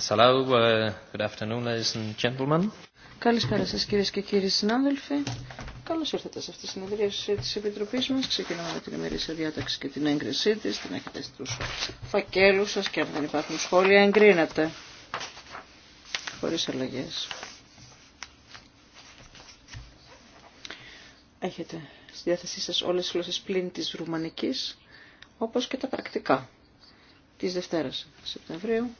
Yes, hello. Uh, good afternoon, ladies and gentlemen. Καλησπέρα σας κυρίες και κύριοι συνάδελφοι. Καλώς ήρθατε σε αυτή τη συνεδρίαση της Επιτροπής μας. Ξεκινάμε με την ημερήσια διάταξη και την έγκρισή της. Την έχετε στους φακέλους σας και αν δεν υπάρχουν σχόλια εγκρίνατε. Χωρίς αλλαγές. Έχετε στη διάθεσή σας όλες τις γλώσσες πλήν της Ρουμανικής, όπως και τα πρακτικά της Δευτέρας Σεπτεμβρίου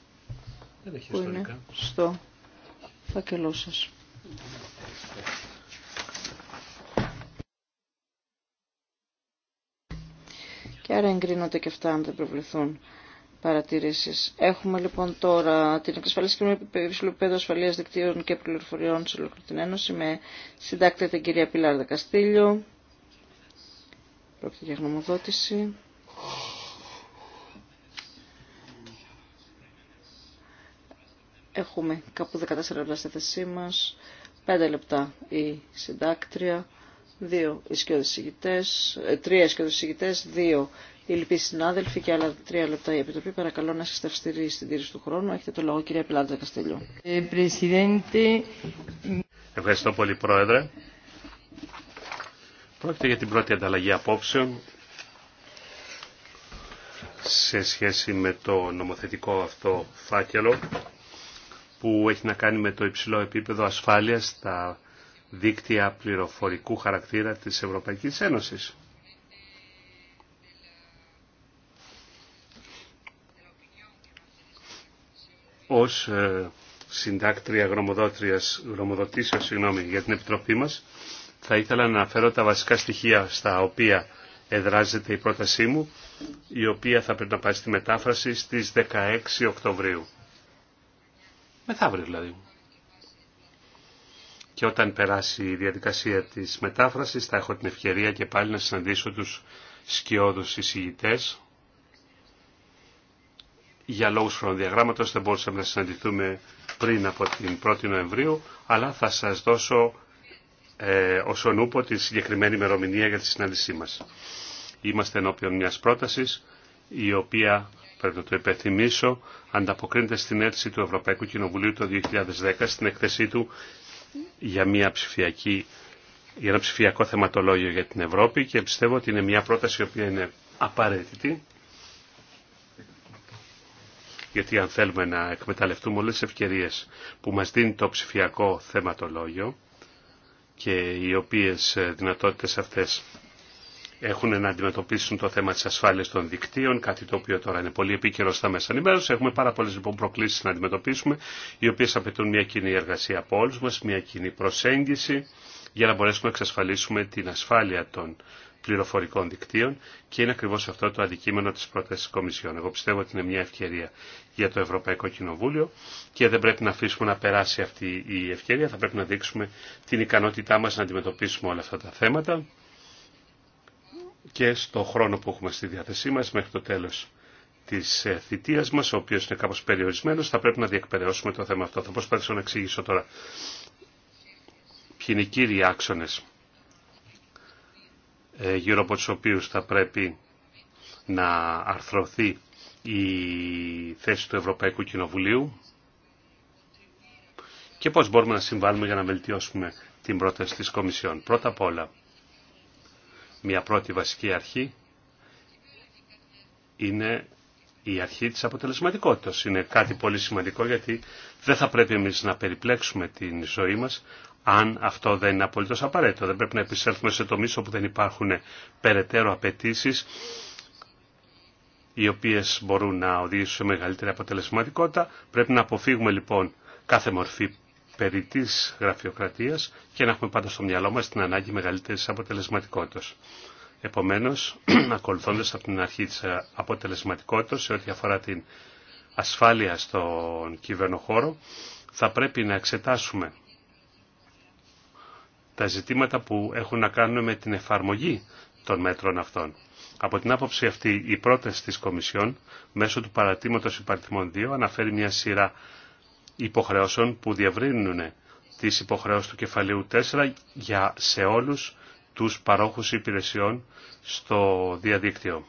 δεν που είναι στο φακελό σα. Και άρα εγκρίνονται και αυτά αν δεν προβληθούν παρατηρήσει. Έχουμε λοιπόν τώρα την εξασφάλιση και υψηλού ασφαλείας δικτύων και πληροφοριών σε ολόκληρη την Ένωση με συντάκτη την κυρία Πιλάρδα Καστήλιο. Πρόκειται για γνωμοδότηση. Έχουμε κάπου 14 λεπτά στη θέσή μας, 5 λεπτά η συντάκτρια, 2 ισχυοδησηγητές, 3 ε, ισχυοδησηγητές, 2 οι λοιποί συνάδελφοι και άλλα 3 λεπτά η Επιτροπή. Παρακαλώ να είστε αυστηροί στην τήρηση του χρόνου. Έχετε το λόγο κυρία Πιλάντζα Καστελιού. Ε, Ευχαριστώ πολύ Πρόεδρε. Πρόκειται για την πρώτη ανταλλαγή απόψεων σε σχέση με το νομοθετικό αυτό φάκελο που έχει να κάνει με το υψηλό επίπεδο ασφάλειας στα δίκτυα πληροφορικού χαρακτήρα της Ευρωπαϊκής Ένωσης. Ως ε, συντάκτρια γνωμοδοτήσεως συγγνώμη, για την Επιτροπή μας, θα ήθελα να αναφέρω τα βασικά στοιχεία στα οποία εδράζεται η πρότασή μου, η οποία θα πρέπει να πάει στη μετάφραση στις 16 Οκτωβρίου. Μεθαύριο δηλαδή. Και όταν περάσει η διαδικασία της μετάφρασης θα έχω την ευκαιρία και πάλι να συναντήσω τους σκιώδους εισηγητέ. Για λόγους χρονοδιαγράμματος δεν μπορούσαμε να συναντηθούμε πριν από την 1η Νοεμβρίου, αλλά θα σας δώσω ε, ως ονούπο τη συγκεκριμένη ημερομηνία για τη συνάντησή μας. Είμαστε ενώπιον μιας πρότασης η οποία πρέπει να το υπενθυμίσω, ανταποκρίνεται στην αίτηση του Ευρωπαϊκού Κοινοβουλίου το 2010 στην εκθεσή του για, μια ψηφιακή, για ένα ψηφιακό θεματολόγιο για την Ευρώπη και πιστεύω ότι είναι μια πρόταση η οποία είναι απαραίτητη γιατί αν θέλουμε να εκμεταλλευτούμε όλες τις ευκαιρίες που μας δίνει το ψηφιακό θεματολόγιο και οι οποίες ε, δυνατότητες αυτές έχουν να αντιμετωπίσουν το θέμα της ασφάλειας των δικτύων, κάτι το οποίο τώρα είναι πολύ επίκαιρο στα μέσα ενημέρωση. Έχουμε πάρα πολλές λοιπόν προκλήσεις να αντιμετωπίσουμε, οι οποίες απαιτούν μια κοινή εργασία από όλους μας, μια κοινή προσέγγιση, για να μπορέσουμε να εξασφαλίσουμε την ασφάλεια των πληροφορικών δικτύων και είναι ακριβώς αυτό το αντικείμενο της πρότασης της Κομισιόν. Εγώ πιστεύω ότι είναι μια ευκαιρία για το Ευρωπαϊκό Κοινοβούλιο και δεν πρέπει να αφήσουμε να περάσει αυτή η ευκαιρία, θα πρέπει να δείξουμε την ικανότητά μας να αντιμετωπίσουμε όλα αυτά τα θέματα και στο χρόνο που έχουμε στη διάθεσή μας μέχρι το τέλος της ε, θητείας μας, ο οποίος είναι κάπως περιορισμένος, θα πρέπει να διεκπαιρεώσουμε το θέμα αυτό. Θα προσπαθήσω να εξηγήσω τώρα ποιοι είναι οι κύριοι άξονες ε, γύρω από τους οποίους θα πρέπει να αρθρωθεί η θέση του Ευρωπαϊκού Κοινοβουλίου και πώς μπορούμε να συμβάλλουμε για να βελτιώσουμε την πρόταση της Κομισιόν. Πρώτα απ' όλα, μια πρώτη βασική αρχή είναι η αρχή της αποτελεσματικότητας. Είναι κάτι πολύ σημαντικό γιατί δεν θα πρέπει εμείς να περιπλέξουμε την ζωή μας αν αυτό δεν είναι απολύτως απαραίτητο. Δεν πρέπει να επισέλθουμε σε τομείς όπου δεν υπάρχουν περαιτέρω απαιτήσει οι οποίες μπορούν να οδηγήσουν σε μεγαλύτερη αποτελεσματικότητα. Πρέπει να αποφύγουμε λοιπόν κάθε μορφή περί της γραφειοκρατίας και να έχουμε πάντα στο μυαλό μας την ανάγκη μεγαλύτερης αποτελεσματικότητας. Επομένως, ακολουθώντας από την αρχή της αποτελεσματικότητας σε ό,τι αφορά την ασφάλεια στον κυβερνοχώρο, θα πρέπει να εξετάσουμε τα ζητήματα που έχουν να κάνουν με την εφαρμογή των μέτρων αυτών. Από την άποψη αυτή, η πρόταση της Κομισιόν, μέσω του παρατήματος υπαρτιμών 2, αναφέρει μια σειρά υποχρεώσεων που διευρύνουν τις υποχρεώσεις του κεφαλαίου 4 για σε όλους τους παρόχους υπηρεσιών στο διαδίκτυο.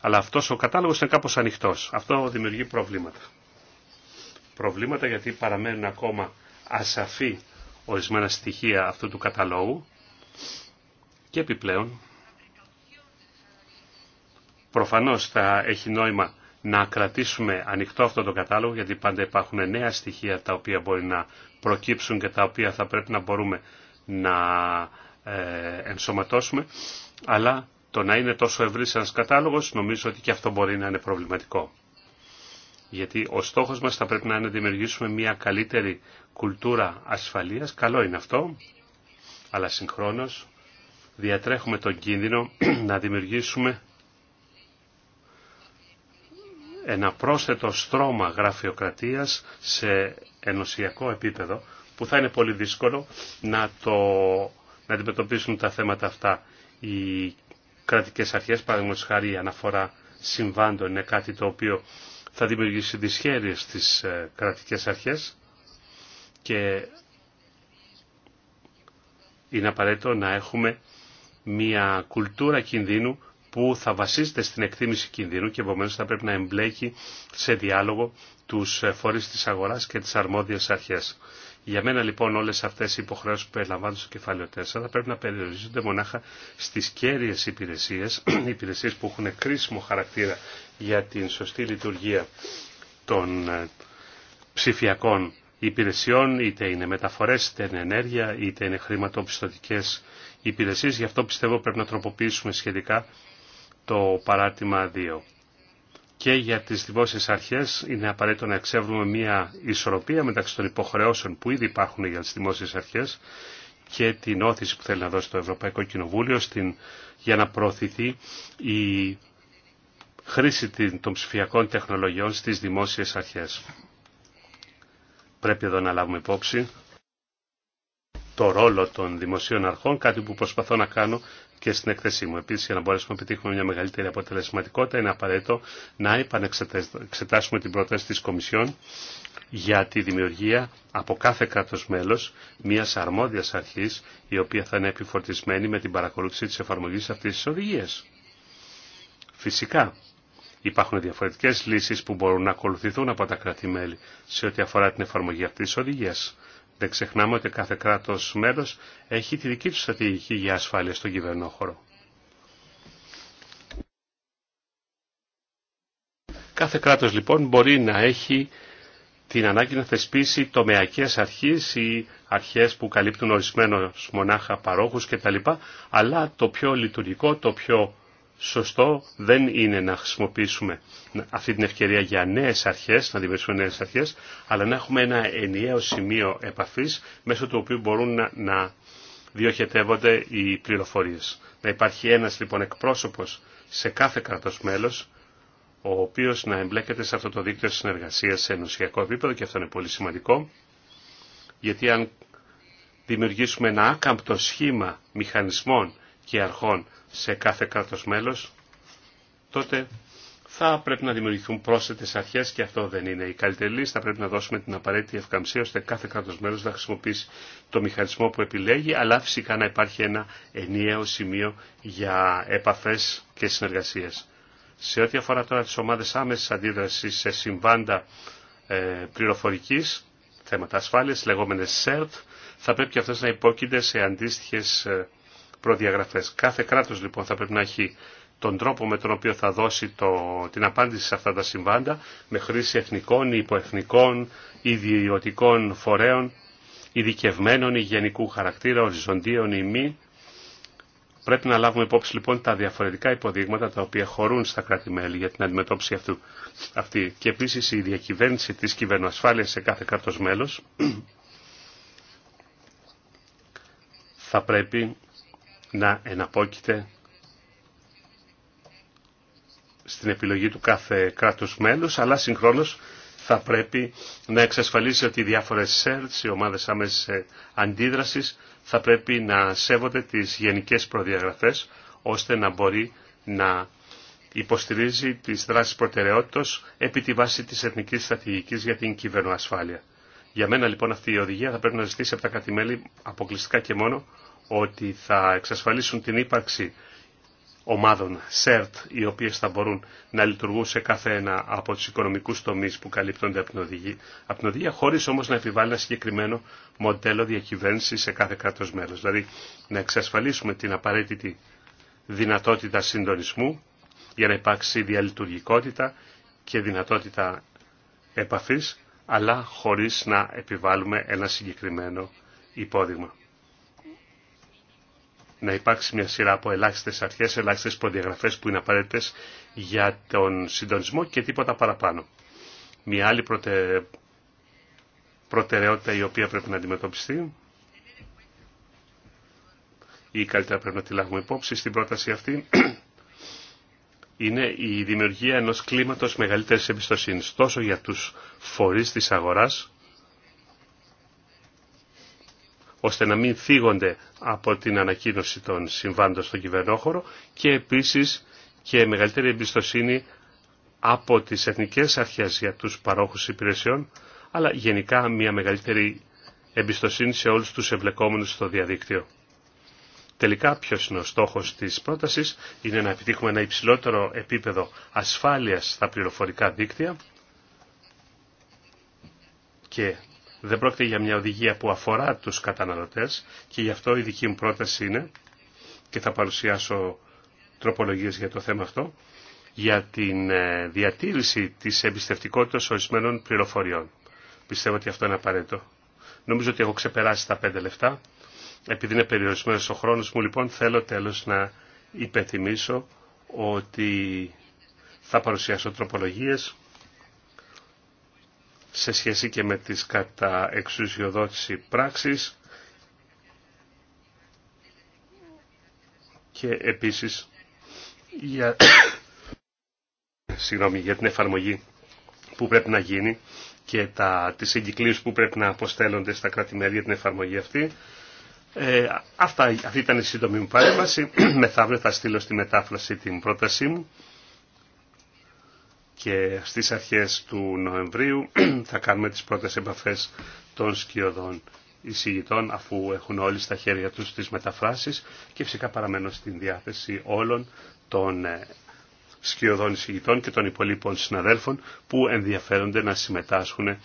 Αλλά αυτός ο κατάλογος είναι κάπως ανοιχτός. Αυτό δημιουργεί προβλήματα. Προβλήματα γιατί παραμένουν ακόμα ασαφή ορισμένα στοιχεία αυτού του καταλόγου και επιπλέον προφανώς θα έχει νόημα να κρατήσουμε ανοιχτό αυτό το κατάλογο γιατί πάντα υπάρχουν νέα στοιχεία τα οποία μπορεί να προκύψουν και τα οποία θα πρέπει να μπορούμε να ε, ενσωματώσουμε αλλά το να είναι τόσο ευρύς ένας κατάλογος νομίζω ότι και αυτό μπορεί να είναι προβληματικό. Γιατί ο στόχος μας θα πρέπει να είναι να δημιουργήσουμε μια καλύτερη κουλτούρα ασφαλείας. Καλό είναι αυτό, αλλά συγχρόνως διατρέχουμε τον κίνδυνο να δημιουργήσουμε ένα πρόσθετο στρώμα γραφειοκρατίας σε ενωσιακό επίπεδο που θα είναι πολύ δύσκολο να, το, να αντιμετωπίσουν τα θέματα αυτά οι κρατικές αρχές, παραδείγματο χάρη η αναφορά συμβάντων είναι κάτι το οποίο θα δημιουργήσει δυσχέρειες στις ε, κρατικές αρχές και είναι απαραίτητο να έχουμε μια κουλτούρα κινδύνου που θα βασίζεται στην εκτίμηση κινδύνου και επομένω θα πρέπει να εμπλέκει σε διάλογο τους φορεί της αγοράς και τις αρμόδιες αρχές. Για μένα λοιπόν όλες αυτές οι υποχρεώσεις που περιλαμβάνονται στο κεφάλαιο 4 θα πρέπει να περιορίζονται μονάχα στις κέρυες υπηρεσίες, υπηρεσίες που έχουν κρίσιμο χαρακτήρα για την σωστή λειτουργία των ε, ψηφιακών υπηρεσιών, είτε είναι μεταφορές, είτε είναι ενέργεια, είτε είναι χρηματοπιστωτικές υπηρεσίες. Γι' αυτό πιστεύω πρέπει να τροποποιήσουμε σχετικά το παράτημα 2. Και για τις δημόσιες αρχές είναι απαραίτητο να εξεύρουμε μια ισορροπία μεταξύ των υποχρεώσεων που ήδη υπάρχουν για τις δημόσιες αρχές και την όθηση που θέλει να δώσει το Ευρωπαϊκό Κοινοβούλιο στην, για να προωθηθεί η χρήση των ψηφιακών τεχνολογιών στις δημόσιες αρχές. Πρέπει εδώ να λάβουμε υπόψη το ρόλο των δημοσίων αρχών, κάτι που προσπαθώ να κάνω και στην έκθεσή μου. Επίση, για να μπορέσουμε να πετύχουμε μια μεγαλύτερη αποτελεσματικότητα, είναι απαραίτητο να επανεξετάσουμε την πρόταση τη Κομισιόν για τη δημιουργία από κάθε κράτο μέλο μια αρμόδια αρχή, η οποία θα είναι επιφορτισμένη με την παρακολούθηση τη εφαρμογή αυτή τη οδηγία. Φυσικά, Υπάρχουν διαφορετικέ λύσει που μπορούν να ακολουθηθούν από τα κράτη-μέλη σε ό,τι αφορά την εφαρμογή αυτή τη οδηγία. Δεν ξεχνάμε ότι κάθε κράτος μέλος έχει τη δική του στρατηγική για ασφάλεια στον κυβερνόχωρο. Κάθε κράτος λοιπόν μπορεί να έχει την ανάγκη να θεσπίσει τομεακές αρχές ή αρχές που καλύπτουν ορισμένους μονάχα παρόχους κτλ. Αλλά το πιο λειτουργικό, το πιο σωστό δεν είναι να χρησιμοποιήσουμε αυτή την ευκαιρία για νέες αρχές, να δημιουργήσουμε νέες αρχές, αλλά να έχουμε ένα ενιαίο σημείο επαφής μέσω του οποίου μπορούν να, να διοχετεύονται οι πληροφορίες. Να υπάρχει ένας λοιπόν εκπρόσωπος σε κάθε κράτος μέλος, ο οποίος να εμπλέκεται σε αυτό το δίκτυο συνεργασίας σε ενωσιακό επίπεδο και αυτό είναι πολύ σημαντικό, γιατί αν δημιουργήσουμε ένα άκαμπτο σχήμα μηχανισμών και αρχών σε κάθε κράτος μέλος, τότε θα πρέπει να δημιουργηθούν πρόσθετες αρχές και αυτό δεν είναι η καλύτερη λύση. Θα πρέπει να δώσουμε την απαραίτητη ευκαμψία ώστε κάθε κράτος μέλος να χρησιμοποιήσει το μηχανισμό που επιλέγει, αλλά φυσικά να υπάρχει ένα ενιαίο σημείο για επαφές και συνεργασίες. Σε ό,τι αφορά τώρα τις ομάδες άμεσης αντίδρασης σε συμβάντα ε, πληροφορικής, θέματα ασφάλειας, λεγόμενες SERT, θα πρέπει και αυτές να υπόκεινται σε αντίστοιχες ε, προδιαγραφές. Κάθε κράτος λοιπόν θα πρέπει να έχει τον τρόπο με τον οποίο θα δώσει το, την απάντηση σε αυτά τα συμβάντα με χρήση εθνικών, υποεθνικών, ιδιωτικών φορέων, ειδικευμένων ή γενικού χαρακτήρα, οριζοντίων ή μη. Πρέπει να λάβουμε υπόψη λοιπόν τα διαφορετικά υποδείγματα τα οποία χωρούν στα κράτη-μέλη για την αντιμετώπιση αυτού. αυτή. Και επίση η διακυβέρνηση τη κυβερνοασφάλεια σε κάθε κράτο μέλο. θα πρέπει να εναπόκειται στην επιλογή του κάθε κράτους μέλους, αλλά συγχρόνως θα πρέπει να εξασφαλίσει ότι οι διάφορες σερτς, οι ομάδες άμεσης ε, αντίδρασης, θα πρέπει να σέβονται τις γενικές προδιαγραφές, ώστε να μπορεί να υποστηρίζει τις δράσεις προτεραιότητας επί τη βάση της Εθνικής Στρατηγικής για την Κυβερνοασφάλεια. Για μένα λοιπόν αυτή η οδηγία θα πρέπει να ζητήσει από τα κράτη-μέλη αποκλειστικά και μόνο ότι θα εξασφαλίσουν την ύπαρξη ομάδων ΣΕΡΤ οι οποίες θα μπορούν να λειτουργούν σε κάθε ένα από τους οικονομικούς τομείς που καλύπτονται από την οδηγία, από την οδηγία χωρίς όμως να επιβάλλει ένα συγκεκριμένο μοντέλο διακυβέρνησης σε κάθε κράτος μέλος. Δηλαδή να εξασφαλίσουμε την απαραίτητη δυνατότητα συντονισμού για να υπάρξει διαλειτουργικότητα και δυνατότητα επαφής αλλά χωρίς να επιβάλλουμε ένα συγκεκριμένο υπόδειγμα να υπάρξει μια σειρά από ελάχιστες αρχές, ελάχιστες προδιαγραφές που είναι απαραίτητες για τον συντονισμό και τίποτα παραπάνω. Μια άλλη προτεραιότητα η οποία πρέπει να αντιμετωπιστεί ή καλύτερα πρέπει να τη λάβουμε υπόψη στην πρόταση αυτή είναι η δημιουργία ενός κλίματος μεγαλύτερης εμπιστοσύνης τόσο για τους φορείς της αγοράς ώστε να μην φύγονται από την ανακοίνωση των συμβάντων στον κυβερνόχωρο και επίσης και μεγαλύτερη εμπιστοσύνη από τις εθνικές αρχές για τους παρόχους υπηρεσιών, αλλά γενικά μια μεγαλύτερη εμπιστοσύνη σε όλους τους εμπλεκόμενους στο διαδίκτυο. Τελικά, ποιο είναι ο στόχο τη πρόταση, είναι να επιτύχουμε ένα υψηλότερο επίπεδο ασφάλεια στα πληροφορικά δίκτυα και δεν πρόκειται για μια οδηγία που αφορά τους καταναλωτές και γι' αυτό η δική μου πρόταση είναι, και θα παρουσιάσω τροπολογίες για το θέμα αυτό, για την ε, διατήρηση της εμπιστευτικότητας ορισμένων πληροφοριών. Πιστεύω ότι αυτό είναι απαραίτητο. Νομίζω ότι έχω ξεπεράσει τα πέντε λεφτά. Επειδή είναι περιορισμένο ο χρόνος μου, λοιπόν, θέλω τέλος να υπενθυμίσω ότι θα παρουσιάσω τροπολογίες σε σχέση και με τις κατά εξουσιοδότηση πράξεις και επίσης για, συγγνώμη, για την εφαρμογή που πρέπει να γίνει και τα, τις εγκυκλίες που πρέπει να αποστέλλονται στα κράτη-μέλη για την εφαρμογή αυτή. Ε, αυτά, αυτή ήταν η σύντομη μου παρέμβαση. Μεθαύριο θα στείλω στη μετάφραση την πρότασή μου και στις αρχές του Νοεμβρίου θα κάνουμε τις πρώτες επαφές των σκιωδών εισηγητών αφού έχουν όλοι στα χέρια τους τις μεταφράσεις και φυσικά παραμένω στην διάθεση όλων των ε, σκιωδών εισηγητών και των υπολείπων συναδέλφων που ενδιαφέρονται να συμμετάσχουν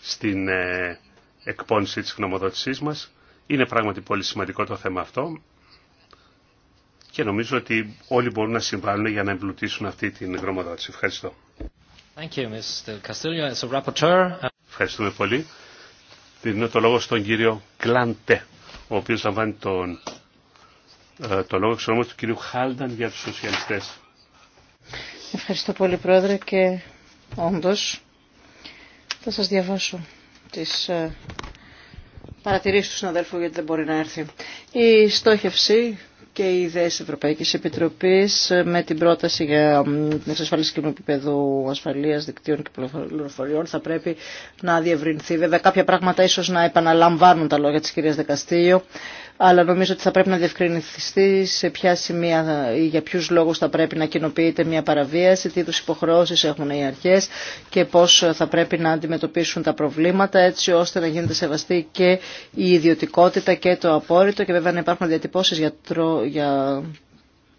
στην ε, εκπόνηση της γνωμοδότησής μας. Είναι πράγματι πολύ σημαντικό το θέμα αυτό και νομίζω ότι όλοι μπορούν να συμβάλλουν για να εμπλουτίσουν αυτή την γνωμοδότηση. Ευχαριστώ. Uh, Ευχαριστούμε πολύ. Δίνω το λόγο στον κύριο Κλάντε, ο οποίος λαμβάνει τον, ε, το λόγο εξ του κύριου Χάλνταν για τους σοσιαλιστές. Ευχαριστώ πολύ Πρόεδρε και όντως θα σας διαβάσω τις ε, παρατηρήσεις του συναδέλφου γιατί δεν μπορεί να έρθει. Η στόχευση και οι τη Ευρωπαϊκή Επιτροπή με την πρόταση για την εξασφάλιση κοινού επίπεδου ασφαλεία δικτύων και πληροφοριών θα πρέπει να διευρυνθεί. Βέβαια κάποια πράγματα ίσω να επαναλαμβάνουν τα λόγια τη κυρία Δεκαστήλιο αλλά νομίζω ότι θα πρέπει να διευκρινιστεί σε ποια σημεία ή για ποιου λόγου θα πρέπει να κοινοποιείται μια παραβίαση, τι είδου υποχρεώσει έχουν οι αρχέ και πώ θα πρέπει να αντιμετωπίσουν τα προβλήματα, έτσι ώστε να γίνεται σεβαστή και η ιδιωτικότητα και το απόρριτο και βέβαια να υπάρχουν διατυπώσει για, για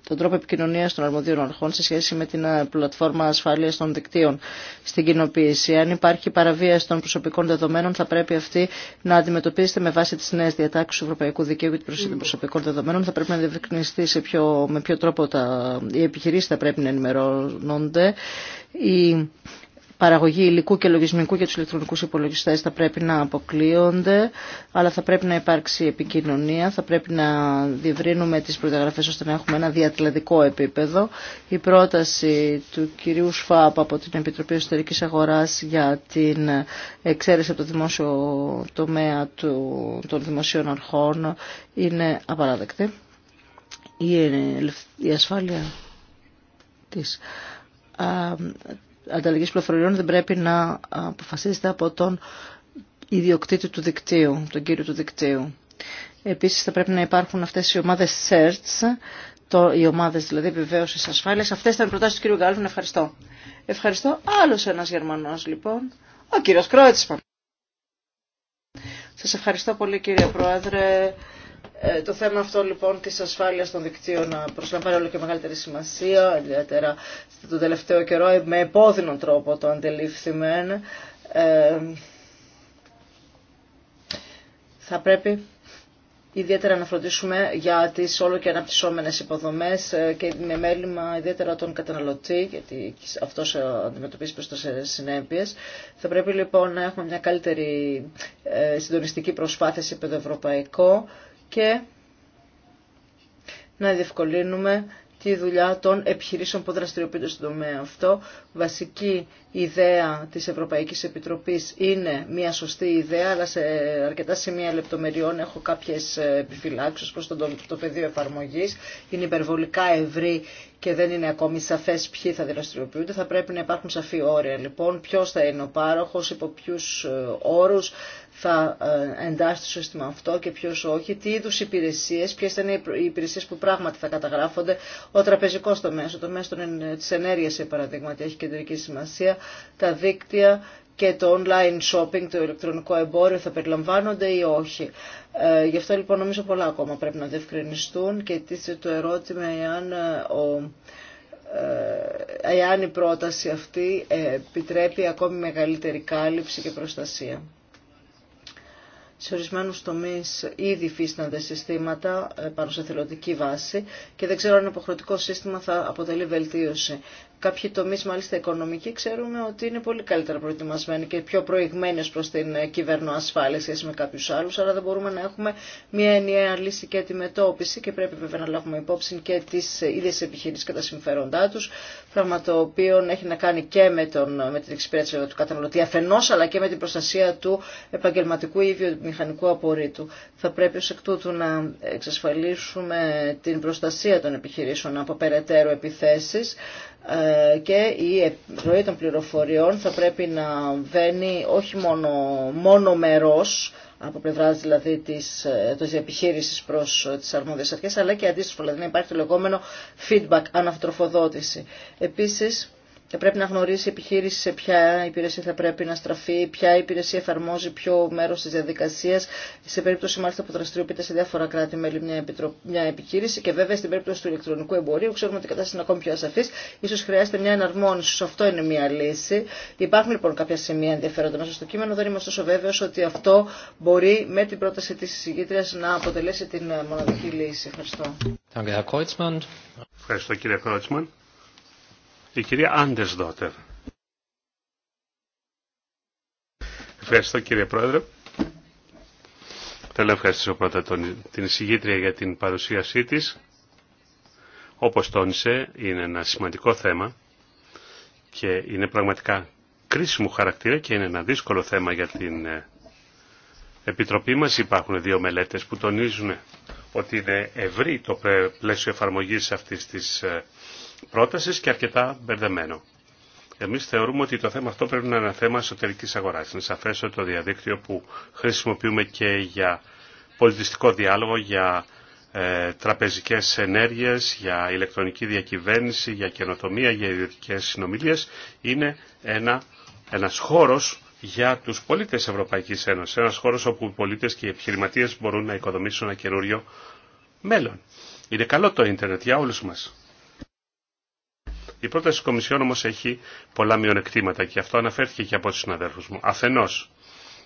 τον τρόπο επικοινωνίας των αρμοδίων αρχών σε σχέση με την ε, πλατφόρμα ασφάλειας των δικτύων στην κοινοποίηση. Αν υπάρχει παραβίαση των προσωπικών δεδομένων θα πρέπει αυτή να αντιμετωπίσετε με βάση τις νέες διατάξεις του Ευρωπαϊκού Δικαίου για την των προσωπικών δεδομένων. Θα πρέπει να διευκρινιστεί σε με ποιο τρόπο τα, οι επιχειρήσεις θα πρέπει να ενημερώνονται παραγωγή υλικού και λογισμικού για τους ηλεκτρονικούς υπολογιστές θα πρέπει να αποκλείονται, αλλά θα πρέπει να υπάρξει επικοινωνία, θα πρέπει να διευρύνουμε τις προδιαγραφές ώστε να έχουμε ένα διατλαντικό επίπεδο. Η πρόταση του κυρίου Σφάπ από την Επιτροπή Εσωτερικής Αγοράς για την εξαίρεση από το δημόσιο τομέα του, των δημοσίων αρχών είναι απαράδεκτη. Η ασφάλεια της ανταλλαγής πληροφοριών δεν πρέπει να αποφασίζεται από τον ιδιοκτήτη του δικτύου, τον κύριο του δικτύου. Επίσης θα πρέπει να υπάρχουν αυτές οι ομάδες search, το, οι ομάδες δηλαδή επιβεβαίωσης ασφάλειας. Αυτές ήταν οι προτάσεις του κύριου Γκάλφιν. Ευχαριστώ. Ευχαριστώ. Άλλος ένας Γερμανός λοιπόν, ο κύριος Κρότσμαν. Σας ευχαριστώ πολύ κύριε Πρόεδρε. Ε, το θέμα αυτό λοιπόν της ασφάλειας των δικτύων ε, προσλαμβάνει όλο και μεγαλύτερη σημασία, ιδιαίτερα τον τελευταίο καιρό ε, με επώδυνο τρόπο το αντελήφθημεν. θα πρέπει ιδιαίτερα να φροντίσουμε για τις όλο και αναπτυσσόμενες υποδομές και με μέλημα ιδιαίτερα τον καταναλωτή, γιατί αυτός αντιμετωπίζει προς τόσες συνέπειες. Θα πρέπει λοιπόν να έχουμε μια καλύτερη συντονιστική προσπάθεια σε επίπεδο ευρωπαϊκό και να διευκολύνουμε τη δουλειά των επιχειρήσεων που δραστηριοποιούνται στον τομέα αυτό. Βασική η ιδέα της Ευρωπαϊκής Επιτροπής είναι μια σωστή ιδέα, αλλά σε αρκετά σημεία λεπτομεριών έχω κάποιες επιφυλάξεις προς το, πεδίο εφαρμογής. Είναι υπερβολικά ευρύ και δεν είναι ακόμη σαφέ ποιοι θα δραστηριοποιούνται. Θα πρέπει να υπάρχουν σαφή όρια λοιπόν, ποιο θα είναι ο πάροχο, υπό ποιου ε, όρου θα ε, εντάσσει το σύστημα αυτό και ποιο όχι, τι είδου υπηρεσίε, ποιε θα είναι οι υπηρεσίε που πράγματι θα καταγράφονται. Ο τραπεζικό τομέα, ο τομέα τη ενέργεια, για παραδείγματι, έχει κεντρική σημασία τα δίκτυα και το online shopping, το ηλεκτρονικό εμπόριο θα περιλαμβάνονται ή όχι. Ε, γι' αυτό λοιπόν νομίζω πολλά ακόμα πρέπει να διευκρινιστούν και τίθεται το ερώτημα εάν, ε, ο, ε, εάν η πρόταση αυτή ε, επιτρέπει ακόμη μεγαλύτερη κάλυψη και προστασία. Σε ορισμένους τομείς ήδη φύστανται συστήματα πάνω σε θελοντική βάση και δεν ξέρω αν υποχρεωτικό σύστημα θα αποτελεί βελτίωση κάποιοι τομείς μάλιστα οικονομικοί ξέρουμε ότι είναι πολύ καλύτερα προετοιμασμένοι και πιο προηγμένοι ως προς την ε, κυβερνοασφάλεια σχέση με κάποιους άλλους, αλλά δεν μπορούμε να έχουμε μια ενιαία λύση και αντιμετώπιση και πρέπει βέβαια να λάβουμε υπόψη και τις ε, ίδιες επιχειρήσεις και τα συμφέροντά τους, πράγμα το οποίο έχει να κάνει και με, τον, ε, με την εξυπηρέτηση του καταναλωτή αφενός, αλλά και με την προστασία του επαγγελματικού ή βιομηχανικού απορρίτου. Θα πρέπει ω εκ τούτου να εξασφαλίσουμε την προστασία των επιχειρήσεων από περαιτέρω επιθέσεις, ε, και η ροή των πληροφοριών θα πρέπει να βαίνει όχι μόνο, μόνο μερός, από πλευρά δηλαδή της, ε, της επιχείρησης προς ε, τις αρμόδιες αρχές, αλλά και αντίστοιχα, δηλαδή να υπάρχει το λεγόμενο feedback, αναφτροφοδότηση. Επίσης, θα πρέπει να γνωρίσει η επιχείρηση σε ποια υπηρεσία θα πρέπει να στραφεί, ποια υπηρεσία εφαρμόζει ποιο μέρο τη διαδικασία, σε περίπτωση μάλιστα που δραστηριοποιείται σε διάφορα κράτη-μέλη μια, μια επιχείρηση και βέβαια στην περίπτωση του ηλεκτρονικού εμπορίου ξέρουμε ότι η κατάσταση είναι ακόμη πιο ασαφή. σω χρειάζεται μια εναρμόνιση, αυτό είναι μια λύση. Υπάρχουν λοιπόν κάποια σημεία ενδιαφέροντα μέσα στο κείμενο, δεν είμαι τόσο βέβαιο ότι αυτό μπορεί με την πρόταση τη συγκήτρια να αποτελέσει την ε, μοναδική λύση. Ευχαριστώ. Ευχαριστώ κύριε Κρότσμαν. Η κυρία Άντες Δότερ. Ευχαριστώ κύριε Πρόεδρε. Θέλω να ευχαριστήσω πρώτα τον, την εισηγήτρια για την παρουσίασή της. Όπως τόνισε, είναι ένα σημαντικό θέμα και είναι πραγματικά κρίσιμο χαρακτήρα και είναι ένα δύσκολο θέμα για την ε, Επιτροπή μας. Υπάρχουν δύο μελέτες που τονίζουν ότι είναι ευρύ το πλαίσιο εφαρμογής αυτής της ε, Πρόταση και αρκετά μπερδεμένο. Εμεί θεωρούμε ότι το θέμα αυτό πρέπει να είναι ένα θέμα εσωτερική αγορά. Είναι σαφέ ότι το διαδίκτυο που χρησιμοποιούμε και για πολιτιστικό διάλογο, για ε, τραπεζικές ενέργειες, για ηλεκτρονική διακυβέρνηση, για καινοτομία, για ιδιωτικέ συνομιλίε, είναι ένα, ένας χώρος για τους πολίτες Ευρωπαϊκής Ένωσης, ένας χώρος όπου οι πολίτες και οι επιχειρηματίες μπορούν να οικοδομήσουν ένα καινούριο μέλλον. Είναι καλό το ίντερνετ για όλους μας. Η πρόταση τη Κομισιόν όμω έχει πολλά μειονεκτήματα και αυτό αναφέρθηκε και από του συναδέλφους μου. Αφενός,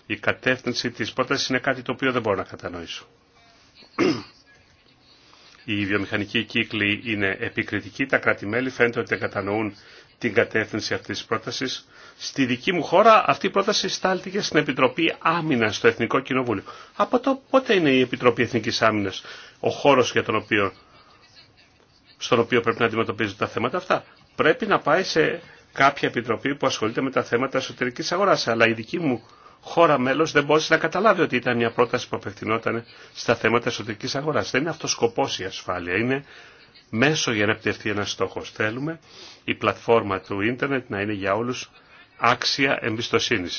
η κατεύθυνση τη πρόταση είναι κάτι το οποίο δεν μπορώ να κατανοήσω. Οι βιομηχανικοί κύκλοι είναι επικριτικοί, τα κράτη-μέλη φαίνεται ότι κατανοούν την κατεύθυνση αυτή τη πρόταση. Στη δική μου χώρα αυτή η πρόταση στάλθηκε στην Επιτροπή Άμυνα στο Εθνικό Κοινοβούλιο. Από το πότε είναι η Επιτροπή Εθνική Άμυνα, ο χώρο για τον οποίο, στον οποίο πρέπει να αντιμετωπίζουν τα θέματα αυτά πρέπει να πάει σε κάποια επιτροπή που ασχολείται με τα θέματα εσωτερική αγορά. Αλλά η δική μου χώρα μέλο δεν μπόρεσε να καταλάβει ότι ήταν μια πρόταση που απευθυνόταν στα θέματα εσωτερική αγορά. Δεν είναι αυτό σκοπό η ασφάλεια. Είναι μέσο για να επιτευχθεί ένα στόχο. Θέλουμε η πλατφόρμα του ίντερνετ να είναι για όλου άξια εμπιστοσύνη.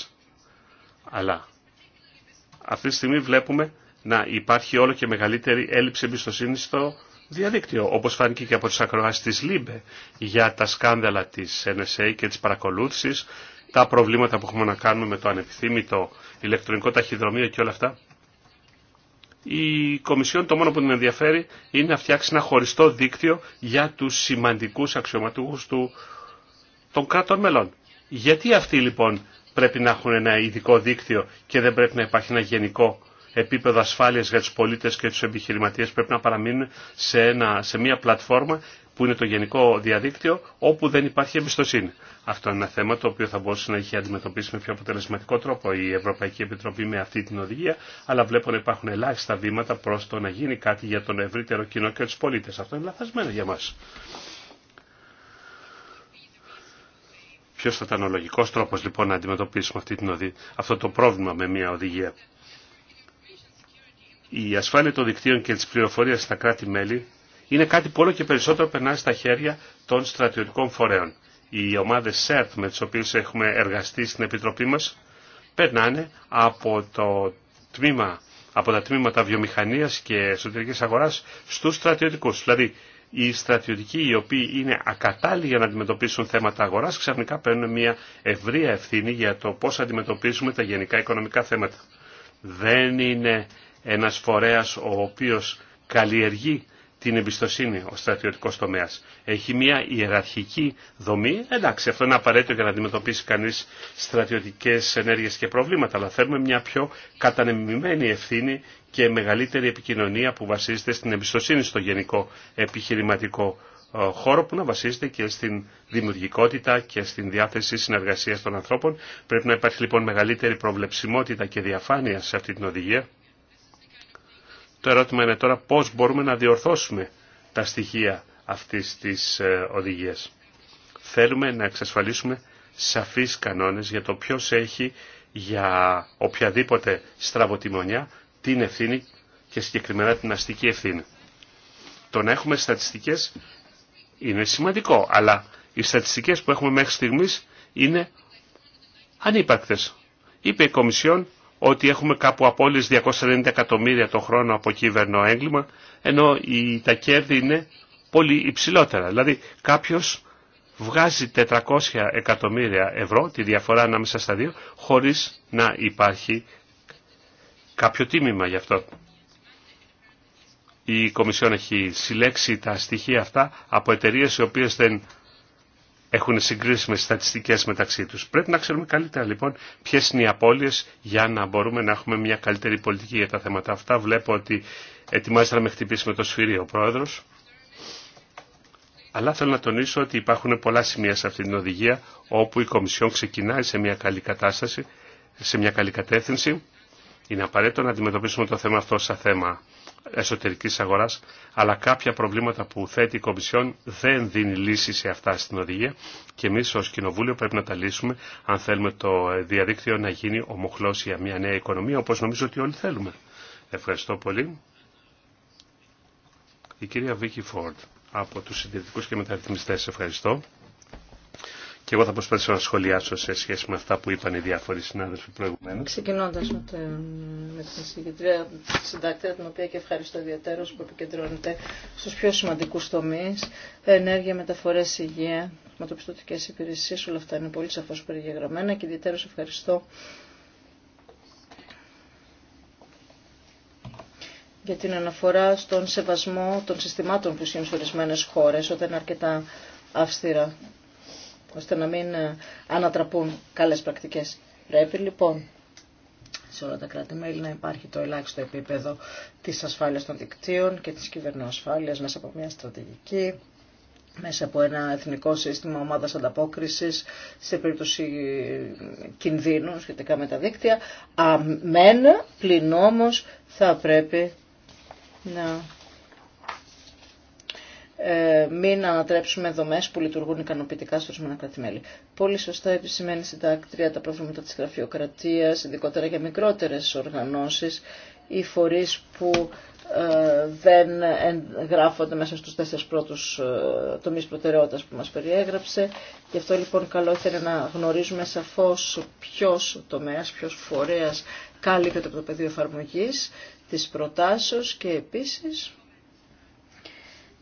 Αλλά αυτή τη στιγμή βλέπουμε να υπάρχει όλο και μεγαλύτερη έλλειψη εμπιστοσύνη στο διαδίκτυο, όπως φάνηκε και από τις ακροάσεις της ΛΥΜΠΕ για τα σκάνδαλα της NSA και της παρακολούθησης, τα προβλήματα που έχουμε να κάνουμε με το ανεπιθύμητο ηλεκτρονικό ταχυδρομείο και όλα αυτά. Η Κομισιόν το μόνο που την ενδιαφέρει είναι να φτιάξει ένα χωριστό δίκτυο για τους σημαντικούς αξιωματούχους του, των κράτων μελών. Γιατί αυτοί λοιπόν πρέπει να έχουν ένα ειδικό δίκτυο και δεν πρέπει να υπάρχει ένα γενικό επίπεδο ασφάλειας για τους πολίτες και τους επιχειρηματίες πρέπει να παραμείνουν σε, ένα, σε μια πλατφόρμα που είναι το γενικό διαδίκτυο, όπου δεν υπάρχει εμπιστοσύνη. Αυτό είναι ένα θέμα το οποίο θα μπορούσε να είχε αντιμετωπίσει με πιο αποτελεσματικό τρόπο η Ευρωπαϊκή Επιτροπή με αυτή την οδηγία, αλλά βλέπω να υπάρχουν ελάχιστα βήματα προ το να γίνει κάτι για τον ευρύτερο κοινό και του πολίτε. Αυτό είναι λαθασμένο για μα. Ποιο θα ήταν ο λογικό τρόπο λοιπόν να αντιμετωπίσουμε αυτό το πρόβλημα με μια οδηγία η ασφάλεια των δικτύων και της πληροφορίας στα κράτη-μέλη είναι κάτι που όλο και περισσότερο περνάει στα χέρια των στρατιωτικών φορέων. Οι ομάδες ΣΕΡΤ με τις οποίες έχουμε εργαστεί στην Επιτροπή μας περνάνε από, το τμήμα, από τα τμήματα βιομηχανίας και εσωτερικής αγοράς στους στρατιωτικούς. Δηλαδή οι στρατιωτικοί οι οποίοι είναι ακατάλληλοι για να αντιμετωπίσουν θέματα αγοράς ξαφνικά παίρνουν μια ευρεία ευθύνη για το πώ αντιμετωπίσουμε τα γενικά οικονομικά θέματα. Δεν είναι ένας φορέας ο οποίος καλλιεργεί την εμπιστοσύνη ο στρατιωτικός τομέας. Έχει μια ιεραρχική δομή. Εντάξει, αυτό είναι απαραίτητο για να αντιμετωπίσει κανείς στρατιωτικές ενέργειες και προβλήματα, αλλά θέλουμε μια πιο κατανεμημένη ευθύνη και μεγαλύτερη επικοινωνία που βασίζεται στην εμπιστοσύνη στο γενικό επιχειρηματικό ε, χώρο που να βασίζεται και στην δημιουργικότητα και στην διάθεση συνεργασίας των ανθρώπων. Πρέπει να υπάρχει λοιπόν μεγαλύτερη προβλεψιμότητα και διαφάνεια σε αυτή την οδηγία το ερώτημα είναι τώρα πώς μπορούμε να διορθώσουμε τα στοιχεία αυτής της ε, οδηγίας. Θέλουμε να εξασφαλίσουμε σαφείς κανόνες για το ποιος έχει για οποιαδήποτε στραβοτημονιά την ευθύνη και συγκεκριμένα την αστική ευθύνη. Το να έχουμε στατιστικές είναι σημαντικό, αλλά οι στατιστικές που έχουμε μέχρι στιγμής είναι ανύπαρκτες. Είπε η Κομισιόν ότι έχουμε κάπου από όλες 290 εκατομμύρια το χρόνο από κύβερνο έγκλημα, ενώ η, τα κέρδη είναι πολύ υψηλότερα. Δηλαδή κάποιος βγάζει 400 εκατομμύρια ευρώ, τη διαφορά ανάμεσα στα δύο, χωρίς να υπάρχει κάποιο τίμημα γι' αυτό. Η Κομισιόν έχει συλλέξει τα στοιχεία αυτά από εταιρείε οι οποίες δεν έχουν συγκρίσιμε στατιστικέ μεταξύ του. Πρέπει να ξέρουμε καλύτερα λοιπόν ποιε είναι οι απώλειε για να μπορούμε να έχουμε μια καλύτερη πολιτική για τα θέματα αυτά. Βλέπω ότι ετοιμάζεται να με χτυπήσει με το σφυρί ο πρόεδρο. Αλλά θέλω να τονίσω ότι υπάρχουν πολλά σημεία σε αυτή την οδηγία όπου η Κομισιόν ξεκινάει σε μια καλή κατάσταση, σε μια καλή κατεύθυνση. Είναι απαραίτητο να αντιμετωπίσουμε το θέμα αυτό σαν θέμα εσωτερικής αγοράς, αλλά κάποια προβλήματα που θέτει η Κομισιόν δεν δίνει λύση σε αυτά στην οδηγία και εμείς ως Κοινοβούλιο πρέπει να τα λύσουμε αν θέλουμε το διαδίκτυο να γίνει ομοχλός για μια νέα οικονομία όπως νομίζω ότι όλοι θέλουμε. Ευχαριστώ πολύ. Η κυρία Βίκη Φόρντ από τους συντηρητικούς και μεταρρυθμιστές. Ευχαριστώ και εγώ θα προσπαθήσω να σχολιάσω σε σχέση με αυτά που είπαν οι διάφοροι συνάδελφοι προηγουμένω. Ξεκινώντα με, με την συγκεντρία συντάκτρια, την οποία και ευχαριστώ ιδιαίτερω που επικεντρώνεται στου πιο σημαντικού τομεί. ενέργεια, μεταφορέ, υγεία, ματοπιστωτικές υπηρεσίε, όλα αυτά είναι πολύ σαφώ περιγεγραμμένα και ιδιαίτερω ευχαριστώ για την αναφορά στον σεβασμό των συστημάτων που ισχύουν σε ορισμένε χώρες, όταν είναι αρκετά αυστηρά ώστε να μην ε, ανατραπούν καλές πρακτικές. Πρέπει λοιπόν σε όλα τα κράτη-μέλη να υπάρχει το ελάχιστο επίπεδο της ασφάλειας των δικτύων και της κυβερνοασφάλειας μέσα από μια στρατηγική μέσα από ένα εθνικό σύστημα ομάδας ανταπόκρισης σε περίπτωση κινδύνου σχετικά με τα δίκτυα. Αμένα πλην όμως θα πρέπει να ε, μην ανατρέψουμε δομέ που λειτουργούν ικανοποιητικά στο ορισμένα Πολύ σωστά επισημαίνει τα συντάκτρια τα προβλήματα τη γραφειοκρατία, ειδικότερα για μικρότερε οργανώσει ή φορεί που ε, δεν γράφονται μέσα στους τέσσερις πρώτους ε, τομείς προτεραιότητας που μας περιέγραψε. Γι' αυτό λοιπόν καλό ήταν να γνωρίζουμε σαφώς ποιος τομέας, ποιος φορέας κάλυπτε από το πεδίο εφαρμογής της προτάσεως και επίσης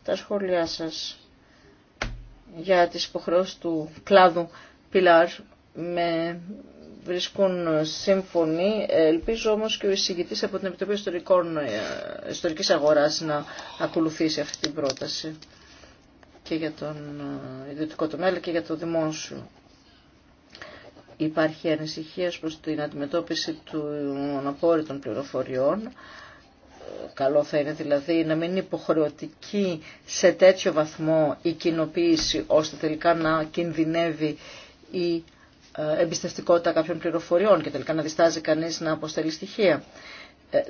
τα σχόλιά σας για τις υποχρεώσεις του κλάδου Πιλάρ με βρίσκουν σύμφωνοι. Ελπίζω όμως και ο εισηγητής από την Επιτροπή Ιστορικών, Ιστορικής Αγοράς να ακολουθήσει αυτή την πρόταση και για τον ιδιωτικό τομέα αλλά και για το δημόσιο. Υπάρχει ανησυχία προς την αντιμετώπιση των απόρριτων πληροφοριών καλό θα είναι δηλαδή να μην είναι υποχρεωτική σε τέτοιο βαθμό η κοινοποίηση ώστε τελικά να κινδυνεύει η ε, εμπιστευτικότητα κάποιων πληροφοριών και τελικά να διστάζει κανείς να αποστελεί στοιχεία. Ε,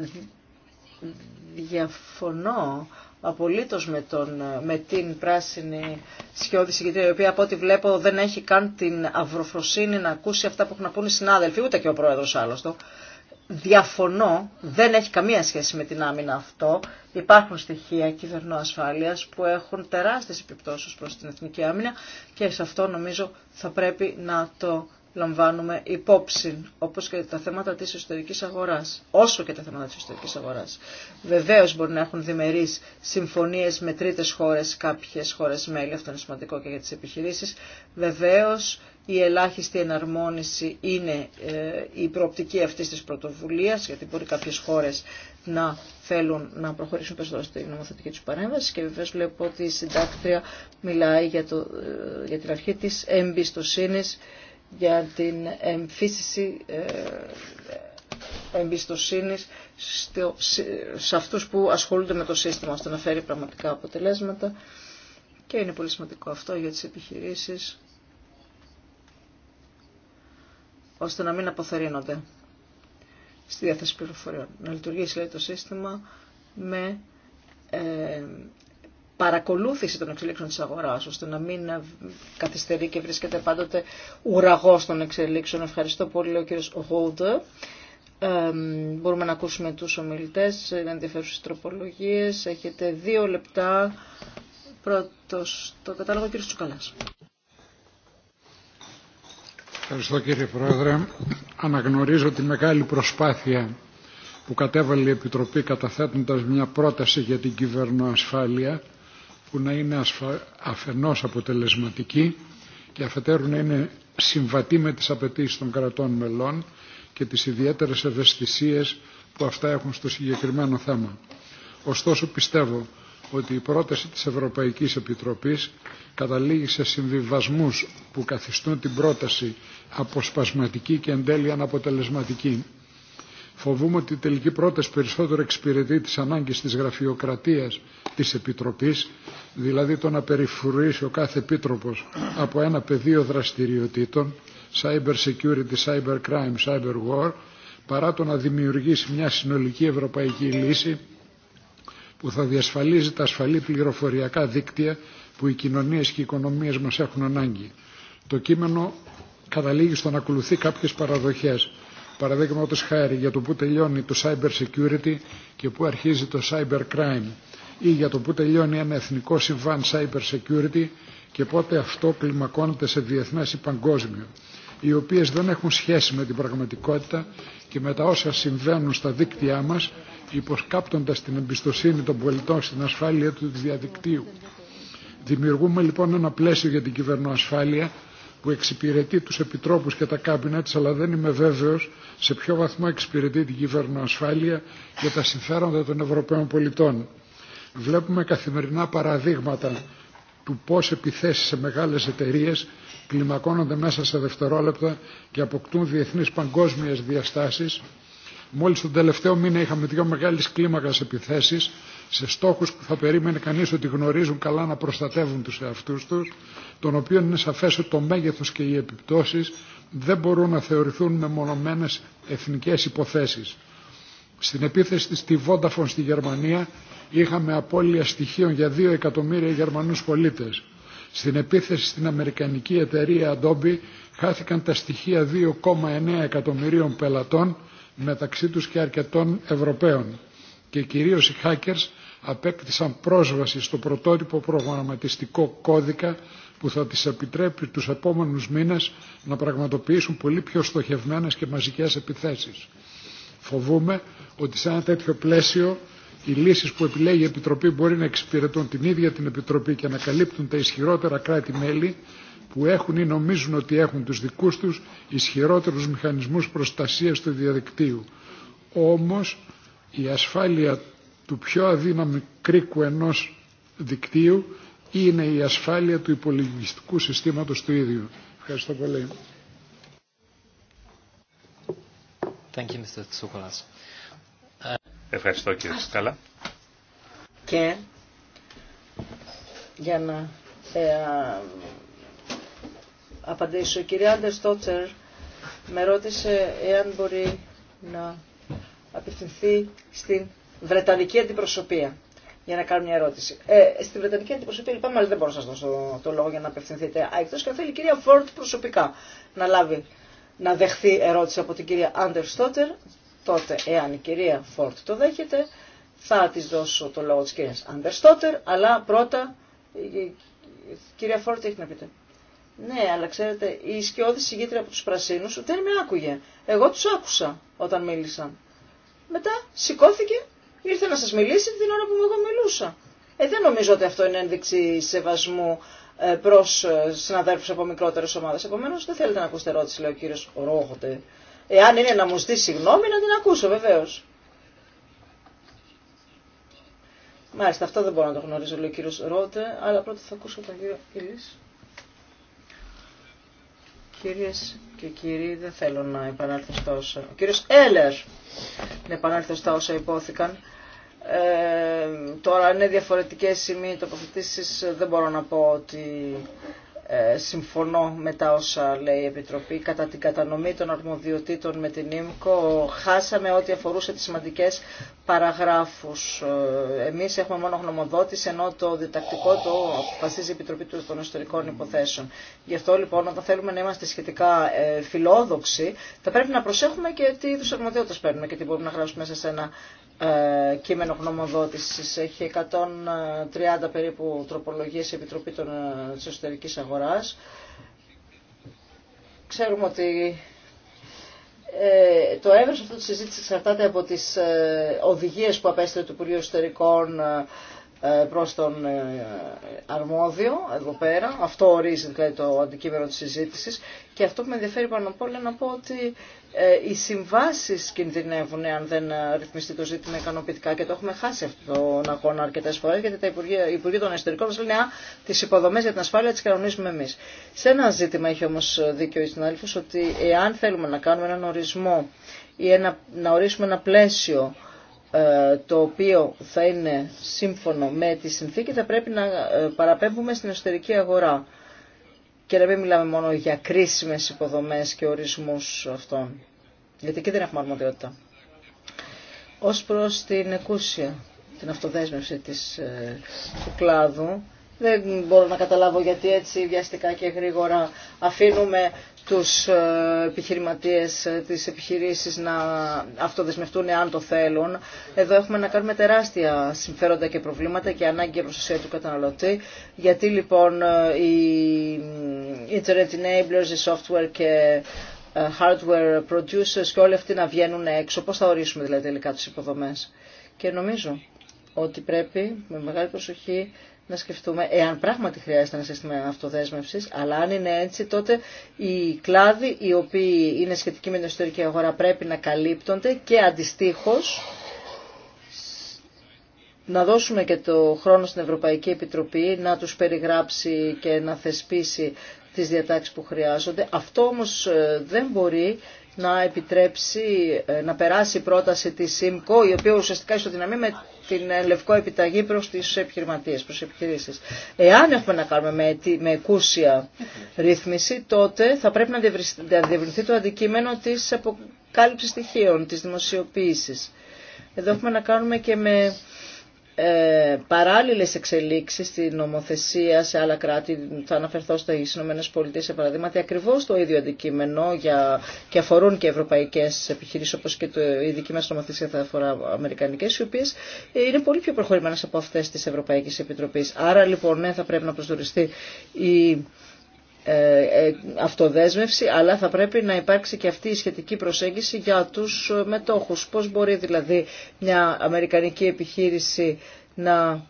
διαφωνώ απολύτως με, τον, ε, με την πράσινη σκιώδη συγκεκριμένη η οποία από ό,τι βλέπω δεν έχει καν την αυροφροσύνη να ακούσει αυτά που έχουν να πούν οι συνάδελφοι, ούτε και ο πρόεδρος άλλωστο διαφωνώ, δεν έχει καμία σχέση με την άμυνα αυτό. Υπάρχουν στοιχεία ασφάλεια που έχουν τεράστιε επιπτώσεις προς την εθνική άμυνα και σε αυτό νομίζω θα πρέπει να το λαμβάνουμε υπόψη, όπως και τα θέματα της ιστορικής αγοράς, όσο και τα θέματα της ιστορικής αγοράς. Βεβαίως μπορεί να έχουν διμερείς συμφωνίες με τρίτες χώρες, κάποιες χώρες μέλη, αυτό είναι σημαντικό και για τις επιχειρήσεις. Βεβαίως η ελάχιστη εναρμόνιση είναι ε, η προοπτική αυτής της πρωτοβουλίας, γιατί μπορεί κάποιες χώρες να θέλουν να προχωρήσουν περισσότερο στη νομοθετική του παρέμβαση και βεβαίως βλέπω ότι η συντάκτρια μιλάει για, το, ε, για την αρχή της εμπιστοσύνης για την εμφύσιση ε, εμπιστοσύνης σε αυτούς που ασχολούνται με το σύστημα, ώστε να φέρει πραγματικά αποτελέσματα. Και είναι πολύ σημαντικό αυτό για τις επιχειρήσεις, ώστε να μην αποθαρρύνονται στη διάθεση πληροφοριών. Να λειτουργήσει λέει, το σύστημα με ε, παρακολούθηση των εξελίξεων της αγοράς, ώστε να μην καθυστερεί και βρίσκεται πάντοτε ουραγός των εξελίξεων. Ευχαριστώ πολύ ο κύριος Γόντε. Ε, μπορούμε να ακούσουμε τους ομιλητές, είναι ενδιαφέρουσες τροπολογίες. Έχετε δύο λεπτά. Πρώτος, το κατάλογο κύριος Τσουκαλάς. Ευχαριστώ κύριε Πρόεδρε. Αναγνωρίζω τη μεγάλη προσπάθεια που κατέβαλε η Επιτροπή καταθέτοντας μια πρόταση για την κυβερνοασφάλεια που να είναι ασφα... αφενός αποτελεσματική και αφετέρου να είναι συμβατή με τις απαιτήσει των κρατών μελών και τις ιδιαίτερες ευαισθησίες που αυτά έχουν στο συγκεκριμένο θέμα. Ωστόσο πιστεύω ότι η πρόταση της Ευρωπαϊκής Επιτροπής καταλήγει σε συμβιβασμούς που καθιστούν την πρόταση αποσπασματική και εν τέλει αναποτελεσματική φοβούμαι ότι η τελική πρόταση περισσότερο εξυπηρετεί τι ανάγκης της γραφειοκρατίας της Επιτροπής, δηλαδή το να περιφρουρήσει ο κάθε επίτροπος από ένα πεδίο δραστηριοτήτων, cyber security, cyber crime, cyber war, παρά το να δημιουργήσει μια συνολική ευρωπαϊκή λύση που θα διασφαλίζει τα ασφαλή πληροφοριακά δίκτυα που οι κοινωνίες και οι οικονομίες μας έχουν ανάγκη. Το κείμενο καταλήγει στο να ακολουθεί κάποιες παραδοχές παραδείγματο χάρη για το που τελειώνει το cyber security και που αρχίζει το cyber crime ή για το που τελειώνει ένα εθνικό συμβάν cyber security και πότε αυτό κλιμακώνεται σε διεθνές ή παγκόσμιο, οι οποίες δεν έχουν σχέση με την πραγματικότητα και με τα όσα συμβαίνουν στα δίκτυά μας, υποσκάπτοντας την εμπιστοσύνη των πολιτών στην ασφάλεια του διαδικτύου. Δημιουργούμε λοιπόν ένα πλαίσιο για την κυβερνοασφάλεια που εξυπηρετεί τους επιτρόπους και τα κάμπινετς, αλλά δεν είμαι βέβαιος σε ποιο βαθμό εξυπηρετεί την ασφάλεια για τα συμφέροντα των Ευρωπαίων πολιτών. Βλέπουμε καθημερινά παραδείγματα του πώς επιθέσεις σε μεγάλες εταιρείες κλιμακώνονται μέσα σε δευτερόλεπτα και αποκτούν διεθνείς παγκόσμιες διαστάσεις. Μόλις τον τελευταίο μήνα είχαμε δύο μεγάλες κλίμακας επιθέσεις σε στόχους που θα περίμενε κανείς ότι γνωρίζουν καλά να προστατεύουν τους εαυτούς τους των οποίων είναι σαφές ότι το μέγεθος και οι επιπτώσεις δεν μπορούν να θεωρηθούν με μεμονωμένες εθνικές υποθέσεις. Στην επίθεση της στη στη Γερμανία είχαμε απώλεια στοιχείων για 2 εκατομμύρια Γερμανούς πολίτες. Στην επίθεση στην Αμερικανική εταιρεία Adobe χάθηκαν τα στοιχεία 2,9 εκατομμυρίων πελατών μεταξύ τους και αρκετών Ευρωπαίων. Και κυρίως οι hackers απέκτησαν πρόσβαση στο πρωτότυπο προγραμματιστικό κώδικα που θα τις επιτρέπει τους επόμενους μήνες να πραγματοποιήσουν πολύ πιο στοχευμένες και μαζικές επιθέσεις. Φοβούμε ότι σε ένα τέτοιο πλαίσιο οι λύσεις που επιλέγει η Επιτροπή μπορεί να εξυπηρετούν την ίδια την Επιτροπή και να καλύπτουν τα ισχυρότερα κράτη-μέλη που έχουν ή νομίζουν ότι έχουν τους δικούς τους ισχυρότερους μηχανισμούς προστασίας του διαδικτύου. Όμως η ασφάλεια του πιο αδύναμου κρίκου ενός δικτύου είναι η ασφάλεια του υπολογιστικού συστήματος του ίδιου. Ευχαριστώ πολύ. Ευχαριστώ κύριε Τσουκάλα. Και για να ε, απαντήσω, η κυρία Άντερ Στότσερ με ρώτησε εάν μπορεί να απευθυνθεί στην Βρετανική αντιπροσωπεία για να κάνω μια ερώτηση. Ε, στη Βρετανική αντιπροσωπή λοιπόν, αλλά δεν μπορώ να σα δώσω το λόγο για να απευθυνθείτε. Α, και αν θέλει η κυρία Φόρτ προσωπικά να λάβει να δεχθεί ερώτηση από την κυρία Άντερ Στότερ, τότε εάν η κυρία Φόρτ το δέχεται, θα τη δώσω το λόγο τη κυρία Άντερ Στότερ, αλλά πρώτα η κυρία Φόρτ έχει να πείτε. Ναι, αλλά ξέρετε, η σκιώδη συγγήτρια από του Πρασίνου δεν με άκουγε. Εγώ του άκουσα όταν μίλησαν. Μετά σηκώθηκε Ήρθε να σας μιλήσει την ώρα που εγώ μιλούσα. Ε, δεν νομίζω ότι αυτό είναι ένδειξη σεβασμού ε, προς ε, συναδέλφους από μικρότερε ομάδε. Επομένω, δεν θέλετε να ακούσετε ερώτηση, λέει ο κύριος Ρόχοτε. Εάν είναι να μου ζητήσει συγγνώμη, να την ακούσω, βεβαίω. Μάλιστα, αυτό δεν μπορώ να το γνωρίζω, λέει ο κύριο Ρότε, αλλά πρώτα θα ακούσω τον κύριο Ηλή. Κυρίες και κύριοι, δεν θέλω να επανέλθω στα όσα... Ο κύριος Έλερ να επανέλθω στα όσα υπόθηκαν. Ε, τώρα είναι διαφορετικές Το τοποθετήσεις, δεν μπορώ να πω ότι ε, συμφωνώ με τα όσα λέει η Επιτροπή κατά την κατανομή των αρμοδιοτήτων με την ΙΜΚΟ χάσαμε ό,τι αφορούσε τις σημαντικές παραγράφους. Ε, εμείς έχουμε μόνο γνωμοδότηση ενώ το διτακτικό το αποφασίζει η Επιτροπή των Ιστορικών Υποθέσεων. Γι' αυτό λοιπόν όταν θέλουμε να είμαστε σχετικά ε, φιλόδοξοι θα πρέπει να προσέχουμε και τι είδους αρμοδιότητες παίρνουμε και τι μπορούμε να γράψουμε μέσα σε ένα ε, κείμενο γνωμοδότησης. Έχει 130 περίπου τροπολογίες η Επιτροπή των, ε, της Εσωτερικής Αγοράς. Ξέρουμε ότι ε, το έβρος αυτό της συζήτησης εξαρτάται από τις οδηγίες που απέστειλε το Υπουργείο Εσωτερικών ε, προς τον ε, αρμόδιο εδώ πέρα. Αυτό ορίζει δηλαδή, το αντικείμενο της συζήτησης και αυτό που με ενδιαφέρει πάνω απ' όλα να πω ότι ε, οι συμβάσεις κινδυνεύουν αν δεν ρυθμιστεί το ζήτημα ικανοποιητικά και το έχουμε χάσει αυτόν τον αγώνα αρκετές φορές γιατί τα Υπουργεία, οι των Εσωτερικών μας λένε «Α, τις υποδομές για την ασφάλεια τις κανονίζουμε εμείς». Σε ένα ζήτημα έχει όμως δίκιο η συνάδελφος ότι εάν θέλουμε να κάνουμε έναν ορισμό ή ένα, να ορίσουμε ένα πλαίσιο ε, το οποίο θα είναι σύμφωνο με τη συνθήκη θα πρέπει να ε, παραπέμπουμε στην εσωτερική αγορά και να μην μιλάμε μόνο για κρίσιμες υποδομές και ορισμούς αυτών. Γιατί εκεί δεν έχουμε αρμοδιότητα. Ως προς την εκούσια, την αυτοδέσμευση της, ε, του κλάδου, δεν μπορώ να καταλάβω γιατί έτσι βιαστικά και γρήγορα αφήνουμε τους ε, επιχειρηματίες ε, της επιχειρήσεις να αυτοδεσμευτούν αν το θέλουν. Εδώ έχουμε να κάνουμε τεράστια συμφέροντα και προβλήματα και ανάγκη για προστασία του καταναλωτή. Γιατί λοιπόν ε, οι internet enablers, οι software και hardware producers και όλοι αυτοί να βγαίνουν έξω. Πώς θα ορίσουμε δηλαδή τελικά τις υποδομές. Και νομίζω ότι πρέπει με μεγάλη προσοχή να σκεφτούμε εάν πράγματι χρειάζεται ένα σύστημα αυτοδέσμευση, αλλά αν είναι έτσι τότε οι κλάδοι οι οποίοι είναι σχετικοί με την εσωτερική αγορά πρέπει να καλύπτονται και αντιστοίχω να δώσουμε και το χρόνο στην Ευρωπαϊκή Επιτροπή να τους περιγράψει και να θεσπίσει τις διατάξεις που χρειάζονται. Αυτό όμως ε, δεν μπορεί να επιτρέψει ε, να περάσει η πρόταση της ΣΥΜΚΟ, η οποία ουσιαστικά ισοδυναμεί με την ε, λευκό επιταγή προς τις επιχειρηματίες, προς τις επιχειρήσεις. Εάν έχουμε να κάνουμε με, με εκούσια ρύθμιση, τότε θα πρέπει να διαβριθεί το αντικείμενο της αποκάλυψης στοιχείων, της δημοσιοποίησης. Εδώ έχουμε να κάνουμε και με ε, παράλληλες εξελίξεις στη νομοθεσία σε άλλα κράτη, θα αναφερθώ στις ΗΠΑ σε παραδείγματα, ακριβώς το ίδιο αντικείμενο για, και αφορούν και ευρωπαϊκές επιχειρήσεις όπως και το, η δική μας νομοθεσία θα αφορά αμερικανικές, οι οποίες είναι πολύ πιο προχωρημένες από αυτές της Ευρωπαϊκής Επιτροπής. Άρα λοιπόν ναι, θα πρέπει να προσδοριστεί η ε, ε, αυτοδέσμευση, αλλά θα πρέπει να υπάρξει και αυτή η σχετική προσέγγιση για τους μετόχους. Πώς μπορεί δηλαδή μια αμερικανική επιχείρηση να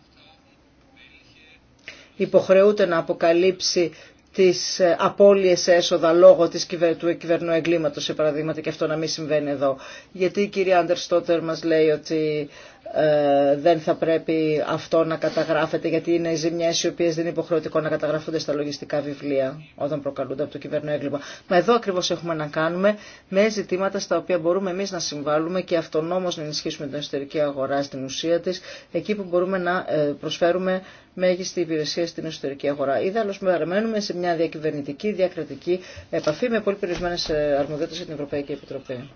υποχρεούται να αποκαλύψει τις απώλειες έσοδα λόγω της κυβερ... του κυβερνού εγκλήματος, σε παραδείγματα, και αυτό να μην συμβαίνει εδώ. Γιατί η κυρία Άντερ Στότερ μας λέει ότι ε, δεν θα πρέπει αυτό να καταγράφεται γιατί είναι ζημιέ, οι οποίες δεν είναι υποχρεωτικό να καταγραφούνται στα λογιστικά βιβλία όταν προκαλούνται από το κυβερνό έγκλημα. Μα εδώ ακριβώς έχουμε να κάνουμε με ζητήματα στα οποία μπορούμε εμείς να συμβάλλουμε και αυτονόμως να ενισχύσουμε την εσωτερική αγορά στην ουσία της εκεί που μπορούμε να ε, προσφέρουμε μέγιστη υπηρεσία στην εσωτερική αγορά. Ιδάλλως παραμένουμε σε μια διακυβερνητική, διακρατική επαφή με πολύ περισμένε αρμοδιότητε για την Ευρωπαϊκή Επιτροπή.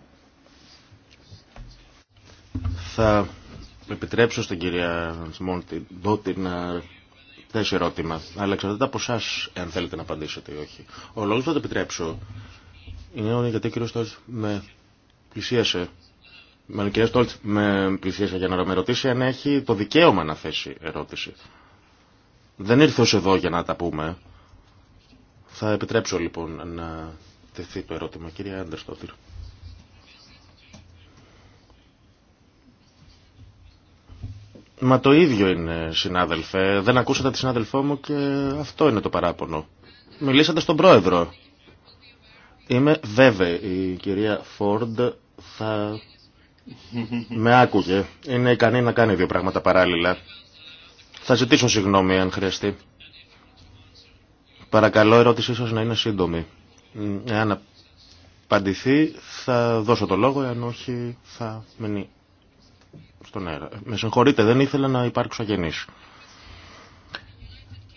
Θα επιτρέψω στην κυρία Σμόντι Ντότη να ε, θέσει ερώτημα, αλλά εξαρτάται από εσά αν θέλετε να απαντήσετε ή όχι. Ο λόγος που θα το επιτρέψω είναι γιατί ο κύριο με πλησίασε. Μάλλον κυρία Στόλτ με πλησίασε για να με ρωτήσει αν έχει το δικαίωμα να θέσει ερώτηση. Δεν ήρθε ω εδώ για να τα πούμε. Θα επιτρέψω λοιπόν να τεθεί το ερώτημα. Κυρία Στόλτ. Μα το ίδιο είναι, συνάδελφε. Δεν ακούσατε τη συνάδελφό μου και αυτό είναι το παράπονο. Μιλήσατε στον πρόεδρο. Είμαι βέβαιη, η κυρία Φόρντ θα με άκουγε. Είναι ικανή να κάνει δύο πράγματα παράλληλα. Θα ζητήσω συγγνώμη αν χρειαστεί. Παρακαλώ, ερώτησή σας να είναι σύντομη. Εάν απαντηθεί, θα δώσω το λόγο, εάν όχι, θα μείνει στον αέρα. Με συγχωρείτε, δεν ήθελα να υπάρξω αγενής.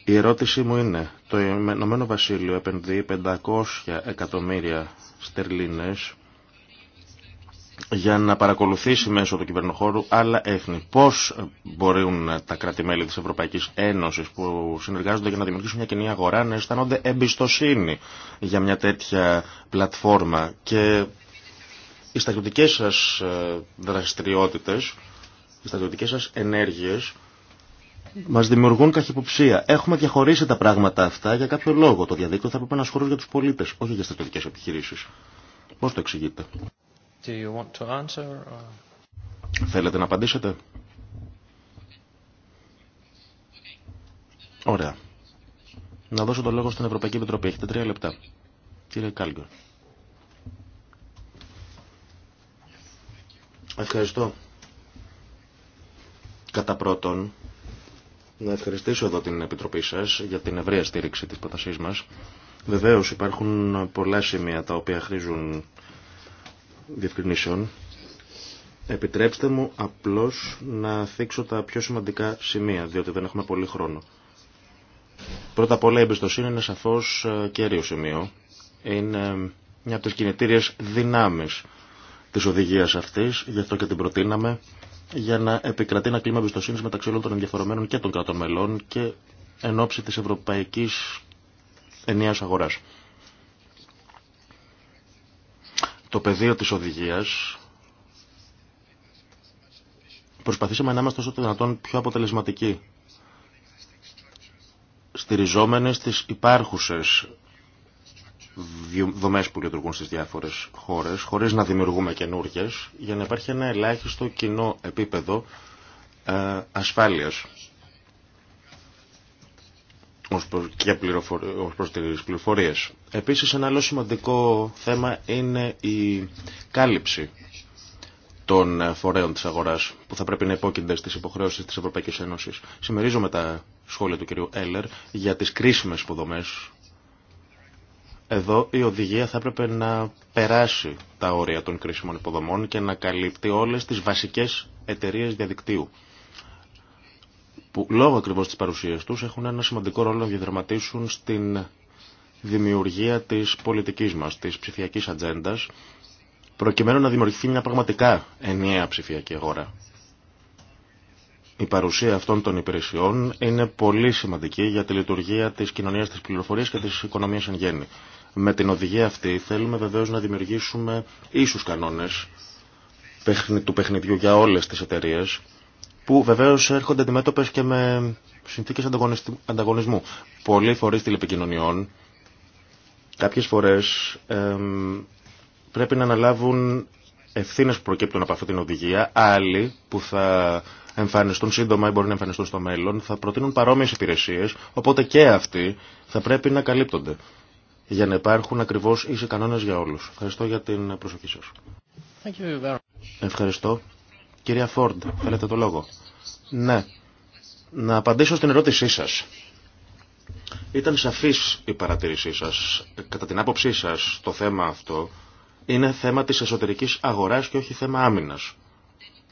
Η ερώτηση μου είναι, το Ηνωμένο Βασίλειο επενδύει 500 εκατομμύρια στερλίνες για να παρακολουθήσει μέσω του κυβερνοχώρου άλλα έθνη. Πώς μπορούν τα κράτη-μέλη της Ευρωπαϊκής Ένωσης που συνεργάζονται για να δημιουργήσουν μια κοινή αγορά να αισθάνονται εμπιστοσύνη για μια τέτοια πλατφόρμα και οι στρατιωτικές σας ε, δραστηριότητες, οι στρατιωτικές σας ενέργειες μας δημιουργούν καχυποψία. Έχουμε διαχωρίσει τα πράγματα αυτά για κάποιο λόγο. Το διαδίκτυο θα έπρεπε να χώρο για τους πολίτες, όχι για στρατιωτικές επιχειρήσεις. Πώς το εξηγείτε. you want to or... Θέλετε να απαντήσετε. Ωραία. Να δώσω το λόγο στην Ευρωπαϊκή Επιτροπή. Έχετε τρία λεπτά. Κύριε Κάλγκορ. Ευχαριστώ. Κατά πρώτον, να ευχαριστήσω εδώ την Επιτροπή σας για την ευρεία στήριξη της πρότασής μας. Βεβαίως υπάρχουν πολλά σημεία τα οποία χρήζουν διευκρινήσεων. Επιτρέψτε μου απλώς να θίξω τα πιο σημαντικά σημεία, διότι δεν έχουμε πολύ χρόνο. Πρώτα απ' όλα η εμπιστοσύνη είναι σαφώς ε, κέριο σημείο. Είναι μια από τις κινητήριες της οδηγίας αυτής, γι' αυτό και την προτείναμε, για να επικρατεί ένα κλίμα εμπιστοσύνη μεταξύ όλων των ενδιαφορομένων και των κρατών μελών και εν ώψη της ευρωπαϊκής ενιαίας αγοράς. Το πεδίο της οδηγίας προσπαθήσαμε να είμαστε όσο το δυνατόν πιο αποτελεσματικοί στηριζόμενοι στις υπάρχουσες δομές που λειτουργούν στι διάφορε χώρε χωρί να δημιουργούμε καινούργιε, για να υπάρχει ένα ελάχιστο κοινό επίπεδο ε, ασφάλειας ως προς, και πληροφορίε. ως προς τις πληροφορίες. Επίσης ένα άλλο σημαντικό θέμα είναι η κάλυψη των ε, φορέων της αγοράς που θα πρέπει να υπόκεινται στις υποχρεώσεις της Ευρωπαϊκής Ένωσης. Συμμερίζομαι τα σχόλια του κ. Έλλερ για τις κρίσιμες υποδομές εδώ η οδηγία θα έπρεπε να περάσει τα όρια των κρίσιμων υποδομών και να καλύπτει όλες τις βασικές εταιρείες διαδικτύου που λόγω ακριβώς της παρουσίας τους έχουν ένα σημαντικό ρόλο να διαδραματίσουν στην δημιουργία της πολιτικής μας, της ψηφιακής ατζέντα, προκειμένου να δημιουργηθεί μια πραγματικά ενιαία ψηφιακή αγορά. Η παρουσία αυτών των υπηρεσιών είναι πολύ σημαντική για τη λειτουργία της κοινωνίας της πληροφορίας και της οικονομίας εν γέννη. Με την οδηγία αυτή θέλουμε βεβαίως να δημιουργήσουμε ίσους κανόνες του παιχνιδιού για όλες τις εταιρείε, που βεβαίως έρχονται αντιμέτωπε και με συνθήκες ανταγωνισμού. Πολλοί φορείς τηλεπικοινωνιών κάποιες φορές πρέπει να αναλάβουν ευθύνε που προκύπτουν από αυτή την οδηγία, άλλοι που θα εμφανιστούν σύντομα ή μπορεί να εμφανιστούν στο μέλλον, θα προτείνουν παρόμοιε υπηρεσίε, οπότε και αυτοί θα πρέπει να καλύπτονται για να υπάρχουν ακριβώς ίσοι κανόνες για όλους. Ευχαριστώ για την προσοχή σας. Ευχαριστώ. Κυρία Φόρντ, θέλετε το λόγο. Ναι. Να απαντήσω στην ερώτησή σας. Ήταν σαφής η παρατήρησή σας. Κατά την άποψή σας το θέμα αυτό είναι θέμα της εσωτερικής αγοράς και όχι θέμα άμυνας.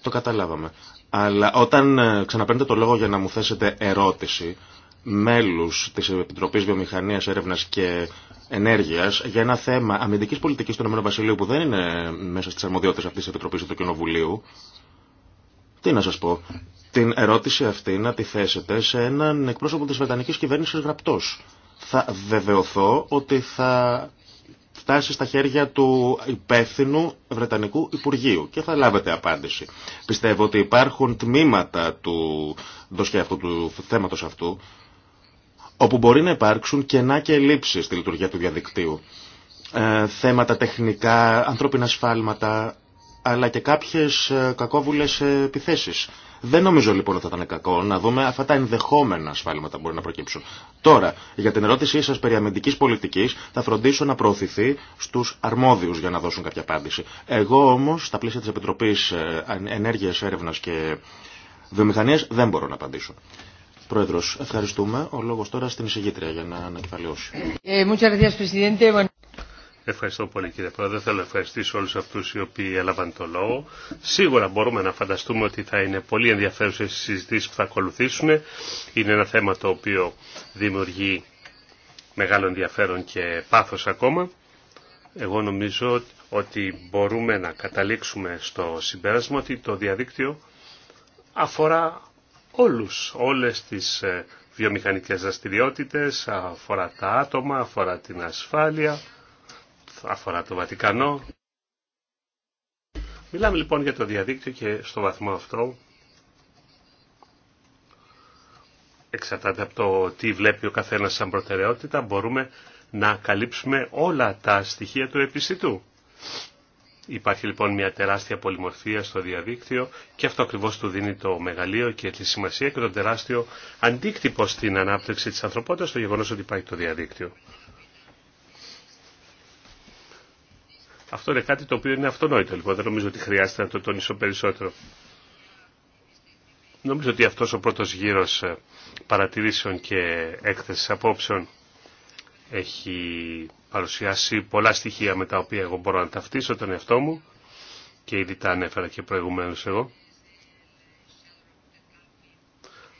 Το καταλάβαμε. Αλλά όταν ε, ξαναπαίνετε το λόγο για να μου θέσετε ερώτηση, μέλους της Επιτροπής Βιομηχανίας, Έρευνας και ενέργεια για ένα θέμα αμυντική πολιτική του Ε.Β. που δεν είναι μέσα στι αρμοδιότητε αυτή τη Επιτροπή του Κοινοβουλίου. Τι να σα πω. Την ερώτηση αυτή να τη θέσετε σε έναν εκπρόσωπο τη Βρετανική κυβέρνηση γραπτό. Θα βεβαιωθώ ότι θα φτάσει στα χέρια του υπεύθυνου Βρετανικού Υπουργείου και θα λάβετε απάντηση. Πιστεύω ότι υπάρχουν τμήματα του, του θέματος αυτού όπου μπορεί να υπάρξουν κενά και ελλείψεις στη λειτουργία του διαδικτύου. Ε, θέματα τεχνικά, ανθρώπινα σφάλματα, αλλά και κάποιες ε, κακόβουλες επιθέσεις. Δεν νομίζω λοιπόν ότι θα ήταν κακό να δούμε αυτά τα ενδεχόμενα σφάλματα που μπορεί να προκύψουν. Τώρα, για την ερώτησή σα περί αμυντική πολιτική, θα φροντίσω να προωθηθεί στου αρμόδιου για να δώσουν κάποια απάντηση. Εγώ όμω, στα πλαίσια τη Επιτροπή ε, Ενέργεια, Έρευνα και Βιομηχανία, δεν μπορώ να απαντήσω. Πρόεδρος, ευχαριστούμε. Ο λόγος τώρα στην εισηγήτρια για να ανακεφαλαιώσει. Ε, Ευχαριστώ πολύ κύριε Πρόεδρε. Θέλω να ευχαριστήσω όλους αυτούς οι οποίοι έλαβαν το λόγο. Σίγουρα μπορούμε να φανταστούμε ότι θα είναι πολύ ενδιαφέρουσες οι συζητήσεις που θα ακολουθήσουν. Είναι ένα θέμα το οποίο δημιουργεί μεγάλο ενδιαφέρον και πάθος ακόμα. Εγώ νομίζω ότι μπορούμε να καταλήξουμε στο συμπέρασμα ότι το διαδίκτυο αφορά όλους, όλες τις ε, βιομηχανικές δραστηριότητε, αφορά τα άτομα, αφορά την ασφάλεια, αφορά το Βατικανό. Μιλάμε λοιπόν για το διαδίκτυο και στο βαθμό αυτό εξαρτάται από το τι βλέπει ο καθένας σαν προτεραιότητα μπορούμε να καλύψουμε όλα τα στοιχεία του επιστητού. Υπάρχει λοιπόν μια τεράστια πολυμορφία στο διαδίκτυο και αυτό ακριβώς του δίνει το μεγαλείο και τη σημασία και τον τεράστιο αντίκτυπο στην ανάπτυξη της ανθρωπότητας στο γεγονός ότι υπάρχει το διαδίκτυο. Αυτό είναι κάτι το οποίο είναι αυτονόητο λοιπόν, δεν νομίζω ότι χρειάζεται να το τονίσω περισσότερο. Νομίζω ότι αυτός ο πρώτος γύρος ε, παρατηρήσεων και έκθεσης απόψεων έχει παρουσιάσει πολλά στοιχεία με τα οποία εγώ μπορώ να ταυτίσω τον εαυτό μου και ήδη τα ανέφερα και προηγουμένως εγώ.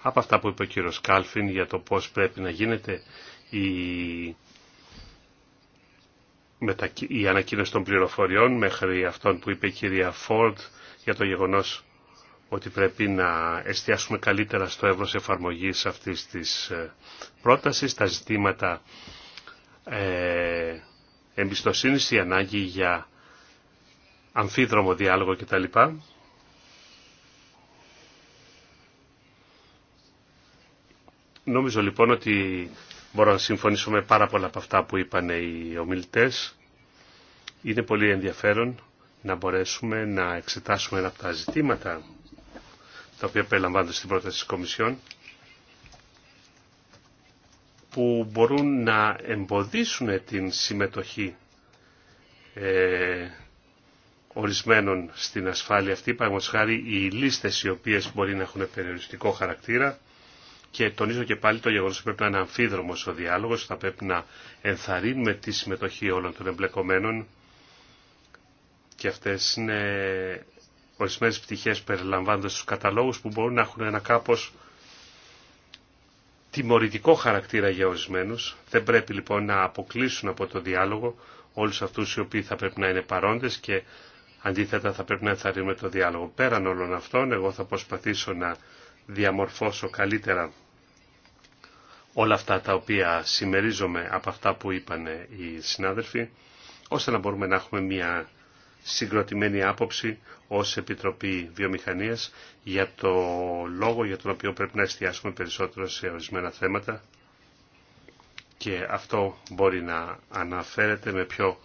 Από αυτά που είπε ο κύριος Κάλφιν για το πώς πρέπει να γίνεται η, η ανακοίνωση των πληροφοριών μέχρι αυτόν που είπε η κυρία Φόρτ για το γεγονός ότι πρέπει να εστιάσουμε καλύτερα στο εύρος εφαρμογής αυτής της ε, πρότασης, τα ζητήματα ε, ανάγκη για αμφίδρομο διάλογο κτλ. Νομίζω λοιπόν ότι μπορώ να συμφωνήσω με πάρα πολλά από αυτά που είπαν οι ομιλητές. Είναι πολύ ενδιαφέρον να μπορέσουμε να εξετάσουμε ένα από τα ζητήματα τα οποία περιλαμβάνονται στην πρόταση της Κομισιόν που μπορούν να εμποδίσουν την συμμετοχή ε, ορισμένων στην ασφάλεια αυτή, παραδείγματος χάρη οι λίστες οι οποίες μπορεί να έχουν περιοριστικό χαρακτήρα και τονίζω και πάλι το γεγονός ότι πρέπει να είναι αμφίδρομος ο διάλογος, θα πρέπει να ενθαρρύνουμε τη συμμετοχή όλων των εμπλεκομένων και αυτές είναι ορισμένες πτυχές περιλαμβάνοντας τους καταλόγους που μπορούν να έχουν ένα κάπως τιμωρητικό χαρακτήρα για ορισμένου. Δεν πρέπει λοιπόν να αποκλείσουν από το διάλογο όλου αυτούς οι οποίοι θα πρέπει να είναι παρόντες και αντίθετα θα πρέπει να ενθαρρύνουμε το διάλογο. Πέραν όλων αυτών, εγώ θα προσπαθήσω να διαμορφώσω καλύτερα όλα αυτά τα οποία συμμερίζομαι από αυτά που είπαν οι συνάδελφοι, ώστε να μπορούμε να έχουμε μια συγκροτημένη άποψη ως Επιτροπή Βιομηχανίας για το λόγο για τον οποίο πρέπει να εστιάσουμε περισσότερο σε ορισμένα θέματα και αυτό μπορεί να αναφέρεται με πιο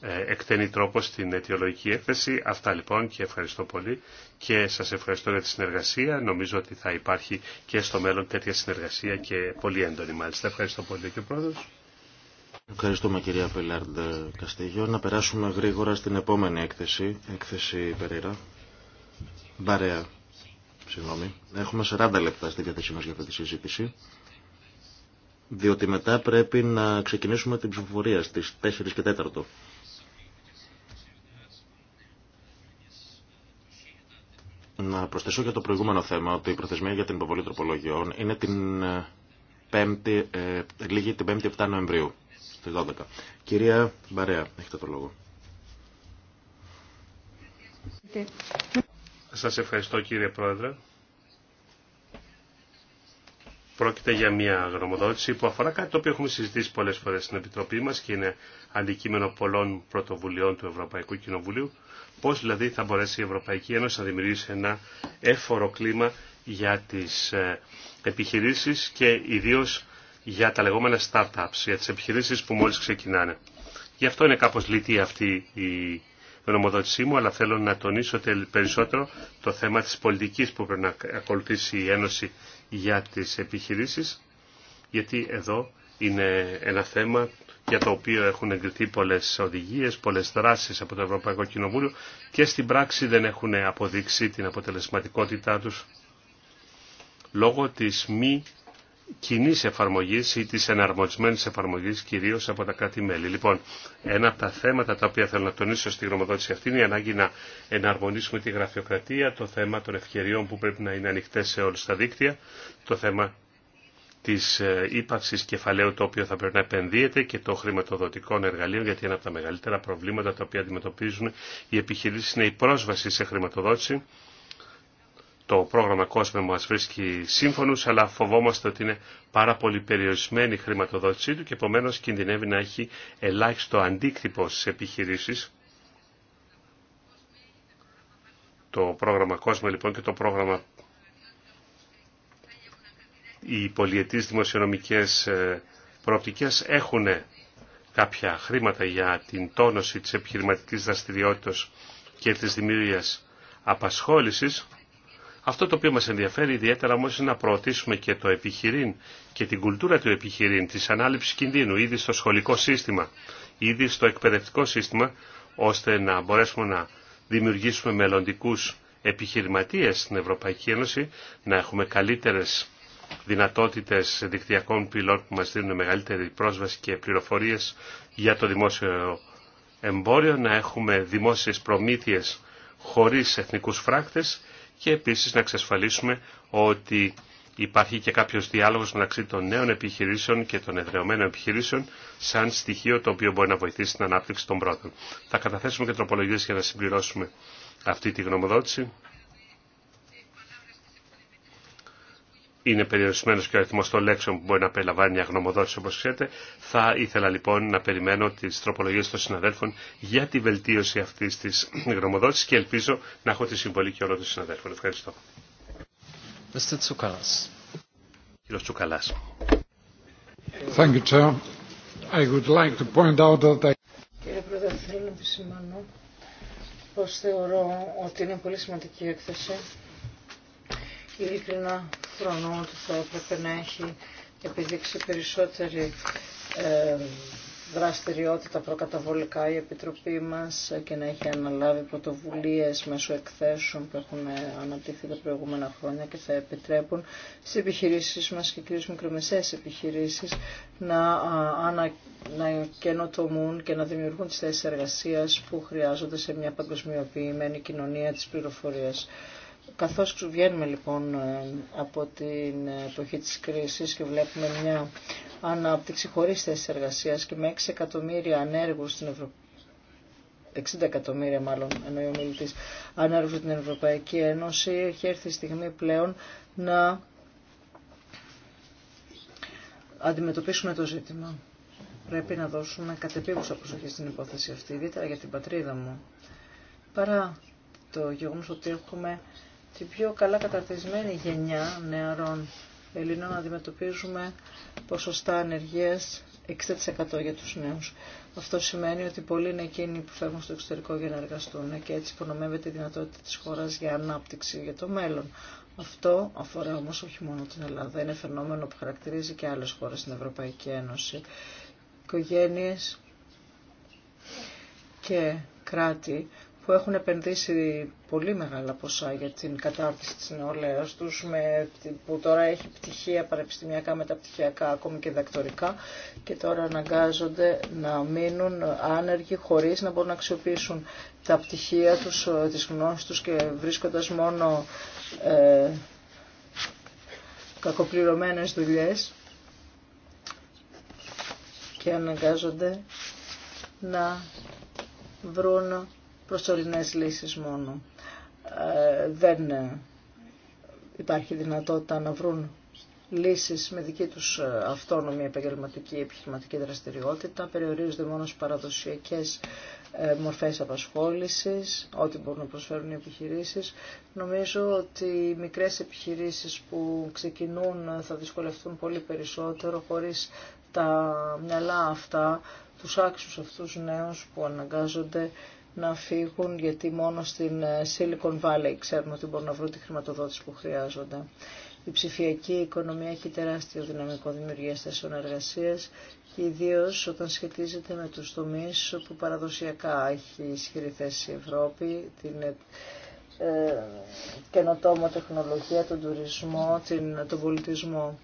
ε, εκτενή τρόπο στην αιτιολογική έκθεση. Αυτά λοιπόν και ευχαριστώ πολύ και σας ευχαριστώ για τη συνεργασία. Νομίζω ότι θα υπάρχει και στο μέλλον τέτοια συνεργασία και πολύ έντονη μάλιστα. Ευχαριστώ πολύ και ο Πρόεδρος. Ευχαριστούμε κυρία Βελάρντ Καστίγιο. Να περάσουμε γρήγορα στην επόμενη έκθεση, έκθεση Περίρα. Μπαρέα, συγγνώμη. Έχουμε 40 λεπτά στην διάθεσή μας για αυτή τη συζήτηση. Διότι μετά πρέπει να ξεκινήσουμε την ψηφοφορία στις 4 και 4. Να προσθέσω για το προηγούμενο θέμα ότι η προθεσμία για την υποβολή τροπολογιών είναι την 5η, ε, ε, λίγη την 5η 7 Νοεμβρίου. Κυρία Μπαρέα, έχετε το λόγο. Σας ευχαριστώ κύριε Πρόεδρε. Πρόκειται για μια γνωμοδότηση που αφορά κάτι το οποίο έχουμε συζητήσει πολλές φορές στην Επιτροπή μας και είναι αντικείμενο πολλών πρωτοβουλειών του Ευρωπαϊκού Κοινοβουλίου. Πώς δηλαδή θα μπορέσει η Ευρωπαϊκή Ένωση να δημιουργήσει ένα έφορο κλίμα για τις ε, επιχειρήσεις και ιδίως για τα λεγόμενα startups, για τις επιχειρήσεις που μόλις ξεκινάνε. Γι' αυτό είναι κάπως λιτή αυτή η γνωμοδότησή μου, αλλά θέλω να τονίσω περισσότερο το θέμα της πολιτικής που πρέπει να ακολουθήσει η Ένωση για τις επιχειρήσεις, γιατί εδώ είναι ένα θέμα για το οποίο έχουν εγκριθεί πολλές οδηγίες, πολλές δράσεις από το Ευρωπαϊκό Κοινοβούλιο και στην πράξη δεν έχουν αποδείξει την αποτελεσματικότητά τους λόγω της μη κοινή εφαρμογή ή τη εναρμονισμένη εφαρμογή κυρίω από τα κράτη-μέλη. Λοιπόν, ένα από τα θέματα τα οποία θέλω να τονίσω στη γνωμοδότηση αυτή είναι η ανάγκη να εναρμονίσουμε τη γραφειοκρατία, το θέμα των ευκαιριών που πρέπει να είναι ανοιχτέ σε όλου τα δίκτυα, το θέμα τη ε, ύπαρξη κεφαλαίου το οποίο θα πρέπει να επενδύεται και των χρηματοδοτικών εργαλείων, γιατί ένα από τα μεγαλύτερα προβλήματα τα οποία αντιμετωπίζουν οι επιχειρήσει είναι η πρόσβαση σε χρηματοδότηση το πρόγραμμα κόσμε μας βρίσκει σύμφωνους, αλλά φοβόμαστε ότι είναι πάρα πολύ περιορισμένη η χρηματοδότησή του και επομένω κινδυνεύει να έχει ελάχιστο αντίκτυπο στι επιχειρήσεις. Το πρόγραμμα COSME λοιπόν και το πρόγραμμα οι πολιετής δημοσιονομικές ε, προοπτικές έχουν κάποια χρήματα για την τόνωση της επιχειρηματικής δραστηριότητας και της δημιουργίας απασχόλησης αυτό το οποίο μας ενδιαφέρει ιδιαίτερα όμως είναι να προωθήσουμε και το επιχειρήν και την κουλτούρα του επιχειρήν, της ανάληψης κινδύνου, ήδη στο σχολικό σύστημα, ήδη στο εκπαιδευτικό σύστημα, ώστε να μπορέσουμε να δημιουργήσουμε μελλοντικούς επιχειρηματίες στην Ευρωπαϊκή Ένωση, να έχουμε καλύτερες δυνατότητες δικτυακών πυλών που μας δίνουν μεγαλύτερη πρόσβαση και πληροφορίες για το δημόσιο εμπόριο, να έχουμε δημόσιες προμήθειε χωρίς εθνικούς φράκτες και επίσης να εξασφαλίσουμε ότι υπάρχει και κάποιος διάλογος μεταξύ των νέων επιχειρήσεων και των εδρεωμένων επιχειρήσεων σαν στοιχείο το οποίο μπορεί να βοηθήσει την ανάπτυξη των πρώτων. Θα καταθέσουμε και τροπολογίες για να συμπληρώσουμε αυτή τη γνωμοδότηση είναι περιορισμένο και ο αριθμό των λέξεων που μπορεί να περιλαμβάνει μια γνωμοδότηση όπω ξέρετε. Θα ήθελα λοιπόν να περιμένω τι τροπολογίε των συναδέλφων για τη βελτίωση αυτή τη γνωμοδότηση και ελπίζω να έχω τη συμβολή και όλων των συναδέλφων. Ευχαριστώ. Κύριο Τσουκαλά. Κύριε Πρόεδρε, θέλω να επισημάνω πω θεωρώ ότι είναι πολύ σημαντική η έκθεση. Χρόνων ότι θα έπρεπε να έχει επιδείξει περισσότερη ε, δραστηριότητα προκαταβολικά η Επιτροπή μας και να έχει αναλάβει πρωτοβουλίες μέσω εκθέσεων που έχουν αναπτυχθεί τα προηγούμενα χρόνια και θα επιτρέπουν στις επιχειρήσεις μας και κυρίως μικρομεσαίες επιχειρήσεις να, καινοτομούν και να δημιουργούν τις θέσεις εργασίας που χρειάζονται σε μια παγκοσμιοποιημένη κοινωνία της πληροφορίας. Καθώς βγαίνουμε λοιπόν ε, από την εποχή της κρίσης και βλέπουμε μια ανάπτυξη χωρίς θέσεις εργασίας και με 6 εκατομμύρια ανέργους στην Ευρωπαϊκή 60 εκατομμύρια μάλλον εννοεί ο ανέργους στην Ευρωπαϊκή Ένωση έχει έρθει η στιγμή πλέον να αντιμετωπίσουμε το ζήτημα. Πρέπει να δώσουμε κατεπίγουσα προσοχή στην υπόθεση αυτή, ιδιαίτερα για την πατρίδα μου. Παρά το γεγονός ότι έχουμε την πιο καλά καταρτισμένη γενιά νεαρών Ελλήνων αντιμετωπίζουμε ποσοστά ανεργίας 60% για τους νέους. Αυτό σημαίνει ότι πολλοί είναι εκείνοι που φεύγουν στο εξωτερικό για να εργαστούν και έτσι υπονομεύεται η δυνατότητα της χώρας για ανάπτυξη για το μέλλον. Αυτό αφορά όμως όχι μόνο την Ελλάδα, είναι φαινόμενο που χαρακτηρίζει και άλλες χώρες στην Ευρωπαϊκή Ένωση. Οικογένειες και κράτη που έχουν επενδύσει πολύ μεγάλα ποσά για την κατάρτιση της νεολαίας τους, με, που τώρα έχει πτυχία παρεπιστημιακά, μεταπτυχιακά, ακόμη και δακτορικά και τώρα αναγκάζονται να μείνουν άνεργοι χωρίς να μπορούν να αξιοποιήσουν τα πτυχία τους, ε, τις γνώσεις τους και βρίσκοντας μόνο ε, κακοπληρωμένες δουλειές και αναγκάζονται να βρουν προσωρινές λύσεις μόνο. Ε, δεν υπάρχει δυνατότητα να βρουν λύσεις με δική τους ε, αυτόνομη επαγγελματική επιχειρηματική δραστηριότητα, περιορίζονται μόνο στις παραδοσιακές ε, μορφές απασχόλησης, ό,τι μπορούν να προσφέρουν οι επιχειρήσεις. Νομίζω ότι οι μικρές επιχειρήσεις που ξεκινούν θα δυσκολευτούν πολύ περισσότερο χωρίς τα μυαλά αυτά, τους άξιους αυτούς νέους που αναγκάζονται να φύγουν γιατί μόνο στην ε, Silicon Valley ξέρουμε ότι μπορούν να βρουν τη χρηματοδότηση που χρειάζονται. Η ψηφιακή οικονομία έχει τεράστιο δυναμικό δημιουργία θέσεων εργασία και ιδίω όταν σχετίζεται με του τομεί που παραδοσιακά έχει ισχυρή θέση η Ευρώπη, την ε, ε καινοτόμο τεχνολογία, τον τουρισμό, την, τον πολιτισμό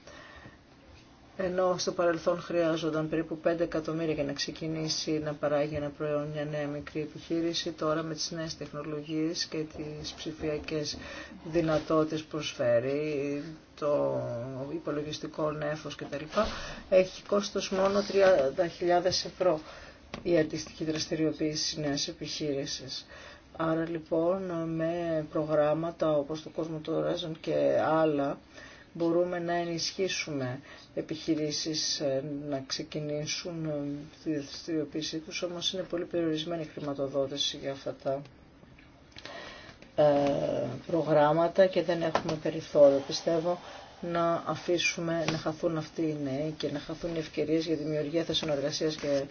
ενώ στο παρελθόν χρειάζονταν περίπου 5 εκατομμύρια για να ξεκινήσει να παράγει ένα προϊόν μια νέα μικρή επιχείρηση, τώρα με τις νέες τεχνολογίες και τις ψηφιακές δυνατότητες προσφέρει το υπολογιστικό νέφος κτλ. έχει κόστος μόνο 30.000 ευρώ η αντίστοιχη δραστηριοποίηση νέας επιχείρησης. Άρα λοιπόν με προγράμματα όπως το Κόσμο Horizon και άλλα, μπορούμε να ενισχύσουμε επιχειρήσεις ε, να ξεκινήσουν ε, τη δραστηριοποίησή τους, όμως είναι πολύ περιορισμένη η χρηματοδότηση για αυτά τα ε, προγράμματα και δεν έχουμε περιθώριο. Πιστεύω να αφήσουμε να χαθούν αυτοί οι νέοι και να χαθούν οι ευκαιρίες για δημιουργία θέσεων και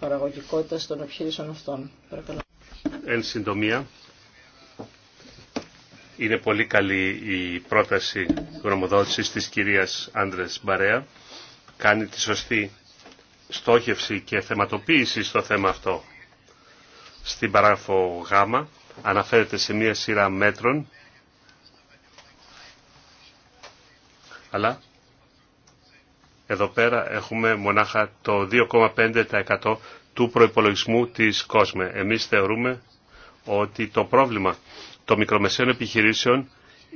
παραγωγικότητας των επιχειρήσεων αυτών. Παρακαλώ. Είναι πολύ καλή η πρόταση γνωμοδότησης της κυρίας Άντρες Μπαρέα. Κάνει τη σωστή στόχευση και θεματοποίηση στο θέμα αυτό. Στην παράγραφο Γ αναφέρεται σε μία σειρά μέτρων αλλά εδώ πέρα έχουμε μονάχα το 2,5% του προϋπολογισμού της κόσμε. Εμείς θεωρούμε ότι το πρόβλημα των μικρομεσαίων επιχειρήσεων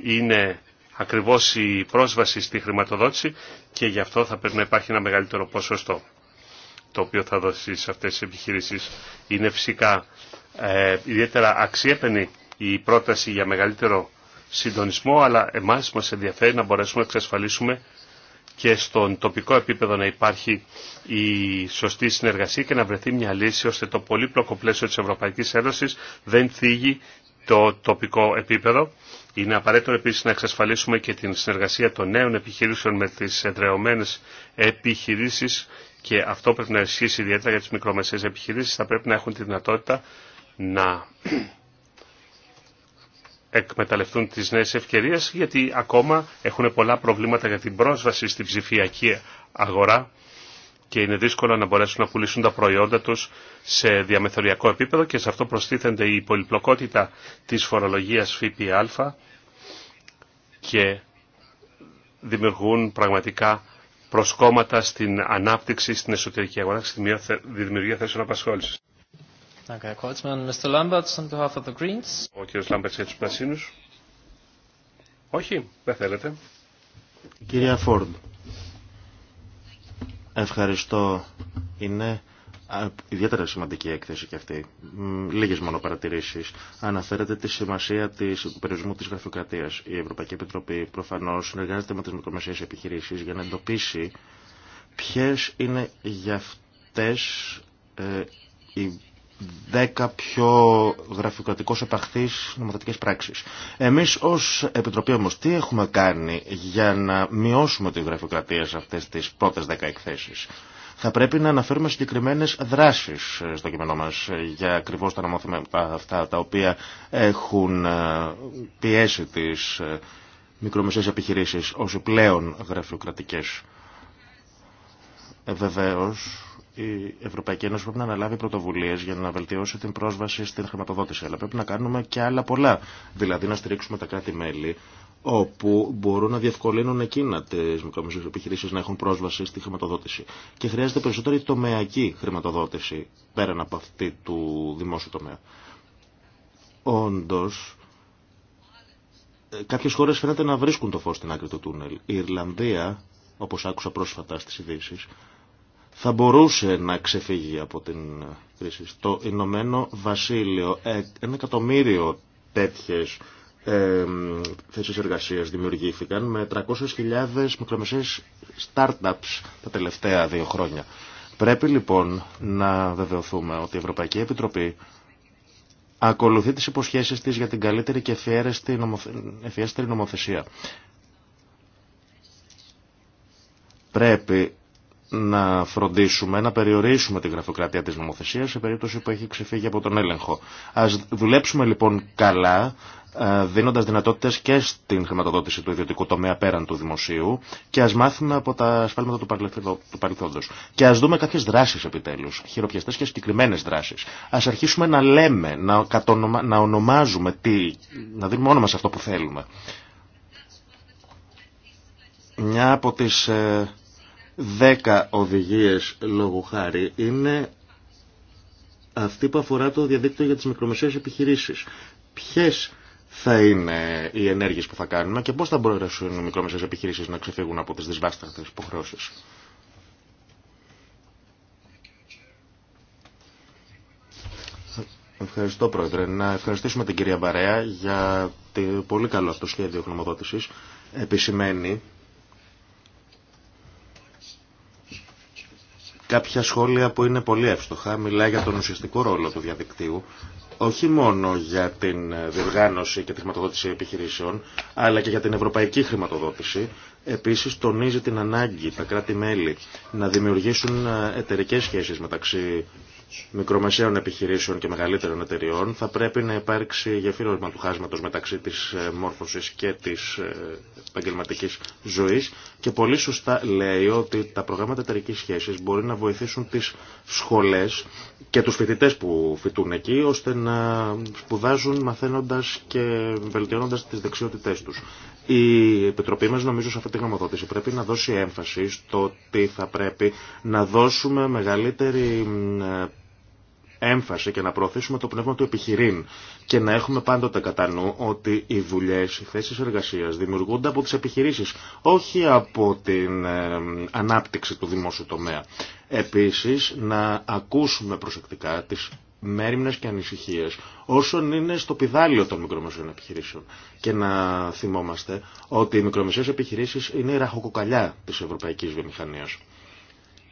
είναι ακριβώς η πρόσβαση στη χρηματοδότηση και γι' αυτό θα πρέπει να υπάρχει ένα μεγαλύτερο ποσοστό το οποίο θα δώσει σε αυτές τις επιχειρήσεις. Είναι φυσικά ε, ιδιαίτερα αξιέπαινη η πρόταση για μεγαλύτερο συντονισμό, αλλά εμάς μας ενδιαφέρει να μπορέσουμε να εξασφαλίσουμε και στον τοπικό επίπεδο να υπάρχει η σωστή συνεργασία και να βρεθεί μια λύση ώστε το πολύπλοκο πλαίσιο της Ευρωπαϊκής Ένωσης δεν θίγει το τοπικό επίπεδο. Είναι απαραίτητο επίσης να εξασφαλίσουμε και την συνεργασία των νέων επιχειρήσεων με τις εδρεωμένες επιχειρήσεις και αυτό πρέπει να ισχύσει ιδιαίτερα για τις μικρομεσαίες επιχειρήσεις. Θα πρέπει να έχουν τη δυνατότητα να εκμεταλλευτούν τις νέες ευκαιρίες γιατί ακόμα έχουν πολλά προβλήματα για την πρόσβαση στην ψηφιακή αγορά και είναι δύσκολο να μπορέσουν να πουλήσουν τα προϊόντα τους σε διαμεθοριακό επίπεδο και σε αυτό προστίθενται η πολυπλοκότητα της φορολογίας ΦΠΑ και δημιουργούν πραγματικά προσκόμματα στην ανάπτυξη στην εσωτερική αγορά και στη δημιουργία θέσεων απασχόλησης. Ο κ. Λάμπερτς για τους Πρασίνους. Όχι, δεν θέλετε. Κυρία Φόρντ. Ευχαριστώ. Είναι ιδιαίτερα σημαντική έκθεση και αυτή. Λίγε μόνο παρατηρήσει. Αναφέρεται τη σημασία της, του περιορισμού τη γραφειοκρατία. Η Ευρωπαϊκή Επιτροπή προφανώ συνεργάζεται με τι μικρομεσαίε επιχειρήσει για να εντοπίσει ποιε είναι για αυτέ ε, οι δέκα πιο γραφειοκρατικώς επαχθείς νομοθετικέ πράξεις. Εμείς ως Επιτροπή όμως τι έχουμε κάνει για να μειώσουμε τη γραφειοκρατία σε αυτές τις πρώτες δέκα εκθέσεις. Θα πρέπει να αναφέρουμε συγκεκριμένε δράσει στο κείμενό μα για ακριβώ τα νομοθετικά αυτά τα οποία έχουν ε, πιέσει τι ε, μικρομεσαίες επιχειρήσεις ως πλέον γραφειοκρατικές. Ε, η Ευρωπαϊκή Ένωση πρέπει να αναλάβει πρωτοβουλίε για να βελτιώσει την πρόσβαση στην χρηματοδότηση. Αλλά πρέπει να κάνουμε και άλλα πολλά. Δηλαδή να στηρίξουμε τα κράτη-μέλη όπου μπορούν να διευκολύνουν εκείνα τι μικρομεσαίε επιχειρήσει να έχουν πρόσβαση στη χρηματοδότηση. Και χρειάζεται περισσότερη τομεακή χρηματοδότηση πέραν από αυτή του δημόσιου τομέα. Όντω, ε, κάποιε χώρε φαίνεται να βρίσκουν το φω στην άκρη του τούνελ. Η Ιρλανδία, όπω άκουσα πρόσφατα στι ειδήσει, θα μπορούσε να ξεφύγει από την κρίση. Το Ηνωμένο Βασίλειο ε, ένα εκατομμύριο τέτοιες ε, θέσεις εργασίας δημιουργήθηκαν με 300.000 μικρομεσαίες startups τα τελευταία δύο χρόνια. Πρέπει λοιπόν να βεβαιωθούμε ότι η Ευρωπαϊκή Επιτροπή ακολουθεί τις υποσχέσεις της για την καλύτερη και ευφιέστερη νομοθεσία. Πρέπει να φροντίσουμε, να περιορίσουμε τη γραφειοκρατία της νομοθεσίας σε περίπτωση που έχει ξεφύγει από τον έλεγχο. Ας δουλέψουμε λοιπόν καλά, ε, δίνοντας δυνατότητες και στην χρηματοδότηση του ιδιωτικού τομέα πέραν του δημοσίου και ας μάθουμε από τα σφάλματα του παρελθόντος. Και ας δούμε κάποιες δράσεις επιτέλους, χειροπιαστές και συγκεκριμένε δράσεις. Ας αρχίσουμε να λέμε, να, να ονομάζουμε, τι, να δίνουμε όνομα σε αυτό που θέλουμε. Μια από τις ε, Δέκα οδηγίες λόγου χάρη είναι αυτή που αφορά το διαδίκτυο για τις μικρομεσαίες επιχειρήσεις. Ποιες θα είναι οι ενέργειες που θα κάνουμε και πώς θα μπορέσουν οι μικρομεσαίες επιχειρήσεις να ξεφύγουν από τις δυσβάσταχτες υποχρεώσεις. Ευχαριστώ Πρόεδρε. Να ευχαριστήσουμε την κυρία Βαρέα για το πολύ καλό αυτό σχέδιο γνωμοδότησης. Επισημαίνει κάποια σχόλια που είναι πολύ εύστοχα. Μιλάει για τον ουσιαστικό ρόλο του διαδικτύου, όχι μόνο για την διοργάνωση και τη χρηματοδότηση επιχειρήσεων, αλλά και για την ευρωπαϊκή χρηματοδότηση. Επίσης τονίζει την ανάγκη τα κράτη-μέλη να δημιουργήσουν ε, εταιρικέ σχέσεις μεταξύ μικρομεσαίων επιχειρήσεων και μεγαλύτερων εταιριών. Θα πρέπει να υπάρξει γεφύρωμα του χάσματος μεταξύ της ε, μόρφωσης και της ε, επαγγελματική ζωής και πολύ σωστά λέει ότι τα προγράμματα εταιρική σχέσης μπορεί να βοηθήσουν τις σχολές και τους φοιτητές που φοιτούν εκεί ώστε να σπουδάζουν μαθαίνοντας και βελτιώνοντας τις δεξιότητές τους. Η Επιτροπή μα νομίζω σε αυτή τη γνωμοδότηση πρέπει να δώσει έμφαση στο ότι θα πρέπει να δώσουμε μεγαλύτερη έμφαση και να προωθήσουμε το πνεύμα του επιχειρήν και να έχουμε πάντοτε κατά νου ότι οι δουλειές, οι θέσεις εργασίας δημιουργούνται από τις επιχειρήσεις, όχι από την ε, ανάπτυξη του δημόσιου τομέα. Επίσης, να ακούσουμε προσεκτικά τις μέρημνες και ανησυχίες όσων είναι στο πιδάλιο των μικρομεσαίων επιχειρήσεων. Και να θυμόμαστε ότι οι μικρομεσαίες επιχειρήσεις είναι η ραχοκοκαλιά της ευρωπαϊκής βιομηχανίας.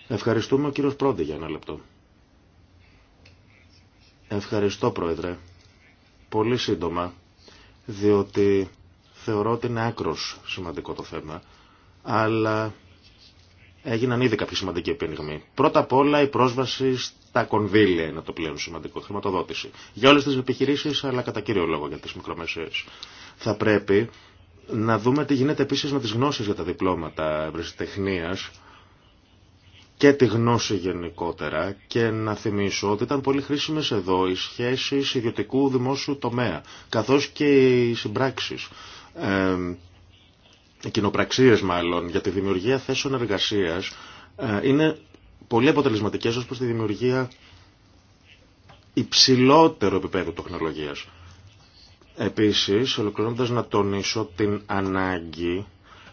Ευχαριστούμε ο κύριος Πρόντε για ένα λεπτό. Ευχαριστώ Πρόεδρε. Πολύ σύντομα, διότι θεωρώ ότι είναι άκρος σημαντικό το θέμα, αλλά έγιναν ήδη κάποιοι σημαντικοί Πρώτα απ' όλα η πρόσβαση στα κονδύλια είναι το πλέον σημαντικό, χρηματοδότηση. Για όλες τις επιχειρήσεις, αλλά κατά κύριο λόγο για τις μικρομεσαίες. Θα πρέπει να δούμε τι γίνεται επίσης με τις γνώσεις για τα διπλώματα ευρεσιτεχνίας, και τη γνώση γενικότερα και να θυμίσω ότι ήταν πολύ χρήσιμες εδώ οι σχέσεις ιδιωτικού δημόσιου τομέα καθώς και οι συμπράξεις. οι κοινοπραξίες μάλλον για τη δημιουργία θέσεων εργασίας ε, είναι πολύ αποτελεσματικές ως προς τη δημιουργία υψηλότερου επίπεδου τεχνολογίας. Επίσης, ολοκληρώνοντας να τονίσω την ανάγκη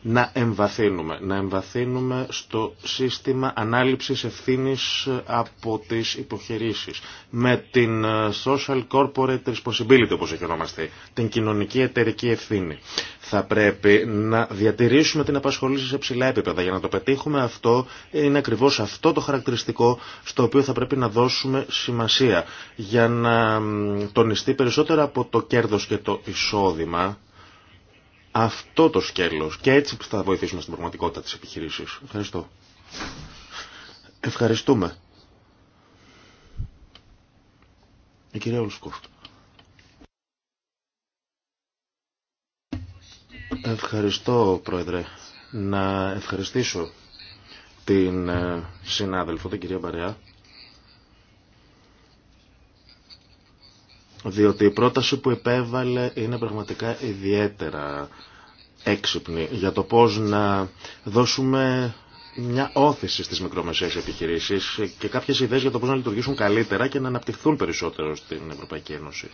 να εμβαθύνουμε. Να εμβαθύνουμε στο σύστημα ανάληψης ευθύνης από τις υποχειρήσεις. Με την ε, social corporate responsibility όπως έχει ονομαστεί. Την κοινωνική εταιρική ευθύνη. Θα πρέπει να διατηρήσουμε την απασχολήση σε ψηλά επίπεδα. Για να το πετύχουμε αυτό είναι ακριβώς αυτό το χαρακτηριστικό στο οποίο θα πρέπει να δώσουμε σημασία. Για να τονιστεί περισσότερο από το κέρδος και το εισόδημα αυτό το σκέλος και έτσι θα βοηθήσουμε στην πραγματικότητα της επιχειρήσης. Ευχαριστώ. Ευχαριστούμε. Η κυρία Ευχαριστώ, Πρόεδρε. Να ευχαριστήσω την ε, συνάδελφο, την κυρία Μπαρεά, διότι η πρόταση που επέβαλε είναι πραγματικά ιδιαίτερα έξυπνη για το πώς να δώσουμε μια όθηση στις μικρομεσαίες επιχειρήσεις και κάποιες ιδέες για το πώς να λειτουργήσουν καλύτερα και να αναπτυχθούν περισσότερο στην Ευρωπαϊκή Ένωση.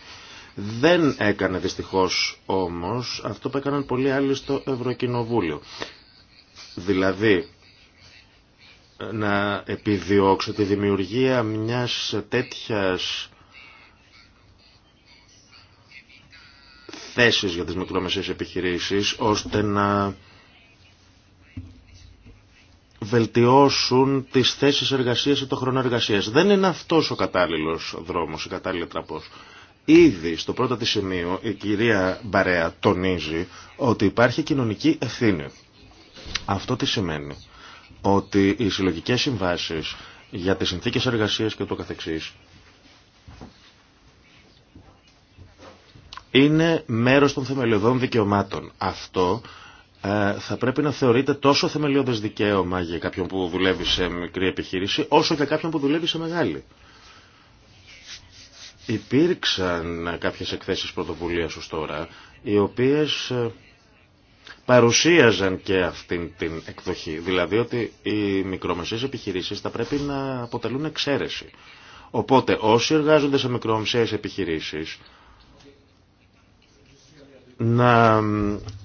Δεν έκανε δυστυχώς όμως αυτό που έκαναν πολλοί άλλοι στο Ευρωκοινοβούλιο. Δηλαδή να επιδιώξω τη δημιουργία μιας τέτοιας θέσεις για τις μικρομεσαίες επιχειρήσεις ώστε να βελτιώσουν τις θέσεις εργασίας ή το χρόνο εργασίας. Δεν είναι αυτός ο κατάλληλος δρόμος, η κατάλληλη τραπός. Ήδη στο πρώτο της σημείο η κυρία Μπαρέα τονίζει ότι υπάρχει κοινωνική ευθύνη. Αυτό τι σημαίνει. Ότι οι συλλογικές συμβάσεις για τις συνθήκες εργασίας και το καθεξής είναι μέρος των θεμελιωδών δικαιωμάτων. Αυτό ε, θα πρέπει να θεωρείται τόσο θεμελιώδες δικαίωμα για κάποιον που δουλεύει σε μικρή επιχείρηση, όσο και κάποιον που δουλεύει σε μεγάλη. Υπήρξαν κάποιες εκθέσεις πρωτοβουλίας ως τώρα, οι οποίες ε, παρουσίαζαν και αυτήν την εκδοχή. Δηλαδή ότι οι μικρομεσαίες επιχειρήσεις θα πρέπει να αποτελούν εξαίρεση. Οπότε όσοι εργάζονται σε μικρομεσαίες επιχειρήσεις, να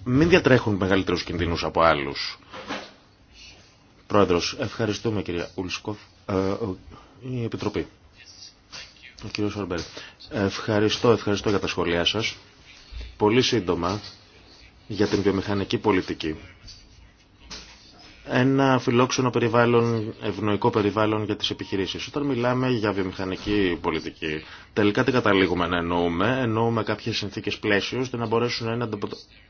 μην διατρέχουν μεγαλύτερους κινδύνους από άλλους. Πρόεδρος, ευχαριστούμε κυρία Ουλσκοφ, ε, η Επιτροπή. Ο κύριος Ορμπέρ. Ευχαριστώ, ευχαριστώ για τα σχόλιά σας. Πολύ σύντομα για την βιομηχανική πολιτική ένα φιλόξενο περιβάλλον, ευνοϊκό περιβάλλον για τις επιχειρήσεις. Όταν μιλάμε για βιομηχανική πολιτική, τελικά τι καταλήγουμε να εννοούμε. Εννοούμε κάποιες συνθήκες πλαίσιο, ώστε να μπορέσουν να είναι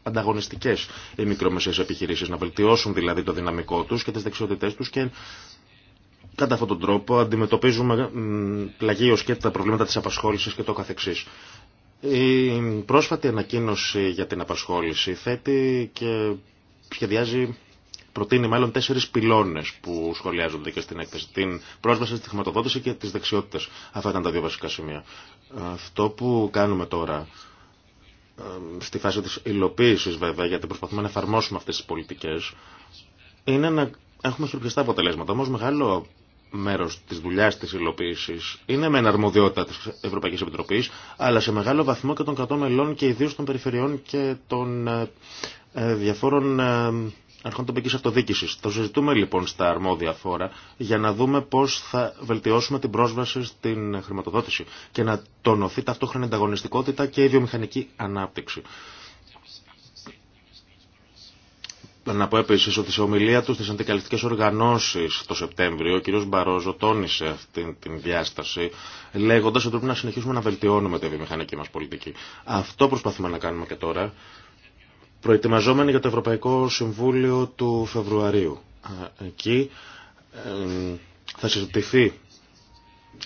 ανταγωνιστικές οι μικρομεσαίες επιχειρήσεις, να βελτιώσουν δηλαδή το δυναμικό τους και τις δεξιότητές τους και κατά αυτόν τον τρόπο αντιμετωπίζουμε πλαγίως και τα προβλήματα της απασχόλησης και το καθεξής. Η πρόσφατη ανακοίνωση για την απασχόληση θέτει και σχεδιάζει προτείνει μάλλον τέσσερι πυλώνε που σχολιάζονται και στην έκθεση. Την πρόσβαση τη χρηματοδότηση και τι δεξιότητε. Αυτά ήταν τα δύο βασικά σημεία. Αυτό που κάνουμε τώρα στη φάση τη υλοποίηση, βέβαια, γιατί προσπαθούμε να εφαρμόσουμε αυτέ τι πολιτικέ, είναι να έχουμε χειροπιαστά αποτελέσματα. Όμω μεγάλο μέρο τη δουλειά τη υλοποίηση, είναι με εναρμοδιότητα τη Ευρωπαϊκή Επιτροπή, αλλά σε μεγάλο βαθμό και των κρατών μελών και ιδίω των περιφερειών και των ε, ε, διαφόρων ε, αρχών τοπική αυτοδίκησης. Το συζητούμε λοιπόν στα αρμόδια φόρα για να δούμε πώ θα βελτιώσουμε την πρόσβαση στην χρηματοδότηση και να τονωθεί ταυτόχρονα η ανταγωνιστικότητα και η βιομηχανική ανάπτυξη. Να πω επίση ότι σε ομιλία του στι αντικαλιστικέ οργανώσει το Σεπτέμβριο, ο κ. Μπαρόζο τόνισε αυτή την διάσταση, λέγοντα ότι πρέπει να συνεχίσουμε να βελτιώνουμε τη βιομηχανική μα πολιτική. Αυτό προσπαθούμε να κάνουμε και τώρα προετοιμαζόμενοι για το Ευρωπαϊκό Συμβούλιο του Φεβρουαρίου. Εκεί θα συζητηθεί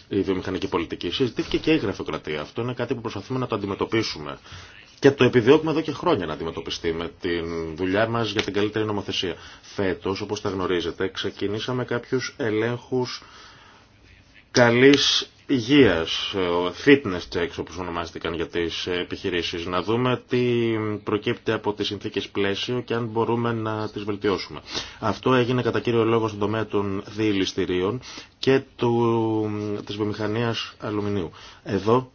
η βιομηχανική πολιτική. Συζητήθηκε και η γραφειοκρατία. Αυτό είναι κάτι που προσπαθούμε να το αντιμετωπίσουμε. Και το επιδιώκουμε εδώ και χρόνια να αντιμετωπιστεί με τη δουλειά μα για την καλύτερη νομοθεσία. Φέτο, όπω τα γνωρίζετε, ξεκινήσαμε κάποιου ελέγχου καλής υγείας, fitness checks όπως ονομάστηκαν για τις επιχειρήσεις, να δούμε τι προκύπτει από τις συνθήκες πλαίσιο και αν μπορούμε να τις βελτιώσουμε. Αυτό έγινε κατά κύριο λόγο στον τομέα των διηληστηρίων και του, της βιομηχανίας αλουμινίου. Εδώ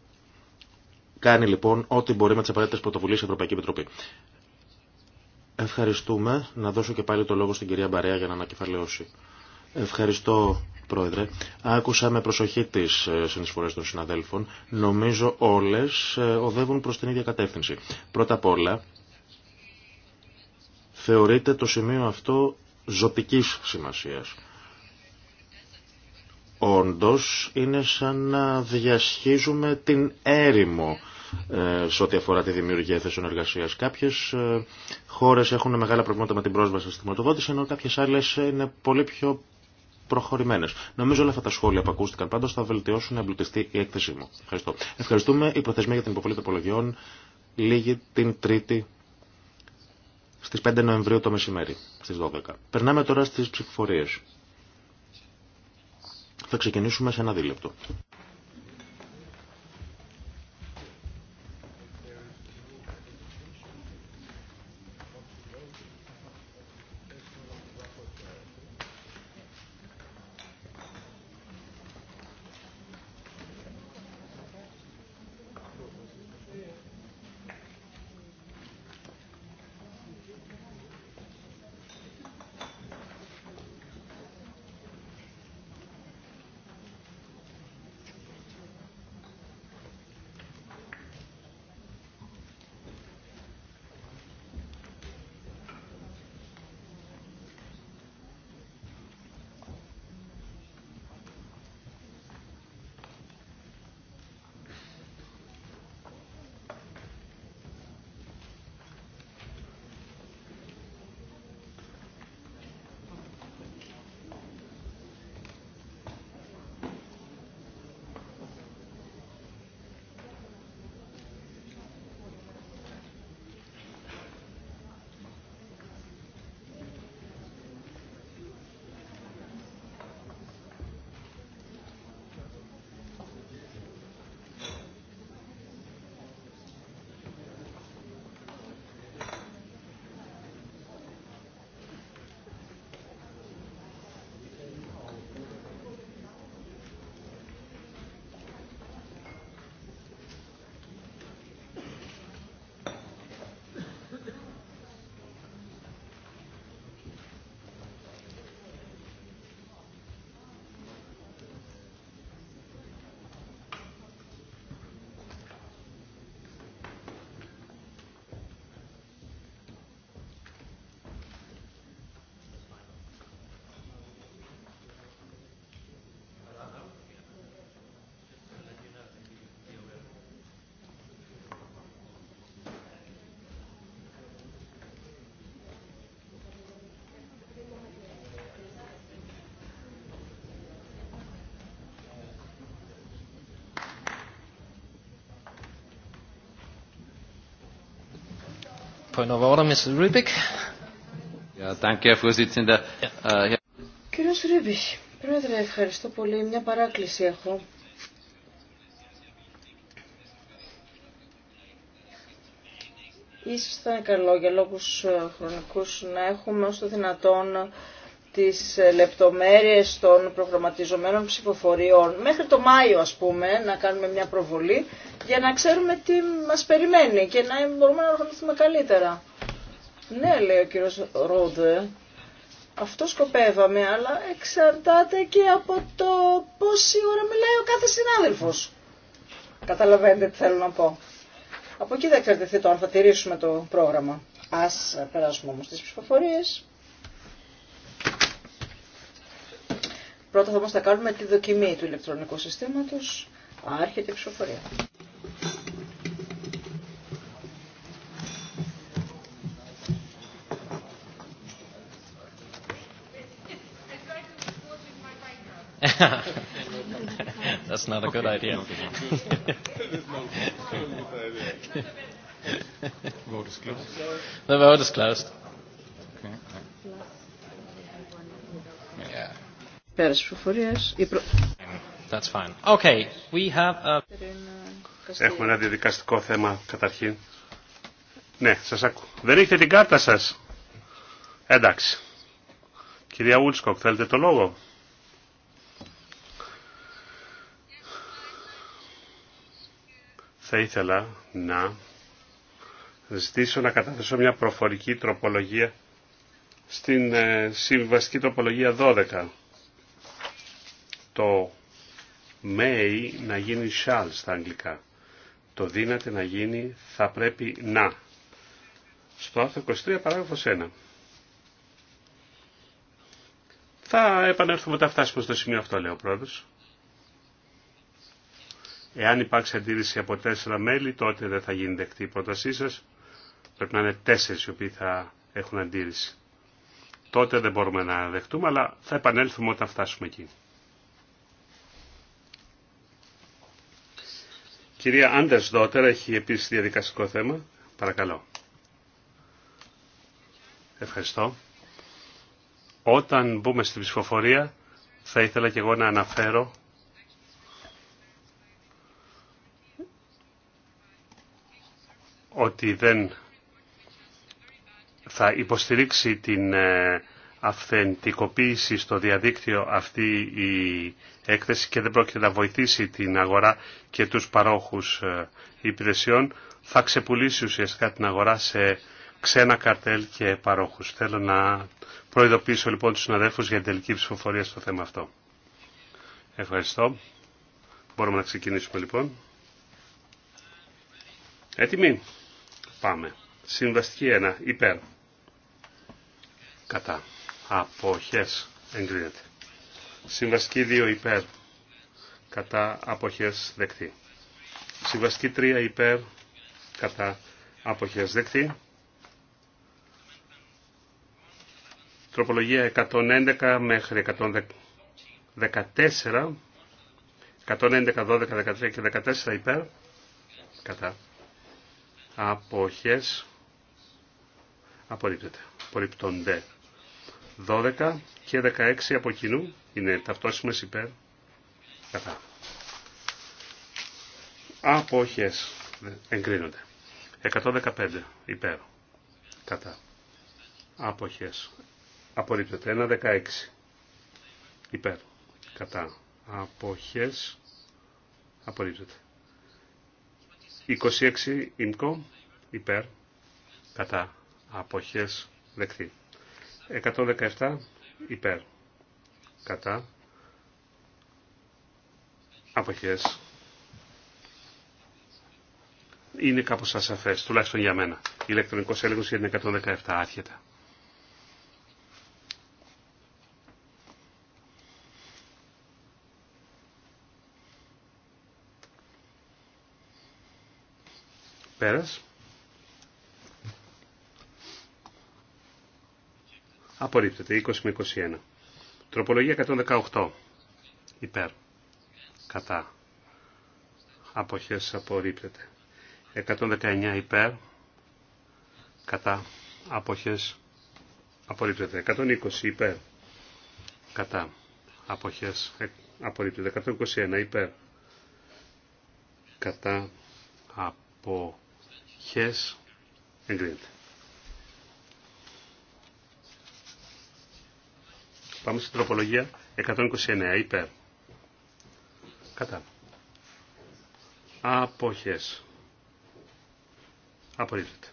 κάνει λοιπόν ό,τι μπορεί με τις απαραίτητες πρωτοβουλίες Ευρωπαϊκή Επιτροπή. Ευχαριστούμε. Να δώσω και πάλι το λόγο στην κυρία Μπαρέα για να ανακεφαλαιώσει. Ευχαριστώ, Πρόεδρε. Άκουσα με προσοχή τι ε, συνεισφορέ των συναδέλφων. Νομίζω όλε ε, οδεύουν προ την ίδια κατεύθυνση. Πρώτα απ' όλα, θεωρείται το σημείο αυτό ζωτική σημασία. Όντω, είναι σαν να διασχίζουμε την έρημο ε, σε ό,τι αφορά τη δημιουργία θέσεων εργασία. Κάποιε χώρε έχουν μεγάλα προβλήματα με την πρόσβαση στη χρηματοδότηση, ενώ κάποιε άλλε είναι πολύ πιο προχωρημένες. Νομίζω όλα αυτά τα σχόλια που ακούστηκαν πάντως θα βελτιώσουν να εμπλουτιστεί η έκθεσή μου. Ευχαριστώ. Ευχαριστούμε. Η προθεσμία για την υποβολή των απολογιών λίγη την Τρίτη στις 5 Νοεμβρίου το μεσημέρι, στι 12. Περνάμε τώρα στις ψηφοφορίε. Θα ξεκινήσουμε σε ένα δίλεπτο. Point of order, äh, πρόεδρε, ευχαριστώ πολύ. Μια παράκληση έχω. Ίσως θα είναι καλό για λόγους ε, χρονικούς να έχουμε όσο το δυνατόν τις ε, λεπτομέρειες των προγραμματιζομένων ψηφοφοριών. Μέχρι το Μάιο, α πούμε, να κάνουμε μια προβολή για να ξέρουμε τι μας περιμένει και να μπορούμε να οργανωθούμε καλύτερα. Ναι, λέει ο κύριος Ρόντε, αυτό σκοπεύαμε, αλλά εξαρτάται και από το πόση ώρα μιλάει ο κάθε συνάδελφος. Καταλαβαίνετε τι θέλω να πω. Από εκεί θα εξαρτηθεί το αν θα τηρήσουμε το πρόγραμμα. Ας περάσουμε όμως τις ψηφοφορίες. Πρώτα θα όμως θα κάνουμε τη δοκιμή του ηλεκτρονικού συστήματος. Άρχεται η ψηφοφορία. That's not a good idea. Vote is closed. The vote is closed. That's fine. Okay, we have a... Έχουμε ένα διαδικαστικό θέμα καταρχήν. Ναι, σας ακούω. Δεν έχετε την κάρτα σας. Εντάξει. Κυρία Ούλσκοκ, θέλετε το λόγο. θα ήθελα να ζητήσω να καταθέσω μια προφορική τροπολογία στην ε, συμβαστική τροπολογία 12. Το may να γίνει shall στα αγγλικά. Το δύναται να γίνει θα πρέπει να. Στο άρθρο 23 παράγραφος 1. Θα επανέλθουμε όταν φτάσουμε στο σημείο αυτό, λέει ο πρόεδρος. Εάν υπάρξει αντίρρηση από τέσσερα μέλη, τότε δεν θα γίνει δεκτή η πρότασή σα. Πρέπει να είναι τέσσερι οι οποίοι θα έχουν αντίρρηση. Τότε δεν μπορούμε να δεχτούμε, αλλά θα επανέλθουμε όταν φτάσουμε εκεί. Κυρία Άντερς Δότερ έχει επίσης διαδικαστικό θέμα. Παρακαλώ. Ευχαριστώ. Όταν μπούμε στην ψηφοφορία θα ήθελα και εγώ να αναφέρω ότι δεν θα υποστηρίξει την ε, αυθεντικοποίηση στο διαδίκτυο αυτή η έκθεση και δεν πρόκειται να βοηθήσει την αγορά και τους παρόχους ε, υπηρεσιών, θα ξεπουλήσει ουσιαστικά την αγορά σε ξένα καρτέλ και παρόχους. Θέλω να προειδοποιήσω λοιπόν τους συναδέλφους για την τελική ψηφοφορία στο θέμα αυτό. Ευχαριστώ. Μπορούμε να ξεκινήσουμε λοιπόν. Έτοιμοι. Πάμε. Συμβαστική 1. Υπέρ. Κατά. Αποχές. Εγκρίνεται. Συμβαστική 2. Υπέρ. Κατά. Αποχές. Δεκτή. Συμβαστική 3. Υπέρ. Κατά. Αποχές. Δεκτή. Τροπολογία 111 μέχρι 114. 111, 12, 13 και 14 υπέρ. Κατά αποχές απορρίπτεται. Απορρίπτονται. 12 και 16 από κοινού είναι ταυτόσιμες υπέρ κατά. Αποχές εγκρίνονται. 115 υπέρ κατά. Αποχές απορρίπτεται. 1-16 υπέρ κατά. Αποχές απορρίπτεται. 26 ΙΜΚΟ υπέρ κατά αποχές δεκτή. 117 υπέρ κατά αποχές είναι κάπως ασαφές, τουλάχιστον για μένα. Ηλεκτρονικός έλεγχος είναι 117 άρχεται. Πέρας. Απορρίπτεται. 20 με 21. Τροπολογία 118. Υπέρ. Κατά. Αποχές απορρίπτεται. 119 υπέρ. Κατά. Αποχές απορρίπτεται. 120 υπέρ. Κατά. Αποχές απορρίπτεται. 121 υπέρ. Κατά. Από Αποχές. Εγκρίνεται. Πάμε στην τροπολογία 129. Υπέρ. Κατά. Αποχές. Απορρίπτεται.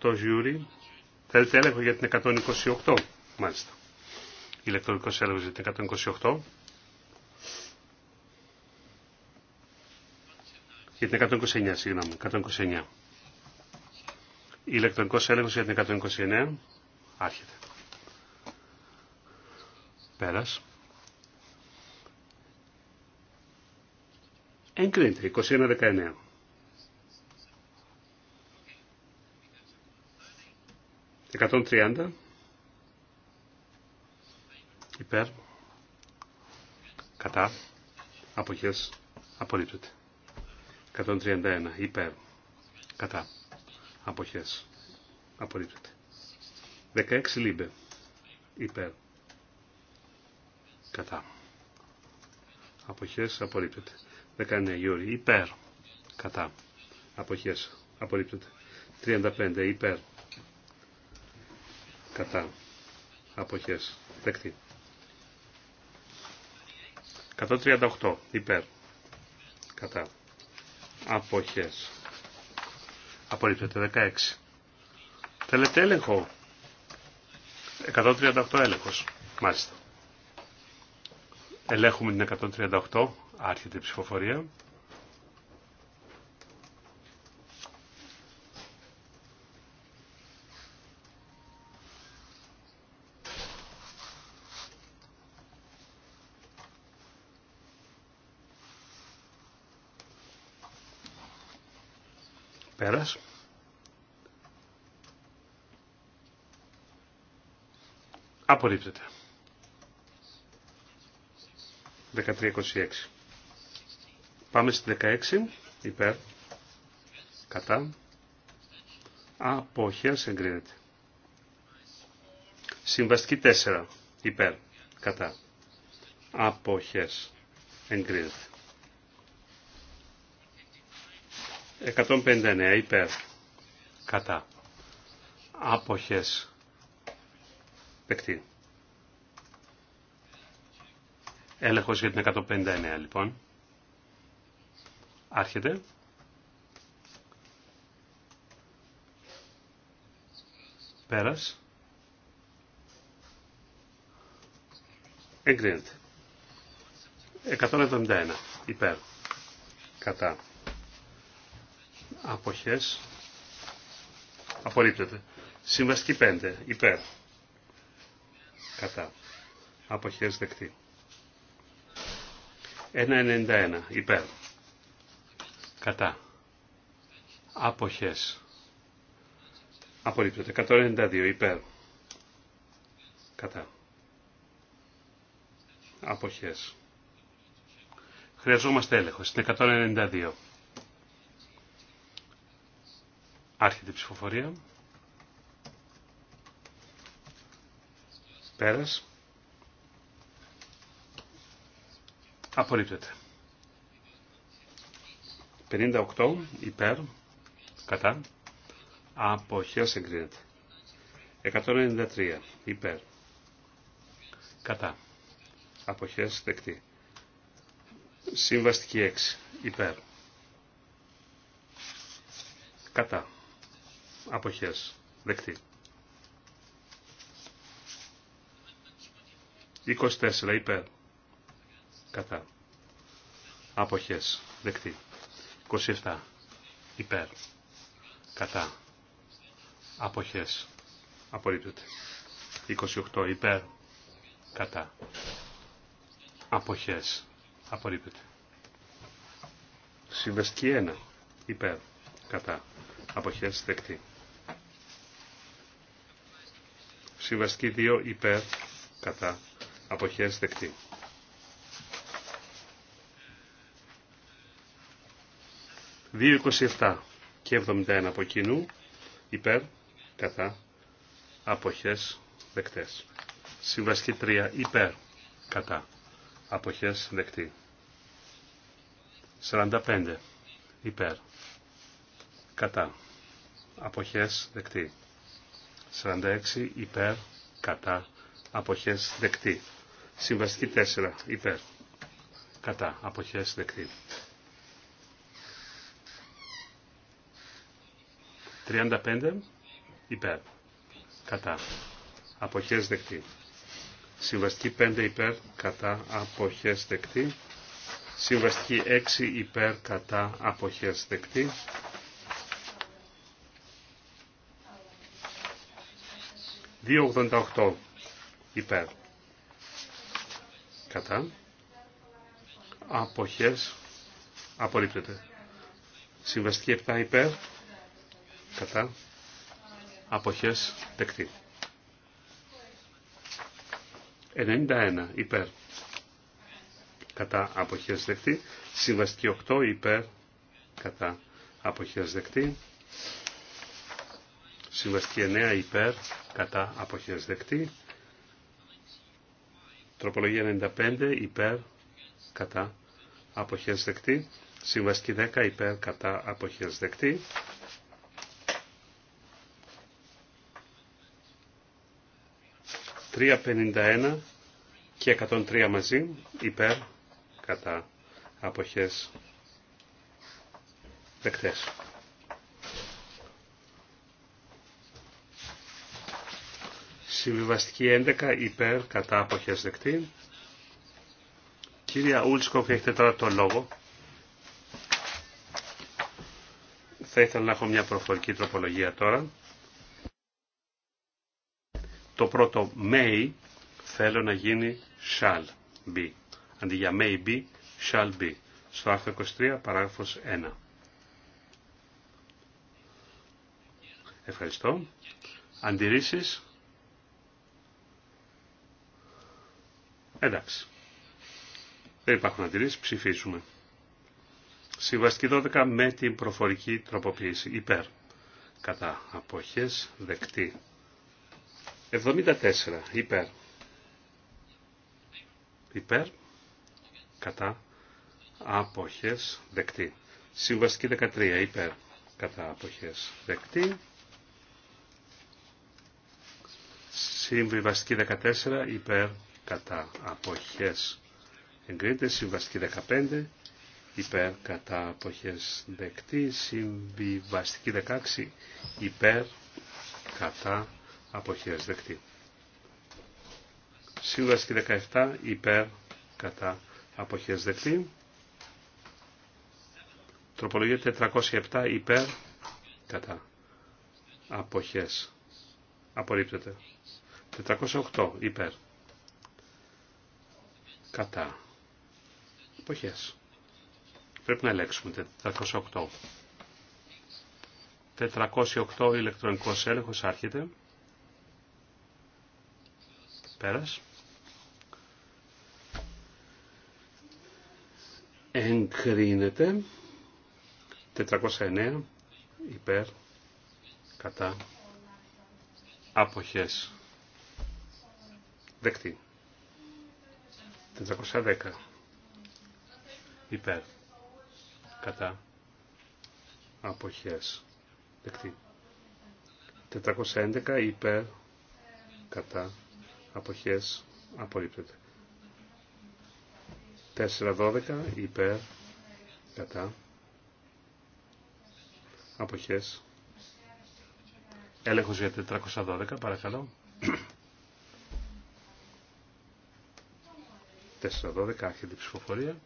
18 Ιούρι. Θέλετε έλεγχο για την 128. Μάλιστα. Ηλεκτρονικός έλεγχο για την 128. Για την 129, συγγνώμη, 129. Ηλεκτρονικός έλεγχος για την 129. Άρχεται. Πέρας. Εγκρίνεται, 21-19. 130. Υπέρ. Κατά. Αποχές. Απορρίπτεται. 131 υπέρ κατά αποχές απορρίπτεται 16 λίμπε υπέρ κατά αποχές απορρίπτεται 19 Γιώργη. υπέρ κατά αποχές απορρίπτεται 35 υπέρ κατά αποχές δεκτή 138 υπέρ κατά αποχές. Απορρίπτεται 16. Θέλετε έλεγχο. 138 έλεγχος. Μάλιστα. Ελέγχουμε την 138. Άρχεται η ψηφοφορία. Απορρίπτεται. 1326. Πάμε στη 16. Υπέρ. Κατά. Αποχές εγκρίνεται. Συμβαστική 4. Υπέρ. Κατά. Αποχές εγκρίνεται. 159 υπέρ. Κατά. Αποχές. Δεκτή. Έλεγχος για την 159 λοιπόν. Άρχεται. Πέρας. Εγκρίνεται. 171 υπέρ. Κατά. Αποχές. Απορρίπτεται. Συμβαστική 5 υπέρ. Κατά. Αποχές δεκτή. 1.91 υπέρ. Κατά. Αποχές. απορρίπτωτε 192 υπέρ. Κατά. Αποχές. Χρειαζόμαστε έλεγχο. Στην 192. Άρχεται η ψηφοφορία. Πέρας. Απορρίπτεται. 58 υπέρ κατά αποχές εγκρίνεται. 193 υπέρ κατά αποχές δεκτή. Συμβαστική 6 υπέρ κατά αποχές δεκτή. 24 υπέρ κατά αποχές δεκτή 27 υπέρ κατά αποχές απορρίπτεται 28 υπέρ κατά αποχές απορρίπτεται Συμβεστική 1 υπέρ κατά αποχές δεκτή συμβαστική 2 υπέρ κατά αποχές δεκτή 2.27 και 71 από κοινού υπέρ κατά αποχές δεκτές. Συμβαστική 3 υπέρ κατά αποχές δεκτή. 45 υπέρ κατά αποχές δεκτή. 46 υπέρ κατά αποχές δεκτή. Συμβαστική 4 υπέρ κατά αποχές δεκτή. 35 υπέρ. Κατά. Αποχές δεκτή. Συμβαστική 5 υπέρ. Κατά. Αποχές δεκτή. Συμβαστική 6 υπέρ. Κατά. Αποχές δεκτή. 288 υπέρ. Κατά. Αποχές απορρίπτεται. Συμβαστική 7 υπέρ κατά αποχές δεκτή. 91 υπέρ κατά αποχές δεκτή. Συμβαστική 8 υπέρ κατά αποχές δεκτή. Συμβαστική 9 υπέρ κατά αποχές δεκτή. Τροπολογία 95 υπέρ κατά αποχές δεκτή. Συμβαστική 10 υπέρ κατά αποχές δεκτή. 351 και 103 μαζί, υπέρ, κατά αποχές δεκτές. Συμβιβαστική 11 υπέρ κατά αποχές δεκτή. Κύρια Ούλσκοφ, έχετε τώρα το λόγο. Θα ήθελα να έχω μια προφορική τροπολογία τώρα το πρώτο may θέλω να γίνει shall be. Αντί για may be, shall be. Στο άρθρο 23, παράγραφος 1. Ευχαριστώ. Αντιρρήσεις. Εντάξει. Δεν υπάρχουν αντιρρήσεις, ψηφίζουμε. Συμβαστική 12 με την προφορική τροποποίηση. Υπέρ. Κατά αποχές δεκτή. 74 υπέρ. Υπέρ. Κατά. Αποχές δεκτή. Συμβαστική 13 υπέρ. Κατά αποχές δεκτή. Συμβιβαστική 14 υπέρ. Κατά αποχές εγκρίνεται. Συμβαστική 15 υπέρ. Κατά αποχές δεκτή. Συμβιβαστική 16 υπέρ. Κατά αποχές δεκτή. Σύμβαση 17 υπέρ κατά αποχές δεκτή. Τροπολογία 407 υπέρ κατά αποχές. Απορρίπτεται. 408 υπέρ κατά αποχές. Πρέπει να ελέγξουμε 408. 408 ηλεκτρονικός έλεγχος άρχεται. Πέρας. Εγκρίνεται. 409 υπέρ κατά αποχές. Δεκτή. 410 υπέρ κατά αποχές. Δεκτή. 411 υπέρ κατά αποχές απορρίπτεται. 4-12 υπέρ κατά αποχές έλεγχος για 412 παρακαλώ 412 άρχεται η ψηφοφορία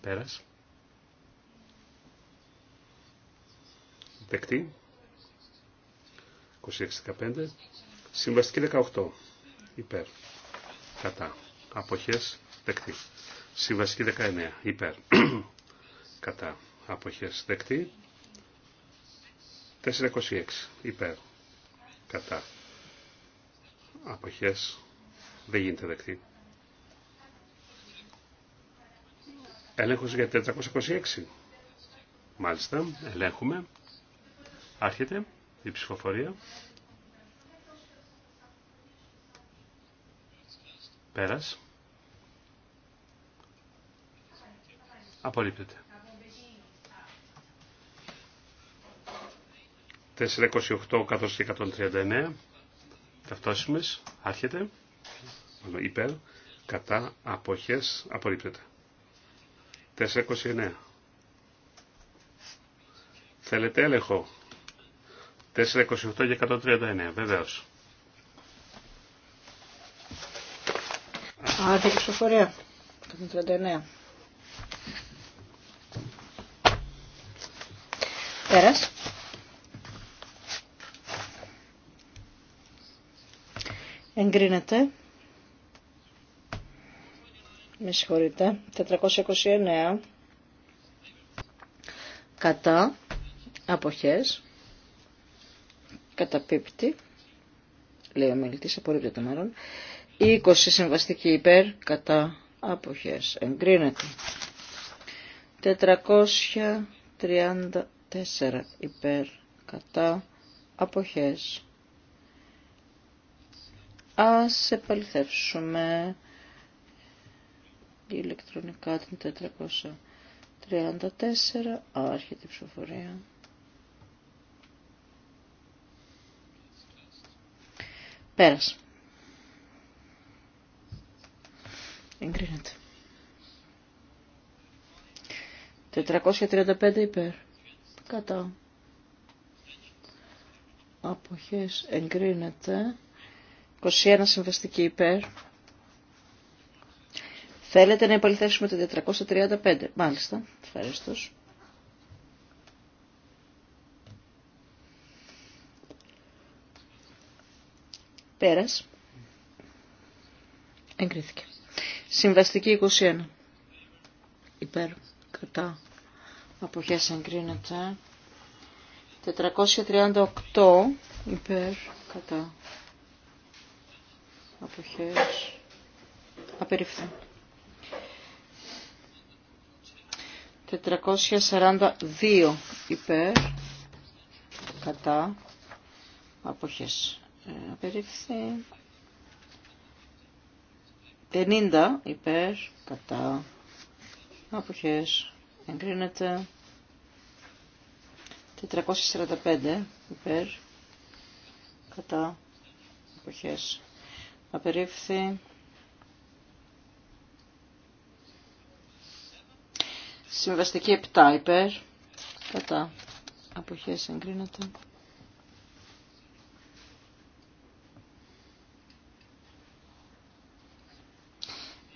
πέρας δεκτή 26-15 Συμβαστική 18. Υπέρ. Κατά. Αποχές. Δεκτή. Συμβαστική 19. Υπέρ. Κατά. Αποχές. Δεκτή. 426. Υπέρ. Κατά. Αποχές. Δεν γίνεται δεκτή. Έλεγχος για 426. Μάλιστα. Ελέγχουμε. Άρχεται η ψηφοφορία. Πέρας. Απορρίπτεται. 428 καθώς και 139 ταυτόσιμες άρχεται υπέρ κατά αποχές απορρίπτεται 429 θέλετε έλεγχο 428 και 139 βεβαίως η ψηφοφορία. 139. Πέρας. Εγκρίνεται. Με συγχωρείτε. 429. Κατά. Αποχές. Καταπίπτει. Λέει ο μιλητής. Απορρίπτεται μάλλον. 20 συμβαστική υπέρ κατά αποχές εγκρίνεται 434 υπέρ κατά αποχές ας επαληθεύσουμε ηλεκτρονικά την 434 άρχεται η ψηφοφορία πέρασε Εγκρίνεται. 435 υπέρ. Κατά. Αποχές. Εγκρίνεται. 21 συμβαστική υπέρ. Θέλετε να επαληθεύσουμε το 435. Μάλιστα. Ευχαριστώ. Πέρας. Εγκρίθηκε. Συμβαστική 21. Υπέρ. Κατά. Αποχές εγκρίνεται. 438. Υπέρ. Κατά. Αποχές. Απερίφθη. 442 υπέρ, κατά, αποχές. Ε, απερίφθη. 50 υπέρ κατά αποχές εγκρίνεται 445 υπέρ κατά αποχές απερίφθη 7 υπέρ κατά αποχές εγκρίνεται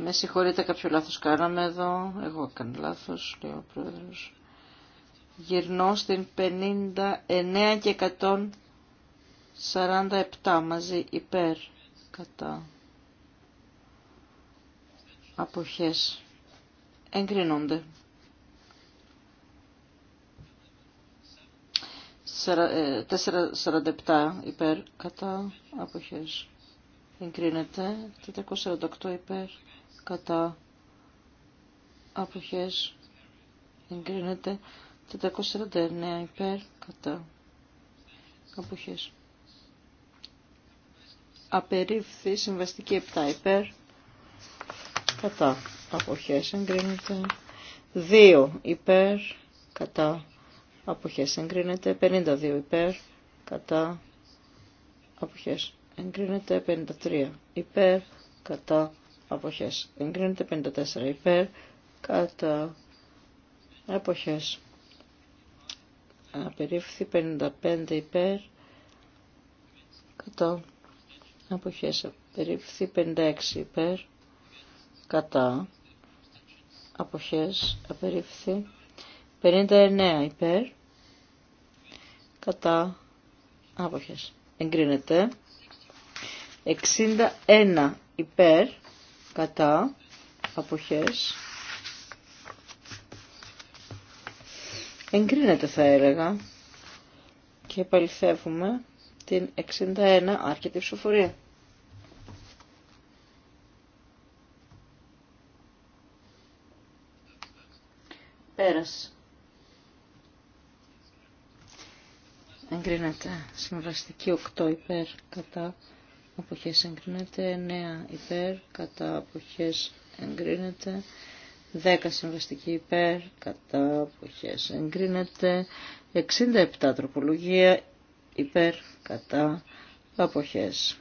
Με συγχωρείτε, κάποιο λάθος κάναμε εδώ. Εγώ έκανα λάθος, λέει ο πρόεδρος. Γυρνώ στην 59 και 147 μαζί υπέρ κατά αποχές. Εγκρίνονται. 447 ε, υπέρ κατά αποχές. Εγκρίνεται. 448 υπέρ κατά αποχές εγκρίνεται 449 υπέρ κατά αποχές απερίφθη συμβαστική 7 υπέρ κατά αποχές εγκρίνεται 2 υπέρ κατά αποχές εγκρίνεται 52 υπέρ κατά αποχές εγκρίνεται 53 υπέρ κατά αποχές. Εγκρίνεται 54 υπέρ, κατά αποχές. Απερίφθη 55 υπέρ, κατά αποχές. Απερίφθη 56 υπέρ, κατά αποχές. Απερίφθη 59 υπέρ, κατά αποχές. Εγκρίνεται 61 υπέρ, κατά αποχές εγκρίνεται θα έλεγα και επαληθεύουμε την 61 αρκετή ψηφοφορία. Πέρασε. Εγκρίνεται. Συμβαστική 8 υπέρ κατά αποχές εγκρίνεται, 9 υπέρ, κατά αποχές εγκρίνεται, 10 συμβαστική υπέρ, κατά αποχές εγκρίνεται, 67 τροπολογία υπέρ, κατά αποχές.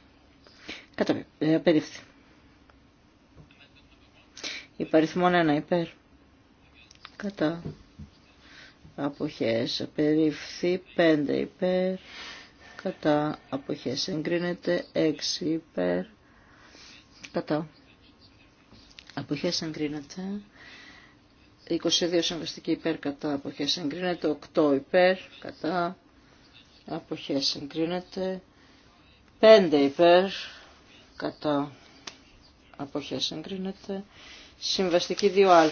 Κατά ε, απερίφθη. Υπαριθμόν 1 υπέρ, κατά αποχές απερίφθη, 5 υπέρ, κατά χ εγκρίνεται 6 υπέρ κατά χ εγκρίνεται 22 συμβαστική υπέρ κατά χ εγκρίνεται 8 υπέρ κατά χ εγκρίνεται 5 υπέρ χ συγκρίνεται, εγκρίνεται συμβαστική 2α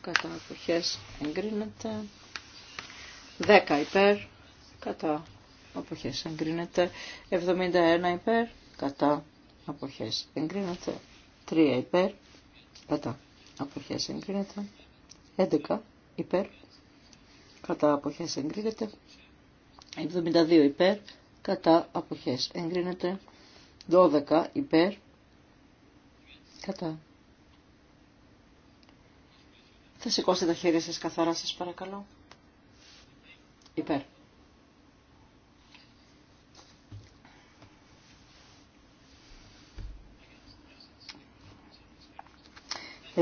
κατά χ εγκρίνεται 10 υπέρ κατά αποχές εγκρίνεται 71 υπέρ κατά αποχές εγκρίνεται 3 υπέρ κατά αποχές εγκρίνεται 11 υπέρ κατά αποχές εγκρίνεται 72 υπέρ κατά αποχές εγκρίνεται 12 υπέρ κατά θα σηκώσετε τα χέρια σας καθαρά σας παρακαλώ υπέρ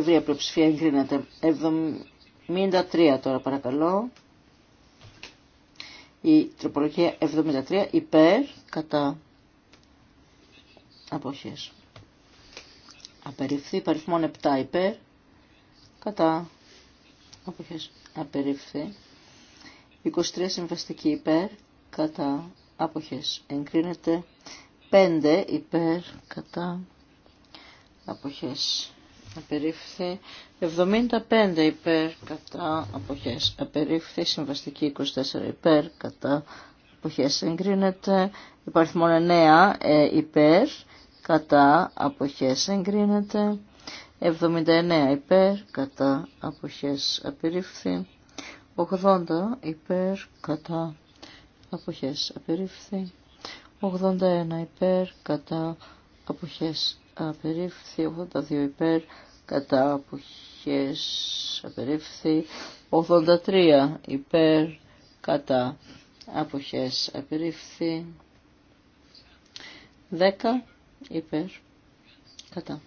Ευρία πλειοψηφία εγκρίνεται. 73 τώρα παρακαλώ. Η τροπολογία 73 υπέρ κατά αποχές. Απερίφθη, παριθμόν 7 υπέρ κατά αποχές. Απερίφθη. 23 συμβαστική υπέρ κατά αποχές. Εγκρίνεται 5 υπέρ κατά αποχές απερίφθη 75 υπέρ κατά αποχές απερίφθη συμβαστική 24 υπέρ κατά αποχές εγκρίνεται υπάρχει μόνο 9 ε, υπέρ κατά αποχές εγκρίνεται 79 υπέρ κατά αποχές απερίφθη 80 υπέρ κατά αποχές απερίφθη 81 υπέρ κατά αποχές απερίφθη 82 υπέρ κατά αποχές απερίφθη 83 υπέρ κατά αποχές απερίφθη 10 υπέρ κατά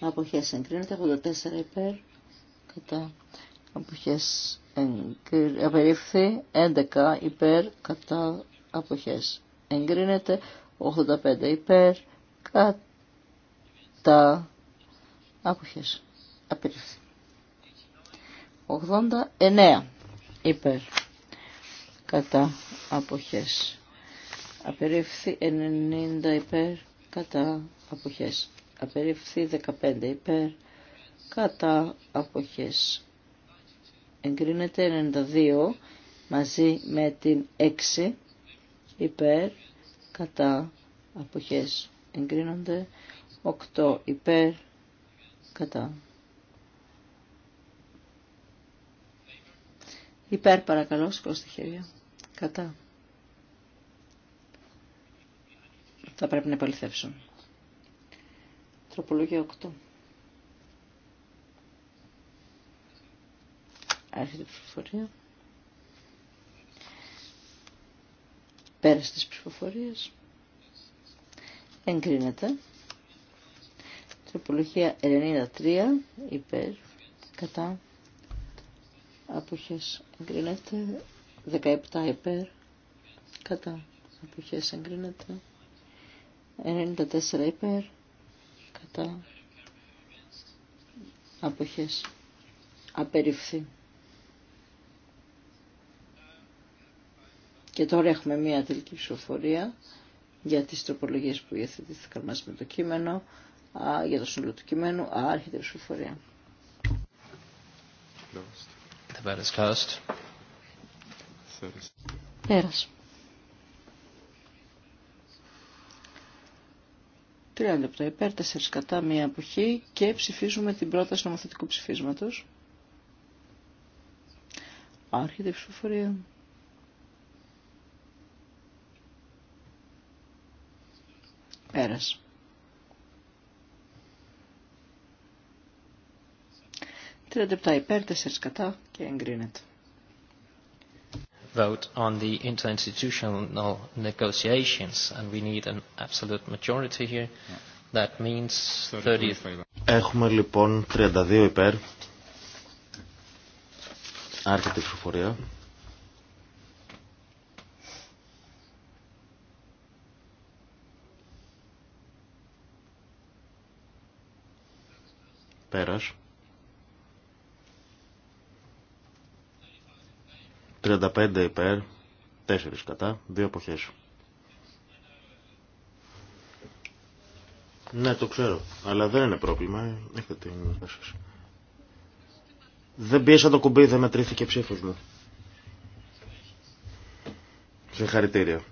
αποχές εγκρίνεται 84 υπέρ κατά αποχές απερίφθη 11 υπέρ κατά αποχές εγκρίνεται 85 υπέρ κατά άποχες απερίφθη 89 υπέρ κατά αποχές απερίφθη 90 υπέρ κατά αποχές απερίφθη 15 υπέρ κατά αποχές εγκρίνεται 92 μαζί με την 6 υπέρ κατά αποχές εγκρίνονται 8 υπέρ κατά. Υπέρ παρακαλώ, στη χέρια. Κατά. Θα πρέπει να επαληθεύσουν. Τροπολογία 8. Άρχεται η ψηφοφορία. Πέρασε τις ψηφοφορίες εγκρίνεται. Τροπολογία 93 υπέρ κατά αποχές εγκρίνεται. 17 υπέρ κατά αποχές εγκρίνεται. 94 υπέρ κατά αποχές απεριφθεί. Και τώρα έχουμε μία τελική ψηφοφορία για τις τροπολογίες που υιοθετήθηκαν μαζί με το κείμενο, για το σύνολο του κειμένου, άρχεται η ψηφοφορία. Πέρας. Τρία λεπτά υπέρ, 4 κατά, μία αποχή και ψηφίζουμε την πρόταση νομοθετικού ψηφίσματος. Άρχεται η ψηφοφορία. Πέρας. Τριαντεπτά υπέρ, τέσσερις κατά και εγκρίνεται. Vote on the interinstitutional negotiations and we need an absolute majority here. That means 30. Έχουμε λοιπόν 32 υπέρ. Άρχεται η ψηφοφορία. Πέρας. 35 υπέρ, 4 κατά, 2 εποχές. Ναι, το ξέρω. Αλλά δεν είναι πρόβλημα. Έχετε την σας. Δεν πίεσα το κουμπί, δεν μετρήθηκε ψήφος μου. Συγχαρητήρια.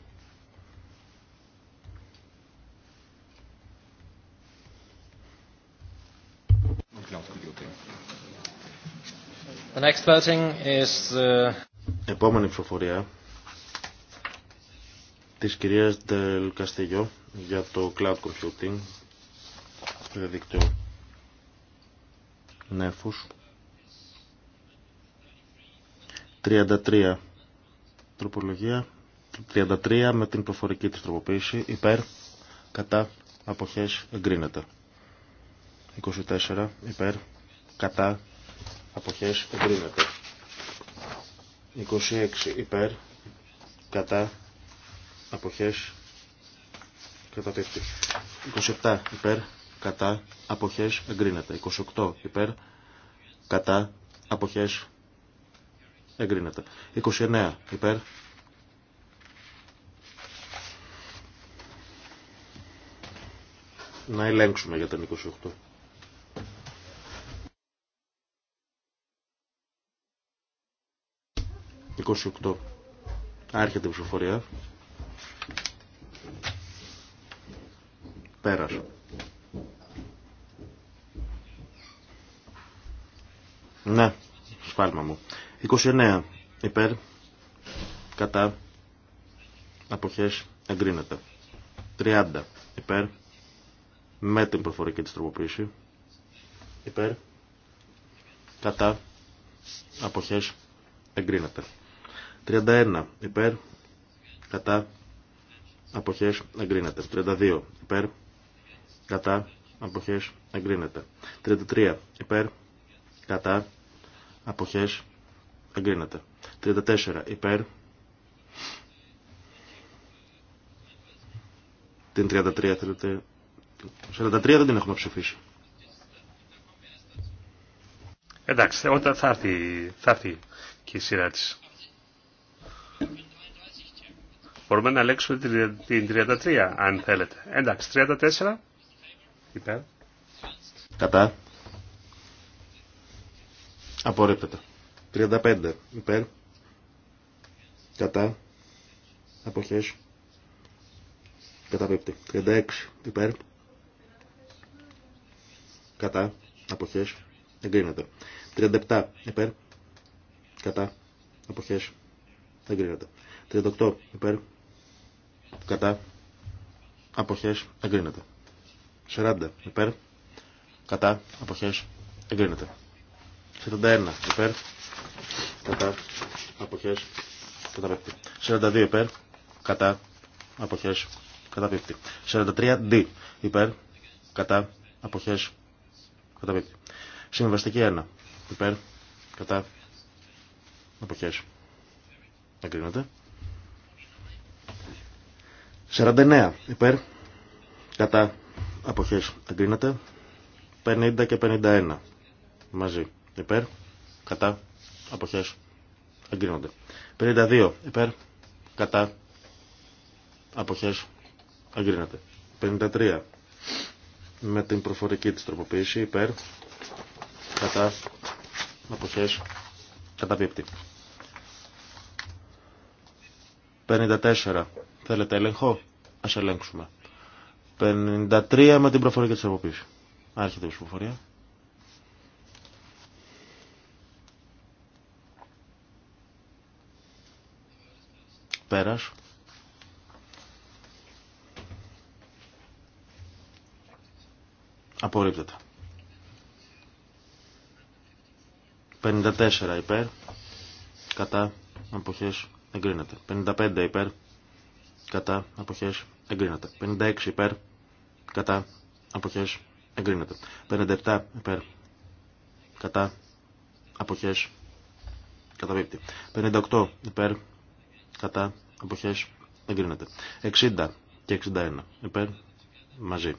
The uh, Επόμενη ψηφοφορία της κυρίας Ντελ Καστιγιό για το cloud computing δίκτυο νέφους 33 τροπολογία 33 με την προφορική της τροποποίηση υπέρ κατά αποχές εγκρίνεται 24 υπέρ κατά αποχές εγκρίνεται. 26 υπέρ, κατά, αποχές, καταπίπτει. 27 υπέρ, κατά, αποχές, εγκρίνεται. 28 υπέρ, κατά, αποχές, εγκρίνεται. 29 υπέρ, να ελέγξουμε για τον 28. 28. Άρχεται η ψηφοφορία. Πέρασε. Ναι, σφάλμα μου. 29. Υπέρ. Κατά. Αποχές. Εγκρίνεται. 30. Υπέρ. Με την προφορική της τροποποίηση. Υπέρ. Κατά. Αποχές. Εγκρίνεται. 31 υπέρ κατά αποχές εγκρίνεται. 32 υπέρ κατά αποχές εγκρίνεται. 33 υπέρ κατά αποχές εγκρίνεται. 34 υπέρ την 33 θέλετε 43 δεν την έχουμε ψηφίσει. Εντάξει, όταν θα έρθει, θα έρθει και η σειρά της. Μπορούμε να αλλάξουμε την 33 αν θέλετε. Εντάξει, 34 υπέρ. Κατά. Απορρίπτεται. 35 υπέρ. Κατά. Αποχές. Καταπίπτει. 36 υπέρ. Κατά. Αποχές. Εγκρίνεται. 37 υπέρ. Κατά. Αποχές. Εγκρίνεται. 38 υπέρ κατά αποχές εγκρίνεται. 40 υπέρ κατά αποχές εγκρίνεται. 41 υπέρ κατά αποχές καταπέπτει. 42 υπέρ κατά αποχές καταπέπτει. 43 δι υπέρ κατά αποχές καταπέπτει. Συμβαστική 1 υπέρ κατά αποχές εγκρίνεται. 49 υπέρ κατά αποχές εγκρίνεται 50 και 51 μαζί υπέρ κατά αποχές εγκρίνονται 52 υπέρ κατά αποχές αγκρίνεται 53 με την προφορική της τροποποίηση υπέρ κατά αποχές καταπίπτει 54 θέλετε έλεγχο Ας ελέγξουμε. 53 με την προφορία και τη τροποποίηση. Άρχεται η προφορία. Πέρας. Απορρίπτεται. 54 υπέρ. Κατά αποχές εγκρίνεται. 55 υπέρ. Κατά αποχές εγκρίνεται. 56 υπέρ κατά αποχές εγκρίνεται. 57 υπέρ κατά αποχές καταπίπτει. 58 υπέρ κατά αποχές εγκρίνεται. 60 και 61 υπέρ μαζί.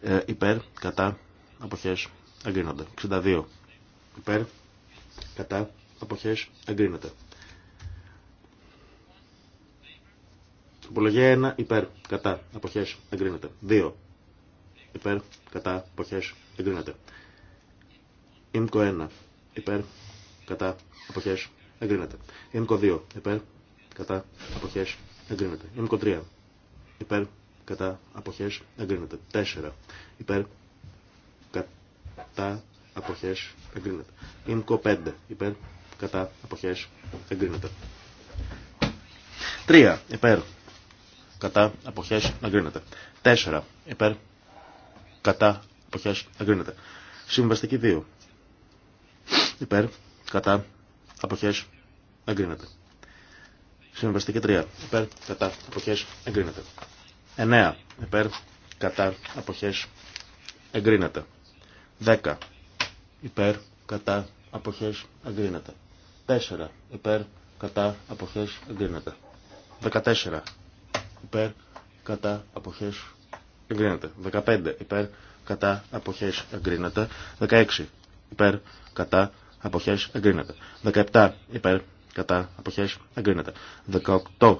Ε, υπέρ κατά αποχές εγκρίνονται. 62 υπέρ κατά αποχές εγκρίνεται. Απολογία 1 υπέρ κατά αποχέ εγκρίνεται. 2 υπέρ κατά αποχέ εγκρίνεται. Ήμκο 1 υπέρ κατά αποχέ εγκρίνεται. Ήμκο 2 υπέρ κατά αποχέ εγκρίνεται. Ήμκο 3 υπέρ κατά αποχέ εγκρίνεται. 4 υπέρ κατά αποχέ εγκρίνεται. Ήμκο 5 υπέρ κατά αποχέ εγκρίνεται. 3 υπέρ κατά να εγκρίνεται. 4 υπέρ κατά να εγκρίνεται. Συμβαστική 2 υπέρ κατά να εγκρίνεται. Συμβαστική 3 υπέρ κατά να εγκρίνεται. 9 υπέρ κατά αποχέ εγκρίνεται. 10 υπέρ κατά αποχέ εγκρίνεται. 4 υπέρ κατά αποχέ εγκρίνεται. 14 υπέρ, κατά, αποχές, εγκρίνεται. 15 υπέρ, κατά, αποχές, εγκρίνεται. 16 υπέρ, κατά, αποχές, εγκρίνεται. 17 υπέρ, κατά, αποχές, εγκρίνεται. 18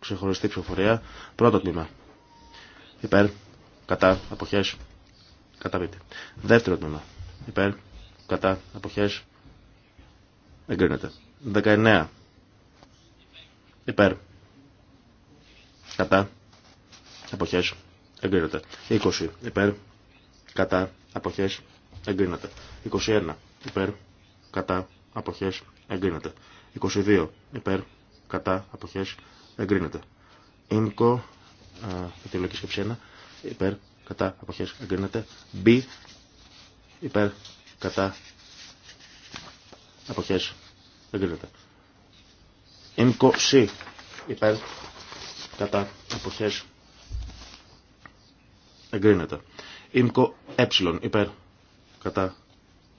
ξεχωριστή ψηφοφορία, πρώτο τμήμα. Υπέρ, κατά, αποχές, καταβείτε. Δεύτερο τμήμα. Υπέρ, κατά, αποχές, εγκρίνεται. 19. Υπέρ, κατά, αποχές, εγκρίνεται. 20 υπέρ, κατά, αποχές, εγκρίνεται. 21 υπέρ, κατά, αποχές, εγκρίνεται. 22 υπέρ, κατά, αποχές, εγκρίνεται. Ίνκο, αιτιολογική σκέψη 1, υπέρ, κατά, αποχές, εγκρίνεται. B, υπέρ, κατά, αποχές, εγκρίνεται. Ίνκο C, υπέρ, κατά αποχές εγκρίνεται. Ήμκο ε υπέρ κατά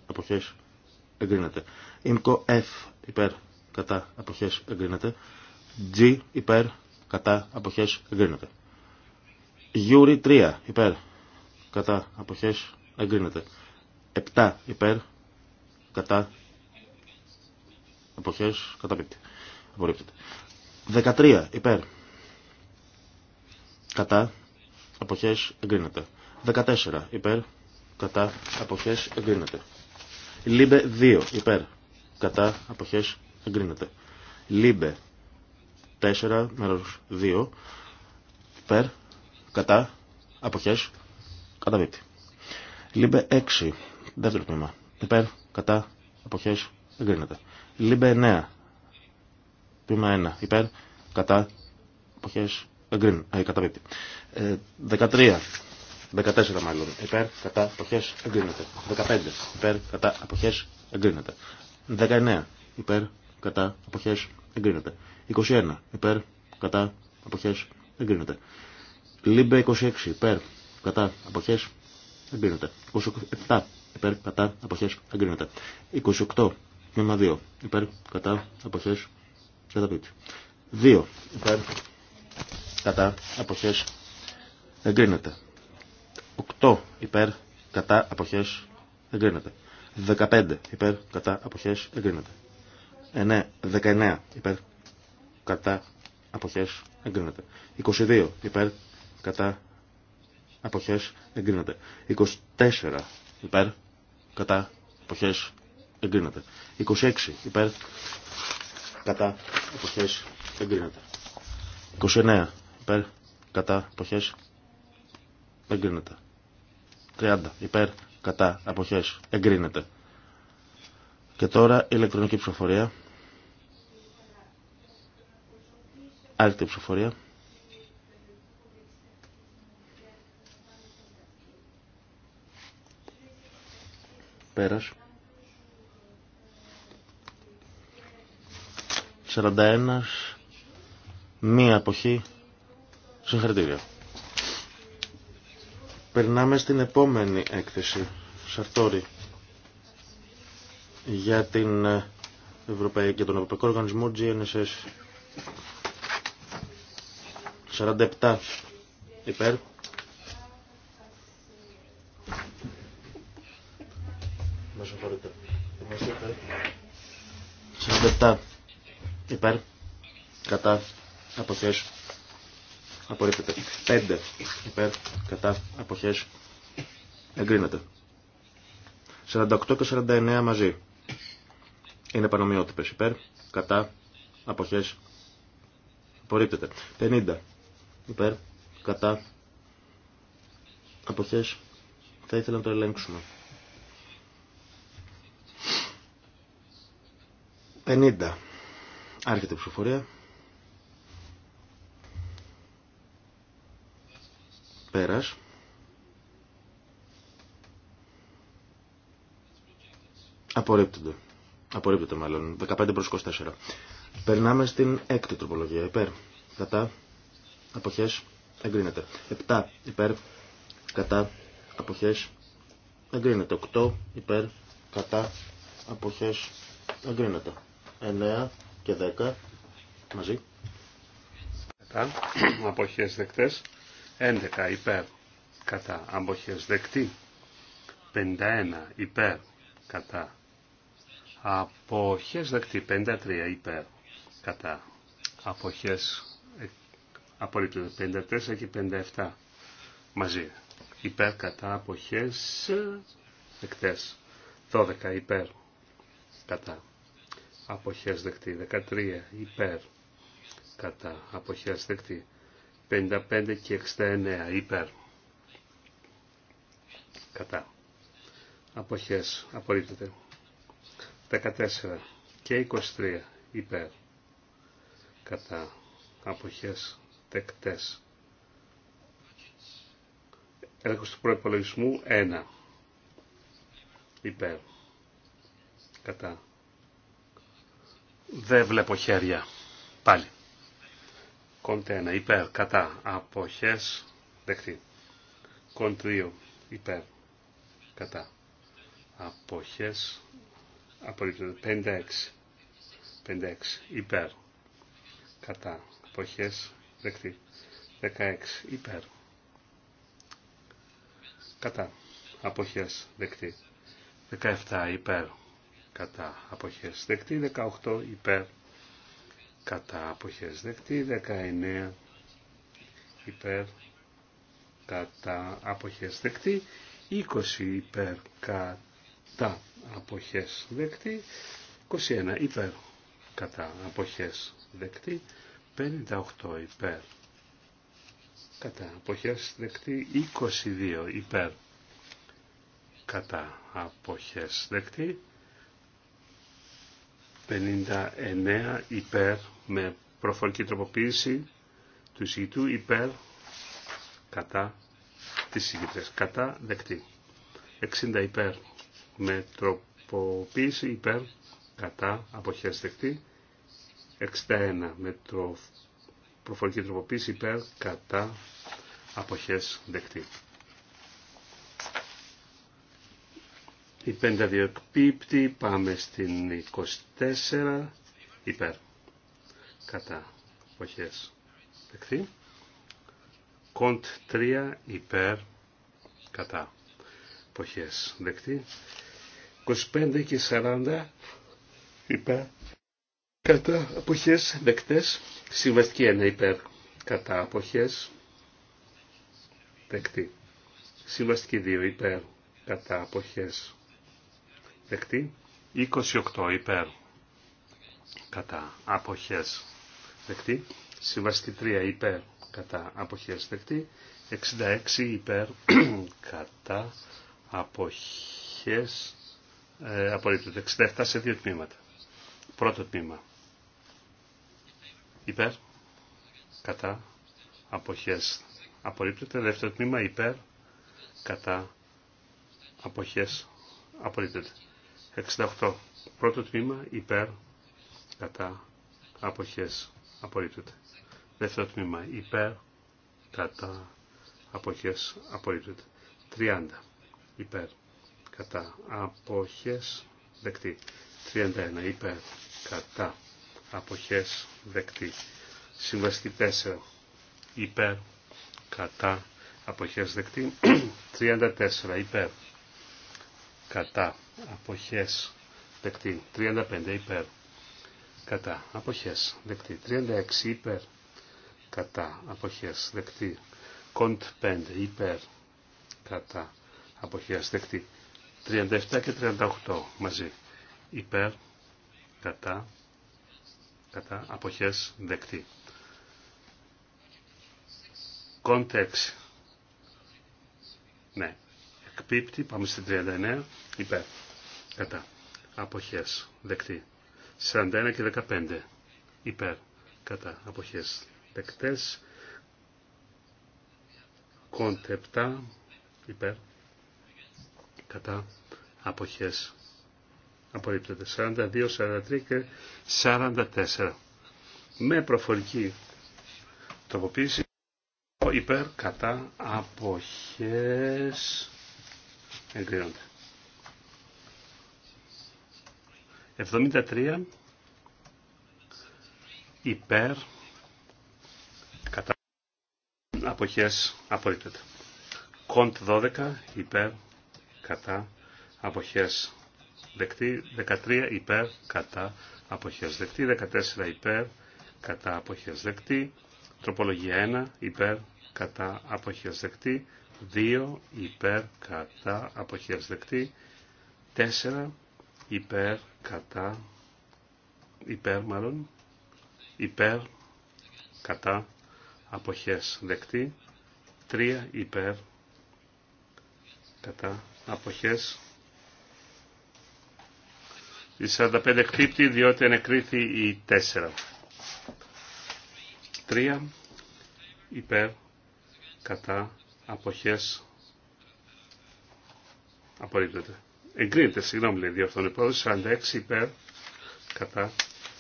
αποχές εγκρίνεται. Ήμκο F υπέρ κατά αποχές εγκρίνεται. G υπέρ κατά αποχές εγκρίνεται. Γιούρι 3 υπέρ κατά αποχές εγκρίνεται. 7 υπέρ κατά αποχές καταπίπτει. 13 υπέρ κατά, αποχές, εγκρίνεται. 14 υπέρ, κατά, αποχές, εγκρίνεται. Λίμπε 2 υπέρ, κατά, αποχές, εγκρίνεται. Λίμπε 4 μέρος 2 υπέρ, κατά, αποχές, καταβήτη. Λίμπε 6, δεύτερο τμήμα, υπέρ, κατά, αποχές, εγκρίνεται. Λίμπε 9, τμήμα 1, υπέρ, κατά, αποχές, Εγκρίνουν. Ε, καταπίπτει. 13. 14 μάλλον. Υπέρ, κατά, αποχές, εγκρίνεται. 15. Υπέρ, κατά, αποχές, εγκρίνεται. 19. Υπέρ, κατά, αποχές, εγκρίνεται. 21. Υπέρ, κατά, αποχές, εγκρίνεται. Λίμπε 26. Υπέρ, κατά, αποχές, εγκρίνεται. 27. Υπέρ, κατά, αποχές, εγκρίνεται. 28. Μήμα 2. Υπέρ, κατά, αποχές, καταπίτη. 2. Υπέρ, κατά αποχές εγκρίνεται. 8 υπέρ κατά αποχές εγκρίνεται. 15 υπέρ κατά αποχές εγκρίνεται. 9, 19 υπέρ κατά αποχές εγκρίνεται. 22 υπέρ κατά αποχές εγκρίνεται. 24 υπέρ κατά αποχές εγκρίνεται. 26 υπέρ κατά αποχές εγκρίνεται. 29 υπέρ, κατά, αποχές, εγκρίνεται. 30 υπέρ, κατά, αποχές, εγκρίνεται. Και τώρα ηλεκτρονική ψηφοφορία. Άλτη ψηφοφορία. Πέρας. 41. Μία αποχή Συγχαρητήρια. Περνάμε στην επόμενη έκθεση, Σαρτόρη, για την ε, Ευρωπαϊκή και τον Ευρωπαϊκό Οργανισμό GNSS. 47 υπέρ. Με συγχωρείτε. 47 υπέρ. Κατά. αποθέσεις απορρίπτεται. 5 υπέρ κατά αποχές εγκρίνεται. 48 και 49 μαζί. Είναι πανομοιότυπες υπέρ κατά αποχές απορρίπτεται. 50 υπέρ κατά αποχές θα ήθελα να το ελέγξουμε. 50. Άρχεται η ψηφοφορία. Πέρας. Απορρίπτονται. Απορρίπτεται μάλλον. 15 προς 24. Περνάμε στην έκτη τροπολογία. Υπέρ. Κατά. Αποχές. Εγκρίνεται. 7. Υπέρ. Κατά. Αποχές. Εγκρίνεται. 8. Υπέρ. Κατά. Αποχές. Εγκρίνεται. 9 και 10. Μαζί. Κατά. Αποχές δεκτές. 11 υπέρ κατά αποχές δεκτή. 51 υπέρ κατά αποχές δεκτή. 53 υπέρ κατά αποχές ε, απορρίπτονται. 54 και 57 μαζί. Υπέρ κατά αποχές ε, δεκτές. 12 υπέρ κατά αποχές δεκτή. 13 υπέρ κατά αποχές δεκτή. 55 και 69 υπέρ. Κατά. Αποχές. Απορρίπτεται. 14 και 23 υπέρ. Κατά. Αποχές. τεκτές Έλεγχος του προϋπολογισμού 1. Υπέρ. Κατά. Δεν βλέπω χέρια. Πάλι. Κοντ 1 υπέρ κατά αποχές δεκτή. Κοντ 2 υπέρ κατά αποχές απορρίπτεται. 5. 56 υπέρ κατά αποχές δεκτή. 16 υπέρ κατά αποχές δεκτή. 17 υπέρ κατά αποχές δεκτή. 18 υπέρ κατά αποχές δεκτή, 19 υπέρ κατά αποχές δεκτή, 20 υπέρ κατά αποχές δεκτή, 21 υπέρ κατά αποχές δεκτή, 58 υπέρ κατά αποχές δεκτή, 22 υπέρ κατά αποχές δεκτή, 59 υπέρ με προφορική τροποποίηση του εισηγητού υπέρ κατά τις εισηγητές. Κατά δεκτή. 60 υπέρ με τροποποίηση υπέρ κατά αποχές δεκτή. 61 με τρο... προφορική τροποποίηση υπέρ κατά αποχές δεκτή. Η 52 εκπίπτει, πάμε στην 24 υπέρ κατά αποχές δεκτή. Κοντ 3 υπέρ κατά αποχές δεκτή. 25 και 40 υπέρ κατά αποχές δεκτές. Συμβαστική 1 υπέρ κατά αποχές δεκτή. Συμβαστική 2 υπέρ κατά αποχές δεκτή. 28 υπέρ κατά αποχές Συμβαστική 3 υπέρ κατά αποχές δεκτή. 66 υπέρ κατά αποχές ε, απορρίπτεται. 67 σε δύο τμήματα. Πρώτο τμήμα. Υπέρ κατά αποχές απορρίπτεται. Δεύτερο τμήμα υπέρ κατά αποχές απορρίπτεται. 68. Πρώτο τμήμα υπέρ κατά αποχές απορρίπτεται. Δεύτερο τμήμα υπέρ, κατά, αποχές, απορρίπτεται. 30 υπέρ, κατά, αποχές, δεκτή. 31 υπέρ, κατά, αποχές, δεκτή. Συμβαστική 4 υπέρ, κατά, αποχές, δεκτή. 34 υπέρ, κατά, αποχές, δεκτή. 35 υπέρ, κατά αποχές δεκτή 36 υπέρ κατά αποχές δεκτή κοντ 5 υπέρ κατά αποχές δεκτή 37 και 38 μαζί υπέρ κατά κατά αποχές δεκτή κοντ 6 ναι εκπίπτει πάμε στην 39 υπέρ κατά αποχές δεκτή 41 και 15 υπέρ κατά αποχές δεκτές κοντεπτά υπέρ κατά αποχές απορρίπτεται 42, 43 και 44 με προφορική τροποποίηση υπέρ κατά αποχές εγκρίνονται 73 υπέρ κατά αποχές απορρίπτεται. Κοντ 12 υπέρ κατά αποχές δεκτή. 13 υπέρ κατά αποχές δεκτή. 14 υπέρ κατά αποχές δεκτή. Τροπολογία 1 υπέρ κατά αποχές δεκτή. 2 υπέρ κατά αποχές δεκτή. 4 υπέρ, κατά, υπέρ μάλλον, υπέρ, κατά, αποχές δεκτή, τρία, υπέρ, κατά, αποχές. Η 45 εκτύπτει διότι ενεκρίθη η 4. 3 υπέρ, κατά, αποχές, απορρίπτεται εγκρίνεται, συγγνώμη λέει διορθώνει πρόεδρος, 46 υπέρ κατά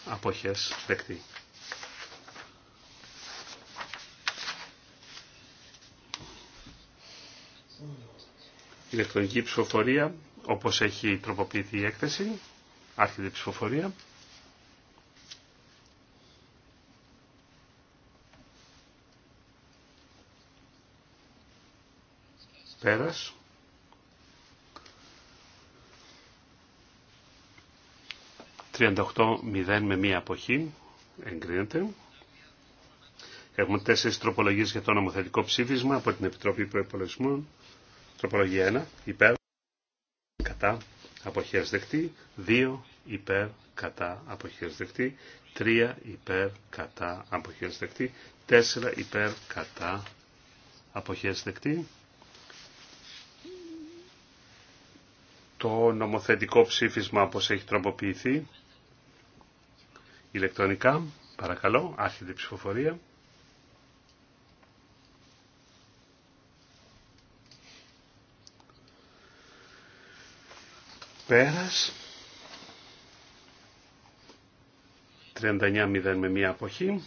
αποχές δεκτή. Ηλεκτρονική ψηφοφορία, όπως έχει τροποποιηθεί η έκθεση, άρχεται η ψηφοφορία. Πέρας. 38-0 με μία αποχή. Εγκρίνεται. Έχουμε τέσσερις τροπολογίες για το νομοθετικό ψήφισμα από την Επιτροπή Προϋπολογισμού. Τροπολογία 1. Υπέρ. Κατά. Αποχές δεκτή. 2. Υπέρ. Κατά. Αποχές δεκτή. 3. Υπέρ. Κατά. Αποχές δεκτή. 4. Υπέρ. Κατά. Αποχές δεκτή. Το νομοθετικό ψήφισμα όπως έχει τροποποιηθεί Ηλεκτρονικά, παρακαλώ, άρχεται η ψηφοφορία. Πέρας. 39-0 με μία αποχή.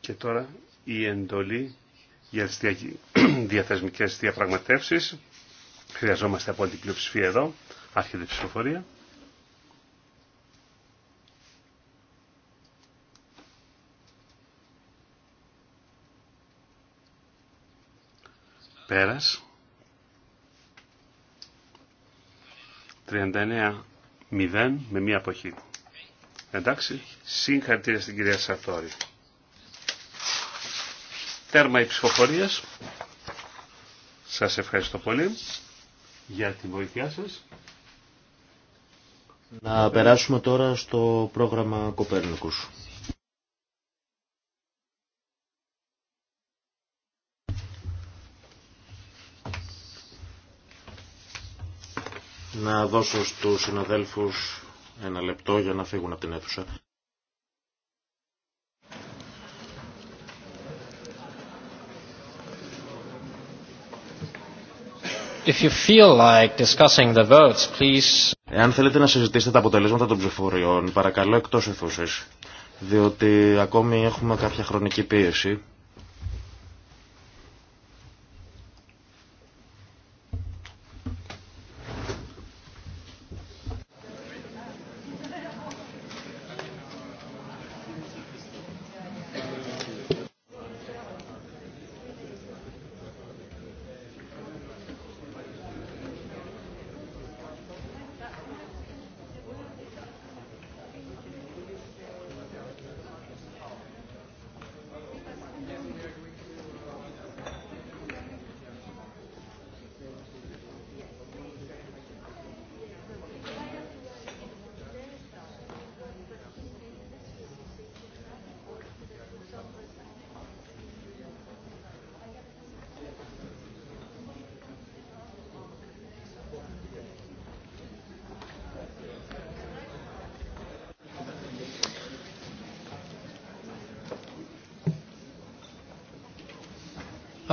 Και τώρα η εντολή για τις διαθεσμικές διαπραγματεύσεις. Χρειαζόμαστε από την πλειοψηφία εδώ. Άρχεται η ψηφοφορία. Πέρας. 39-0 με μία αποχή. Εντάξει. Συγχαρητήρια στην κυρία Σαρτόρη. Τέρμα η ψηφοφορίες. Σας ευχαριστώ πολύ για τη βοήθειά σας. Να περάσουμε τώρα στο πρόγραμμα Κοπέρνικους. να δώσω στους συναδέλφους ένα λεπτό για να φύγουν από την αίθουσα. If you feel like discussing the votes, please... Εάν θέλετε να συζητήσετε τα αποτελέσματα των ψηφοριών, παρακαλώ εκτός αιθούσης, διότι ακόμη έχουμε κάποια χρονική πίεση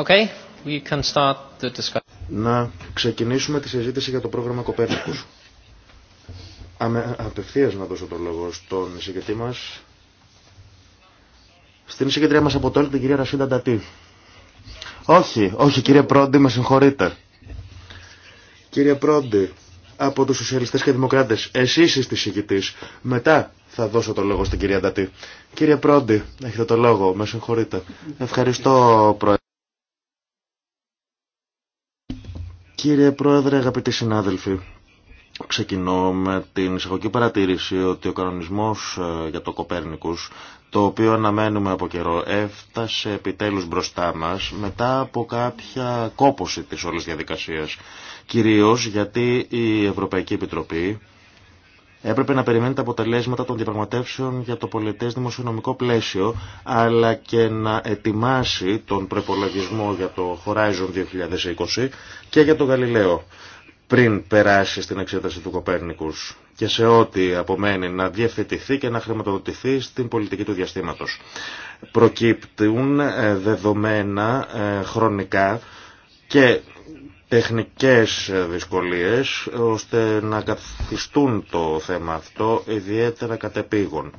Okay, we can start the discussion. Να ξεκινήσουμε τη συζήτηση για το πρόγραμμα Κοπέρνικους. Απευθείας να δώσω το λόγο στον εισηγητή μας. Στην εισηγητρία μας από την κυρία Ρασίντα Ντατή. Όχι, όχι κύριε Πρόντι, με συγχωρείτε. Κύριε Πρόντι, από τους Σοσιαλιστές και Δημοκράτες, εσείς είστε εισηγητής. Μετά θα δώσω το λόγο στην κυρία Ντατή. Κύριε Πρόντι, έχετε το λόγο, με συγχωρείτε. Ευχαριστώ, Πρόεδρε. Κύριε Πρόεδρε, αγαπητοί συνάδελφοι, ξεκινώ με την εισαγωγική παρατήρηση ότι ο κανονισμός ε, για το Κοπέρνικους, το οποίο αναμένουμε από καιρό, έφτασε επιτέλους μπροστά μας μετά από κάποια κόποση της όλης διαδικασίας. Κυρίως γιατί η Ευρωπαϊκή Επιτροπή Έπρεπε να περιμένει τα αποτελέσματα των διαπραγματεύσεων για το πολιτές δημοσιονομικό πλαίσιο, αλλά και να ετοιμάσει τον προπολογισμό για το Horizon 2020 και για το Γαλιλαίο πριν περάσει στην εξέταση του Κοπέρνικους και σε ό,τι απομένει να διευθετηθεί και να χρηματοδοτηθεί στην πολιτική του διαστήματος. Προκύπτουν ε, δεδομένα ε, χρονικά και τεχνικές δυσκολίες ώστε να καθιστούν το θέμα αυτό ιδιαίτερα κατεπήγον.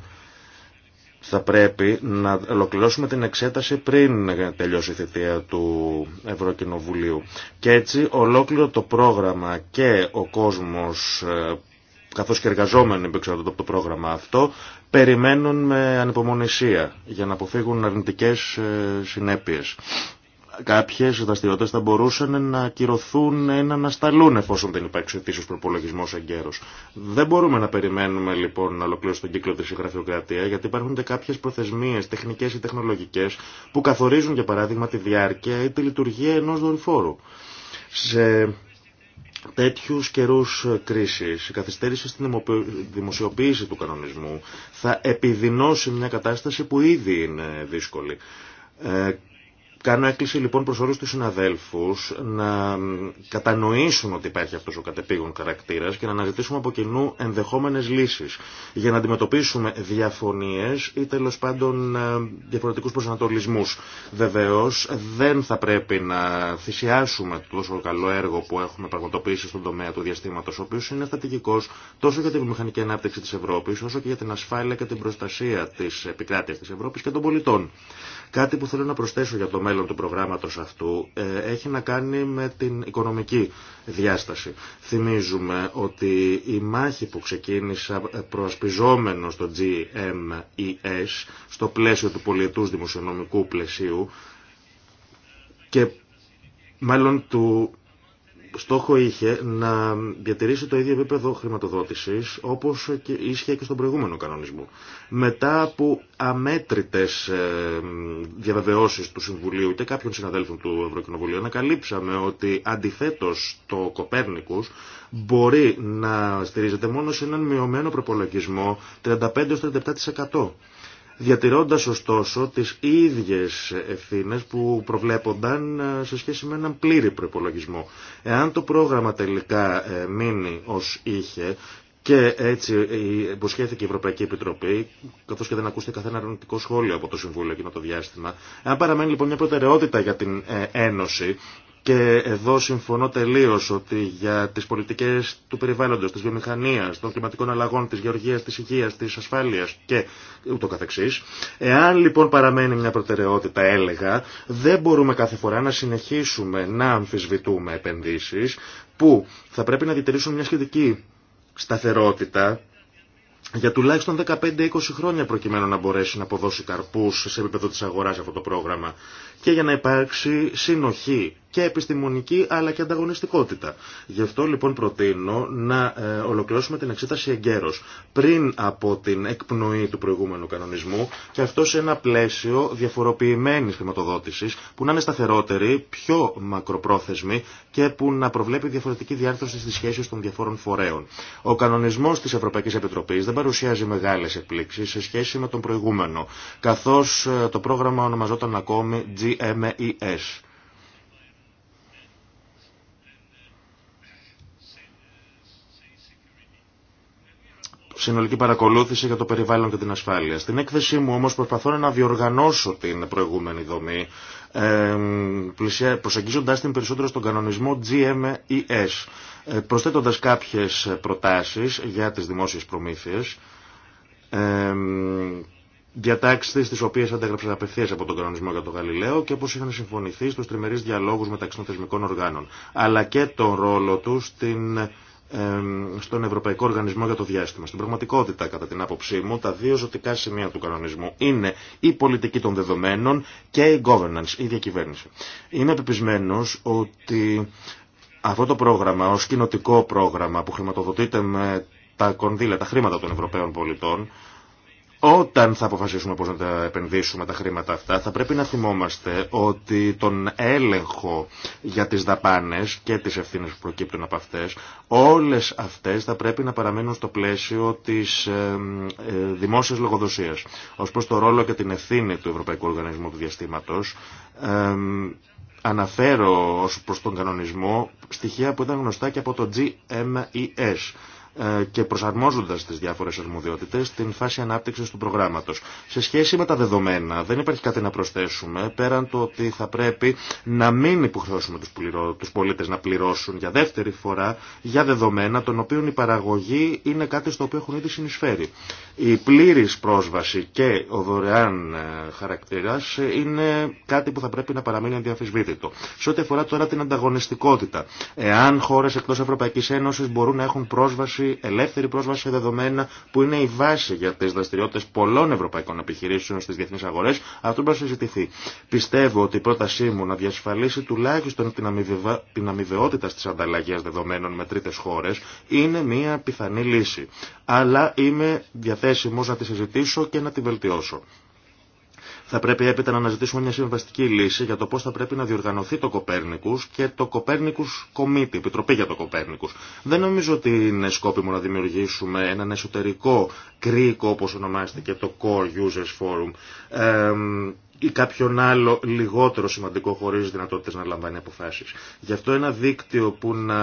Θα πρέπει να ολοκληρώσουμε την εξέταση πριν τελειώσει η θητεία του Ευρωκοινοβουλίου. Και έτσι ολόκληρο το πρόγραμμα και ο κόσμος ε, καθώς και εργαζόμενοι που από το πρόγραμμα αυτό, περιμένουν με ανυπομονησία για να αποφύγουν αρνητικές ε, συνέπειες. Κάποιε δραστηριότητε θα μπορούσαν να ακυρωθούν, να ανασταλούν εφόσον δεν υπάρξει ο τήσο προπολογισμό εγκαίρω. Δεν μπορούμε να περιμένουμε λοιπόν να ολοκληρώσει τον κύκλο τη γραφειοκρατία, γιατί υπάρχουν και κάποιε προθεσμίε τεχνικέ ή τεχνολογικέ που καθορίζουν για παράδειγμα τη διάρκεια ή τη λειτουργία ενό δορυφόρου. Σε τέτοιους καιρούς κρίσης, η καθυστέρηση στην δημοσιοποίηση του κανονισμού θα επιδεινώσει μια κατάσταση που ήδη σε τετοιου καιρου κριση η καθυστερηση στην δημοσιοποιηση του δύσκολη. Ε, Κάνω έκκληση λοιπόν προς όλους τους συναδέλφους να κατανοήσουν ότι υπάρχει αυτός ο κατεπήγων χαρακτήρας και να αναζητήσουμε από κοινού ενδεχόμενες λύσεις για να αντιμετωπίσουμε διαφωνίες ή τέλος πάντων ε, διαφορετικούς προσανατολισμούς. Βεβαίως δεν θα πρέπει να θυσιάσουμε το τόσο καλό έργο που έχουμε πραγματοποιήσει στον τομέα του διαστήματος, ο οποίος είναι στατηγικός τόσο για την μηχανική ανάπτυξη της Ευρώπης όσο και για την ασφάλεια και την προστασία της επικράτειας της Ευρώπης και των πολιτών. Κάτι που θέλω να προσθέσω για το μέλλον του προγράμματος αυτού ε, έχει να κάνει με την οικονομική διάσταση. Θυμίζουμε ότι η μάχη που ξεκίνησα ε, προασπιζόμενο στο GMES στο πλαίσιο του πολιετούς δημοσιονομικού πλαισίου και μάλλον του στόχο είχε να διατηρήσει το ίδιο επίπεδο χρηματοδότησης όπως και ίσχυε και στον προηγούμενο κανονισμό. Μετά από αμέτρητες ε, διαβεβαιώσεις του Συμβουλίου και κάποιων συναδέλφων του Ευρωκοινοβουλίου ανακαλύψαμε ότι αντιθέτως το Κοπέρνικους μπορεί να στηρίζεται μόνο σε έναν μειωμένο προπολογισμό 35-37% διατηρώντας ωστόσο τις ίδιες ευθύνες που προβλέπονταν ε, σε σχέση με έναν πλήρη προπολογισμό. Εάν το πρόγραμμα τελικά ε, μείνει ως είχε και έτσι ε, υποσχέθηκε η Ευρωπαϊκή Επιτροπή, καθώ και δεν ακούστηκε καθένα αρνητικό σχόλιο από το Συμβούλιο εκείνο το διάστημα. Αν παραμένει λοιπόν μια προτεραιότητα για την Ένωση και εδώ συμφωνώ τελείω ότι για τι πολιτικέ του περιβάλλοντο, τη βιομηχανία, των κλιματικών αλλαγών, τη γεωργία, τη υγεία, τη ασφάλεια και ούτω καθεξή. Εάν λοιπόν παραμένει μια προτεραιότητα, έλεγα, δεν μπορούμε κάθε φορά να συνεχίσουμε να αμφισβητούμε επενδύσει που θα πρέπει να διατηρήσουν μια σχετική σταθερότητα για τουλάχιστον 15-20 χρόνια προκειμένου να μπορέσει να αποδώσει καρπούς σε επίπεδο της αγοράς αυτό το πρόγραμμα και για να υπάρξει συνοχή και επιστημονική αλλά και ανταγωνιστικότητα. Γι' αυτό λοιπόν προτείνω να ε, ολοκληρώσουμε την εξέταση εγκαίρως πριν από την εκπνοή του προηγούμενου κανονισμού και αυτό σε ένα πλαίσιο διαφοροποιημένης χρηματοδότησης που να είναι σταθερότερη, πιο μακροπρόθεσμη και που να προβλέπει διαφορετική διάρθρωση στις σχέσεις των διαφόρων φορέων. Ο κανονισμός της Ευρωπαϊκής Επιτροπής δεν παρουσιάζει μεγάλες εκπλήξεις σε σχέση με τον προηγούμενο, καθώς ε, το πρόγραμμα ονομαζόταν ακόμη GMES. συνολική παρακολούθηση για το περιβάλλον και την ασφάλεια. Στην έκθεσή μου όμως προσπαθώ να διοργανώσω την προηγούμενη δομή, ε, προσεγγίζοντας την περισσότερο στον κανονισμό GMES, ε, προσθέτοντας κάποιες προτάσεις για τις δημόσιες προμήθειες, ε, διατάξει τι οποίε αντέγραψαν απευθεία από τον κανονισμό για τον Γαλιλαίο και όπω είχαν συμφωνηθεί στους τριμερείς διαλόγους μεταξύ των θεσμικών οργάνων, αλλά και τον ρόλο του στην στον Ευρωπαϊκό Οργανισμό για το Διάστημα. Στην πραγματικότητα, κατά την άποψή μου, τα δύο ζωτικά σημεία του κανονισμού είναι η πολιτική των δεδομένων και η governance, η διακυβέρνηση. Είμαι πεπισμένο ότι αυτό το πρόγραμμα, ω κοινοτικό πρόγραμμα που χρηματοδοτείται με τα κονδύλια, τα χρήματα των Ευρωπαίων πολιτών, όταν θα αποφασίσουμε πώς να τα επενδύσουμε τα χρήματα αυτά, θα πρέπει να θυμόμαστε ότι τον έλεγχο για τις δαπάνες και τις ευθύνες που προκύπτουν από αυτές, όλες αυτές θα πρέπει να παραμένουν στο πλαίσιο της ε, ε, δημόσιας λογοδοσίας. Ως προς το ρόλο και την ευθύνη του Ευρωπαϊκού Οργανισμού του Διαστήματος, αναφέρω ως προς τον κανονισμό στοιχεία που ήταν γνωστά και από το GMES ε, και προσαρμόζοντα τι διάφορε αρμοδιότητε στην φάση ανάπτυξη του προγράμματο. Σε σχέση με τα δεδομένα, δεν υπάρχει κάτι να προσθέσουμε πέραν το ότι θα πρέπει να μην υποχρεώσουμε του πολίτε να πληρώσουν για δεύτερη φορά για δεδομένα των οποίων η παραγωγή είναι κάτι στο οποίο έχουν ήδη συνεισφέρει. Η πλήρη πρόσβαση και ο δωρεάν ε, χαρακτήρα είναι κάτι που θα πρέπει να παραμείνει ενδιαφυσβήτητο. Σε ό,τι αφορά τώρα την ανταγωνιστικότητα, εάν χώρε εκτό Ευρωπαϊκή Ένωση μπορούν να έχουν πρόσβαση ελεύθερη πρόσβαση σε δεδομένα που είναι η βάση για τι δραστηριότητε πολλών ευρωπαϊκών επιχειρήσεων στι διεθνεί αγορέ, αυτό πρέπει να συζητηθεί. Πιστεύω ότι η πρότασή μου να διασφαλίσει τουλάχιστον την, την αμοιβαιότητα στι ανταλλαγέ δεδομένων με τρίτε χώρε είναι μια πιθανή λύση. Αλλά είμαι διαθέσιμο να τη συζητήσω και να τη βελτιώσω. Θα πρέπει έπειτα να αναζητήσουμε μια συμβαστική λύση για το πώ θα πρέπει να διοργανωθεί το Κοπέρνικου και το Κοπέρνικου Κομίτη, Επιτροπή για το Κοπέρνικου. Δεν νομίζω ότι είναι σκόπιμο να δημιουργήσουμε έναν εσωτερικό κρίκο όπω ονομάζεται και το Core Users Forum ή κάποιον άλλο λιγότερο σημαντικό χωρίς δυνατότητες να λαμβάνει αποφάσεις. Γι' αυτό ένα δίκτυο που να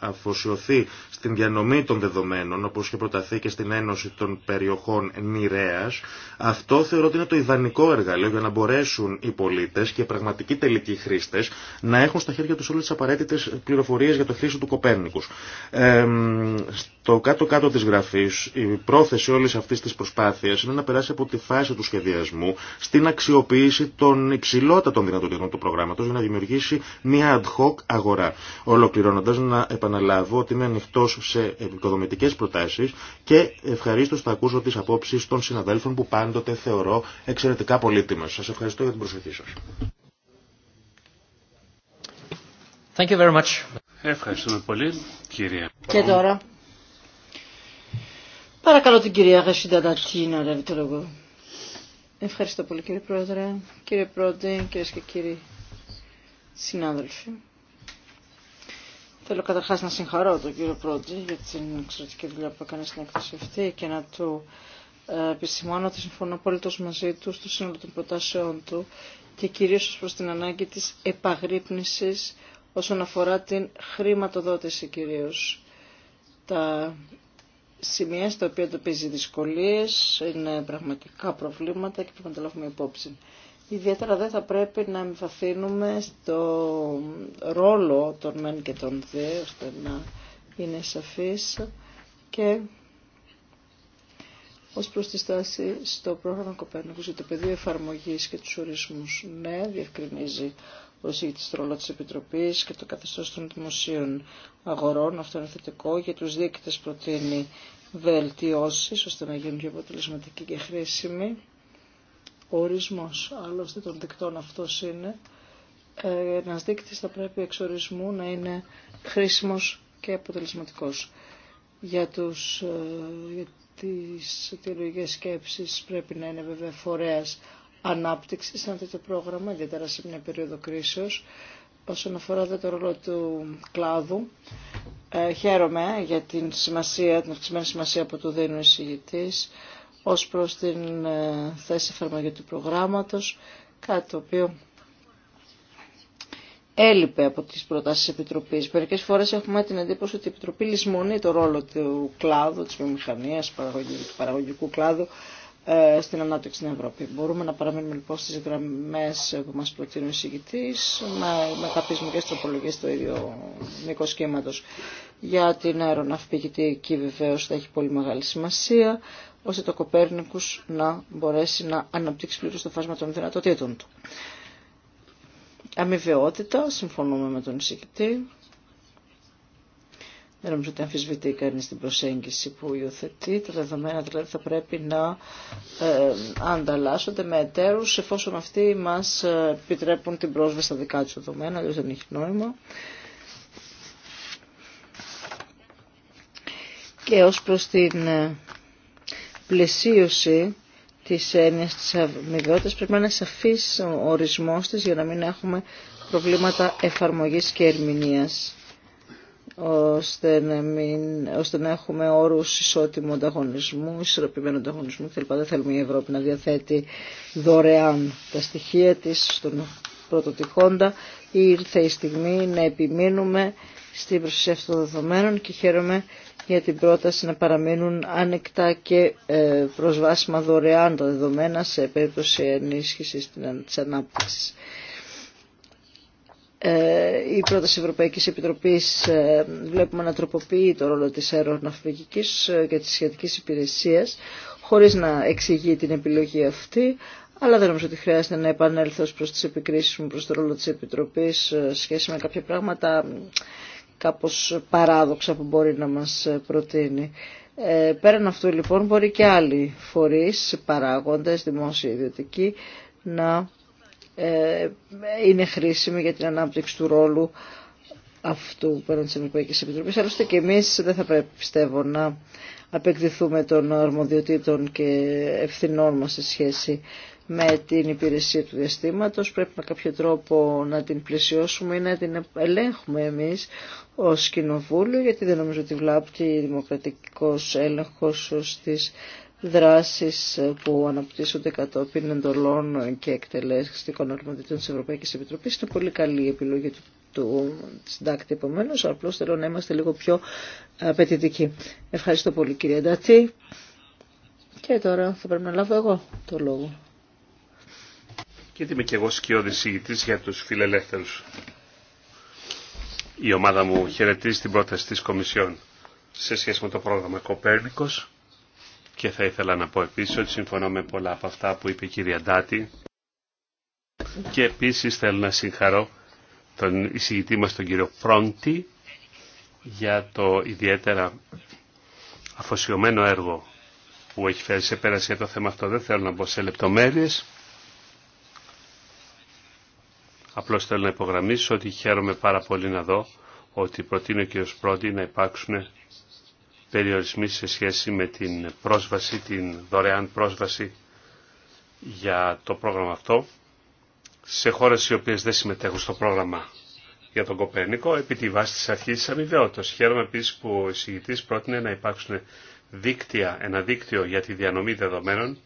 αφοσιωθεί στην διανομή των δεδομένων, όπως είχε προταθεί και στην Ένωση των Περιοχών Νηρέας, αυτό θεωρώ ότι είναι το ιδανικό εργαλείο για να μπορέσουν οι πολίτες και οι πραγματικοί τελικοί χρήστες να έχουν στα χέρια τους όλες τις απαραίτητες πληροφορίες για το χρήση του Κοπέρνικους. Ε, στο κάτω-κάτω της γραφής, η πρόθεση όλη αυτή της προσπάθειας είναι να περάσει από τη φάση του σχεδιασμού στην αξιοποιήσει των υψηλότατων δυνατοτήτων του προγράμματο για να δημιουργήσει μια ad hoc αγορά. Ολοκληρώνοντα, να επαναλάβω ότι είμαι ανοιχτό σε επικοδομητικέ προτάσει και ευχαρίστω θα ακούσω τι απόψει των συναδέλφων που πάντοτε θεωρώ εξαιρετικά πολύτιμε. Σα ευχαριστώ για την προσοχή σα. Thank Ευχαριστούμε πολύ, κυρία. Και τώρα. Παρακαλώ την κυρία Γασίντα Ντατή να Ευχαριστώ πολύ κύριε Πρόεδρε, κύριε Πρόντι, κυρίες και κύριοι συνάδελφοι. Θέλω καταρχάς να συγχαρώ τον κύριο Πρόντι για την εξαιρετική δουλειά που έκανε στην έκθεση αυτή και να του ε, επισημάνω ότι συμφωνώ απολύτως μαζί του στο σύνολο των προτάσεών του και κυρίως προς την ανάγκη της επαγρύπνησης όσον αφορά την χρηματοδότηση κυρίως. Τα σημεία στα οποία παίζει δυσκολίε, είναι πραγματικά προβλήματα και πρέπει να τα λάβουμε υπόψη. Ιδιαίτερα δεν θα πρέπει να εμφαθύνουμε στο ρόλο των μεν και των δε, ώστε να είναι σαφής και ως προς τη στάση στο πρόγραμμα Κοπέρνικου, το πεδίο εφαρμογής και τους ορισμούς. Ναι, διευκρινίζει ο στο ρόλο της Επιτροπής και το καθεστώς των δημοσίων αγορών. Αυτό είναι θετικό. Για τους δίκτες προτείνει βελτιώσεις ώστε να γίνουν πιο αποτελεσματικοί και χρήσιμοι. Ο ορισμός άλλωστε των δικτών αυτός είναι. Ε, ένα δείκτης θα πρέπει εξ ορισμού να είναι χρήσιμος και αποτελεσματικός. Για, τους, ε, για τις σκέψεις πρέπει να είναι βέβαια φορέας ανάπτυξη ένα τέτοιο πρόγραμμα, ιδιαίτερα σε μια περίοδο κρίσεως, όσον αφορά το ρόλο του κλάδου. Ε, χαίρομαι για την σημασία, την αυξημένη σημασία που του δίνουν οι συγητής ως προς την ε, θέση εφαρμογή του προγράμματος, κάτι το οποίο έλειπε από τις προτάσεις της Επιτροπής. Μερικές φορές έχουμε την εντύπωση ότι η Επιτροπή λησμονεί το ρόλο του κλάδου, της βιομηχανίας, του παραγωγικού κλάδου, ε, στην ανάπτυξη στην Ευρώπη. Μπορούμε να παραμείνουμε λοιπόν στις γραμμές που μας προτείνει ο εισηγητής, με, με κάποιες μικρές τροπολογίες στο ίδιο μήκο Για την αεροναυπηγητή εκεί βεβαίως θα έχει πολύ μεγάλη σημασία, ώστε το Κοπέρνικους να μπορέσει να αναπτύξει πλήρως το φάσμα των δυνατοτήτων του. Αμοιβαιότητα, συμφωνούμε με τον εισηγητή. Δεν νομίζω ότι αμφισβητεί κανεί την προσέγγιση που υιοθετεί. Τα δεδομένα δηλαδή θα πρέπει να ε, ανταλλάσσονται με εταίρου εφόσον αυτοί μα ε, επιτρέπουν την πρόσβαση στα δικά του δεδομένα, αλλιώ δεν έχει νόημα. Και ως προς την ε, πλαισίωση της έννοιας της αμοιβαιότητας πρέπει να είναι σαφής ο ορισμός της για να μην έχουμε προβλήματα εφαρμογής και ερμηνείας ώστε να, μην, έχουμε όρους ισότιμου ανταγωνισμού, ισορροπημένου ανταγωνισμού κτλ. Δεν θέλουμε η Ευρώπη να διαθέτει δωρεάν τα στοιχεία της στον πρώτο τυχόντα. Ήρθε η στιγμή να επιμείνουμε στην αυτών των δεδομένων και χαίρομαι για την πρόταση να παραμείνουν ανεκτά και ε, προσβάσιμα δωρεάν τα δεδομένα σε περίπτωση ενίσχυση της ανάπτυξη. Ε, η πρόταση Ευρωπαϊκής Επιτροπής ε, βλέπουμε να τροποποιεί το ρόλο της αεροναυπηγικής ε, και της σχετικής υπηρεσίας χωρίς να εξηγεί την επιλογή αυτή αλλά δεν νομίζω ότι χρειάζεται να επανέλθω προς τις επικρίσεις μου προς το ρόλο της Επιτροπής σχέση με κάποια πράγματα κάπως παράδοξα που μπορεί να μας προτείνει. πέραν αυτού λοιπόν μπορεί και άλλοι φορείς, παράγοντες, δημόσιοι ιδιωτικοί να ε, είναι χρήσιμη για την ανάπτυξη του ρόλου αυτού πέραν τη Ευρωπαϊκή Επιτροπή. Άλλωστε και εμείς δεν θα πρέπει πιστεύω να απεκδηθούμε των αρμοδιοτήτων και ευθυνών μα σε σχέση με την υπηρεσία του διαστήματος. Πρέπει με κάποιο τρόπο να την πλησιώσουμε ή να την ελέγχουμε εμείς ως κοινοβούλιο, γιατί δεν νομίζω ότι βλάπτει δημοκρατικός έλεγχος στις δράσεις που αναπτύσσονται κατόπιν εντολών και εκτελέστικών αρμοδιτών της Ευρωπαϊκής Επιτροπής. Είναι πολύ καλή η επιλογή του, του συντάκτη επομένω, απλώς θέλω να είμαστε λίγο πιο απαιτητικοί. Ευχαριστώ πολύ κύριε Ντατή. Και τώρα θα πρέπει να λάβω εγώ το λόγο. Γιατί είμαι και εγώ σκιώδης συγητή για τους φιλελεύθερους. Η ομάδα μου χαιρετίζει την πρόταση της Κομισιόν σε σχέση με το πρόγραμμα Κοπέρνικος και θα ήθελα να πω επίσης ότι συμφωνώ με πολλά από αυτά που είπε η κυρία Ντάτη. Και επίσης θέλω να συγχαρώ τον εισηγητή μας τον κύριο Φρόντι για το ιδιαίτερα αφοσιωμένο έργο που έχει φέρει σε πέραση για το θέμα αυτό. Δεν θέλω να μπω σε λεπτομέρειες. Απλώς θέλω να υπογραμμίσω ότι χαίρομαι πάρα πολύ να δω ότι προτείνει ο κύριος Πρόντι να υπάρξουν περιορισμοί σε σχέση με την πρόσβαση, την δωρεάν πρόσβαση για το πρόγραμμα αυτό σε χώρες οι οποίες δεν συμμετέχουν στο πρόγραμμα για τον Κοπέρνικο επί τη βάση της αρχής της Χαίρομαι επίσης που ο εισηγητής πρότεινε να υπάρξουν δίκτυα, ένα δίκτυο για τη διανομή δεδομένων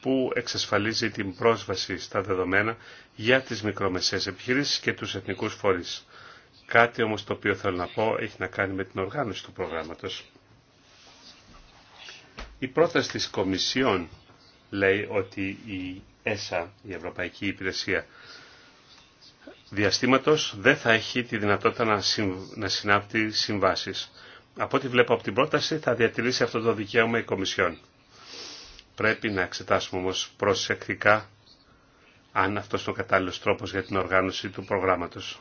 που εξασφαλίζει την πρόσβαση στα δεδομένα για τις μικρομεσαίες επιχειρήσεις και τους εθνικούς φορείς. Κάτι όμως το οποίο θέλω να πω έχει να κάνει με την οργάνωση του προγράμματος. Η πρόταση της Κομισιόν λέει ότι η ΕΣΑ, η Ευρωπαϊκή Υπηρεσία Διαστήματος, δεν θα έχει τη δυνατότητα να, να συνάπτει συμβάσεις. Από ό,τι βλέπω από την πρόταση θα διατηρήσει αυτό το δικαίωμα η Κομισιόν. Πρέπει να εξετάσουμε όμως προσεκτικά αν αυτός είναι ο κατάλληλος τρόπος για την οργάνωση του προγράμματος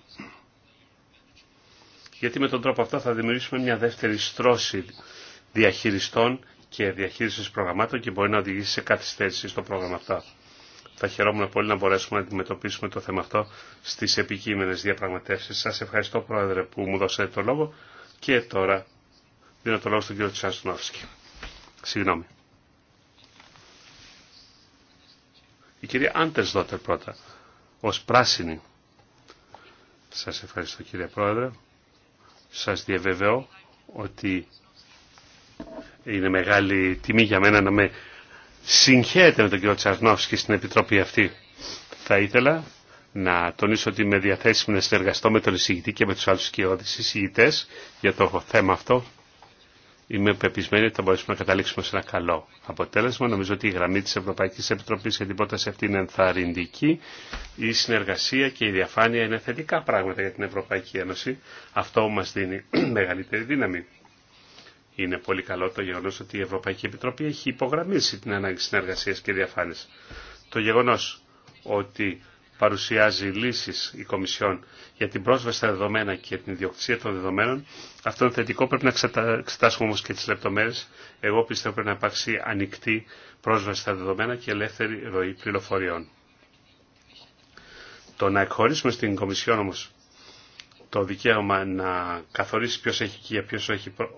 γιατί με τον τρόπο αυτό θα δημιουργήσουμε μια δεύτερη στρώση διαχειριστών και διαχείριση προγραμμάτων και μπορεί να οδηγήσει σε καθυστέρηση στο πρόγραμμα αυτό. Θα χαιρόμουν πολύ να μπορέσουμε να αντιμετωπίσουμε το θέμα αυτό στι επικείμενε διαπραγματεύσει. Σα ευχαριστώ Πρόεδρε που μου δώσατε το λόγο και τώρα δίνω το λόγο στον κύριο Τσάνστονόφσκι. Συγγνώμη. Η κυρία Άντερς Δότερ πρώτα, ως πράσινη. Σας ευχαριστώ κύριε Πρόεδρε. Σας διαβεβαιώ ότι είναι μεγάλη τιμή για μένα να με συγχαίρετε με τον κύριο Τσαρνόφσκι στην Επιτροπή αυτή. Θα ήθελα να τονίσω ότι είμαι διαθέσιμη να συνεργαστώ με τον εισηγητή και με τους άλλους κοιόδης εισηγητές για το θέμα αυτό. Είμαι πεπισμένη ότι θα μπορέσουμε να καταλήξουμε σε ένα καλό αποτέλεσμα. Νομίζω ότι η γραμμή της Ευρωπαϊκής Επιτροπής για την πρόταση αυτή είναι ενθαρρυντική. Η συνεργασία και η διαφάνεια είναι θετικά πράγματα για την Ευρωπαϊκή Ένωση. Αυτό μας δίνει μεγαλύτερη δύναμη. Είναι πολύ καλό το γεγονό ότι η Ευρωπαϊκή Επιτροπή έχει υπογραμμίσει την ανάγκη συνεργασία και διαφάνεια. Το γεγονό ότι παρουσιάζει λύσεις η Κομισιόν για την πρόσβαση στα δεδομένα και την ιδιοκτησία των δεδομένων, αυτό είναι θετικό, πρέπει να εξετάσουμε όμως και τις λεπτομέρειες. Εγώ πιστεύω πρέπει να υπάρξει ανοιχτή πρόσβαση στα δεδομένα και ελεύθερη ροή πληροφοριών. Το να εκχωρήσουμε στην Κομισιόν όμως το δικαίωμα να καθορίσει ποιος, έχει και ποιος,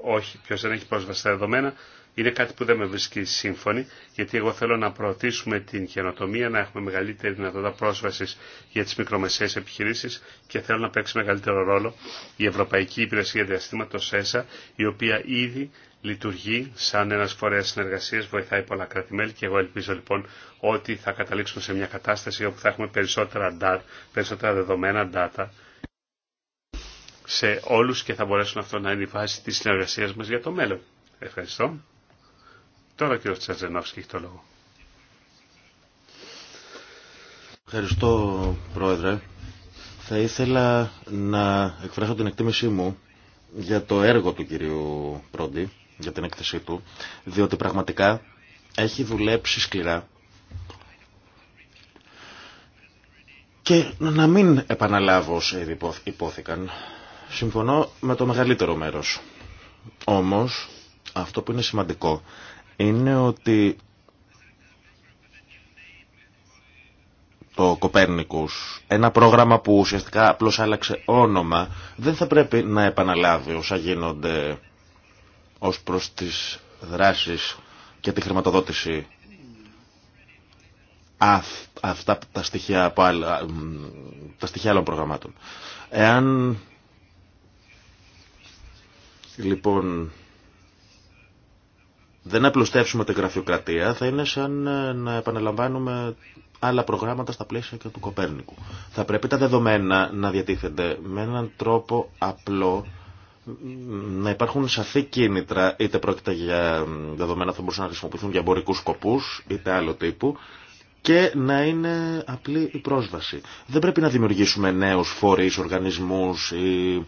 όχι, ποιος δεν έχει πρόσβαση στα δεδομένα, είναι κάτι που δεν με βρίσκει σύμφωνη, γιατί εγώ θέλω να προωθήσουμε την καινοτομία, να έχουμε μεγαλύτερη δυνατότητα πρόσβαση για τι μικρομεσαίε επιχειρήσει και θέλω να παίξει μεγαλύτερο ρόλο η Ευρωπαϊκή Υπηρεσία Διαστήματο ΕΣΑ, η οποία ήδη λειτουργεί σαν ένα φορέα συνεργασία, βοηθάει πολλά κράτη-μέλη και εγώ ελπίζω λοιπόν ότι θα καταλήξουμε σε μια κατάσταση όπου θα έχουμε περισσότερα, data, περισσότερα δεδομένα data σε όλους και θα μπορέσουν αυτό να είναι η βάση της συνεργασίας μας για το μέλλον. Ευχαριστώ. Τώρα ο κ. Τσαρτζενόφσκι έχει το λόγο. Ευχαριστώ, Πρόεδρε. Θα ήθελα να εκφράσω την εκτίμησή μου για το έργο του κυρίου Πρόντι, για την έκθεσή του, διότι πραγματικά έχει δουλέψει σκληρά και να μην επαναλάβω όσα υπόθηκαν. Συμφωνώ με το μεγαλύτερο μέρος. Όμως, αυτό που είναι σημαντικό είναι ότι το Κοπέρνικους, ένα πρόγραμμα που ουσιαστικά απλώ άλλαξε όνομα, δεν θα πρέπει να επαναλάβει όσα γίνονται ως προς τις δράσεις και τη χρηματοδότηση αυτά τα στοιχεία, από τα στοιχεία άλλων προγραμμάτων. Εάν λοιπόν δεν απλουστεύσουμε την γραφειοκρατία, θα είναι σαν ε, να επαναλαμβάνουμε άλλα προγράμματα στα πλαίσια και του Κοπέρνικου. Θα πρέπει τα δεδομένα να διατίθενται με έναν τρόπο απλό, να υπάρχουν σαφή κίνητρα, είτε πρόκειται για δεδομένα που θα μπορούσαν να χρησιμοποιηθούν για εμπορικού σκοπού, είτε άλλο τύπου, και να είναι απλή η πρόσβαση. Δεν πρέπει να δημιουργήσουμε νέου φορεί, οργανισμού ή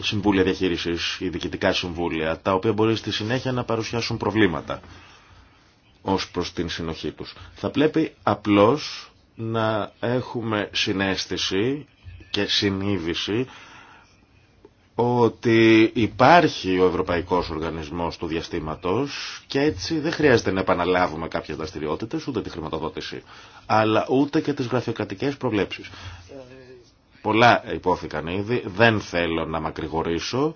συμβούλια διαχείρισης ή συμβούλια, τα οποία μπορεί στη συνέχεια να παρουσιάσουν προβλήματα ως προς την συνοχή τους. Θα πρέπει απλώς να έχουμε συνέστηση και συνείδηση ότι υπάρχει ο Ευρωπαϊκός Οργανισμός του Διαστήματος και έτσι δεν χρειάζεται να επαναλάβουμε κάποιες δραστηριότητε, ούτε τη χρηματοδότηση, αλλά ούτε και τις γραφειοκρατικές προβλέψεις. Πολλά υπόθηκαν ήδη, δεν θέλω να μακρηγορήσω,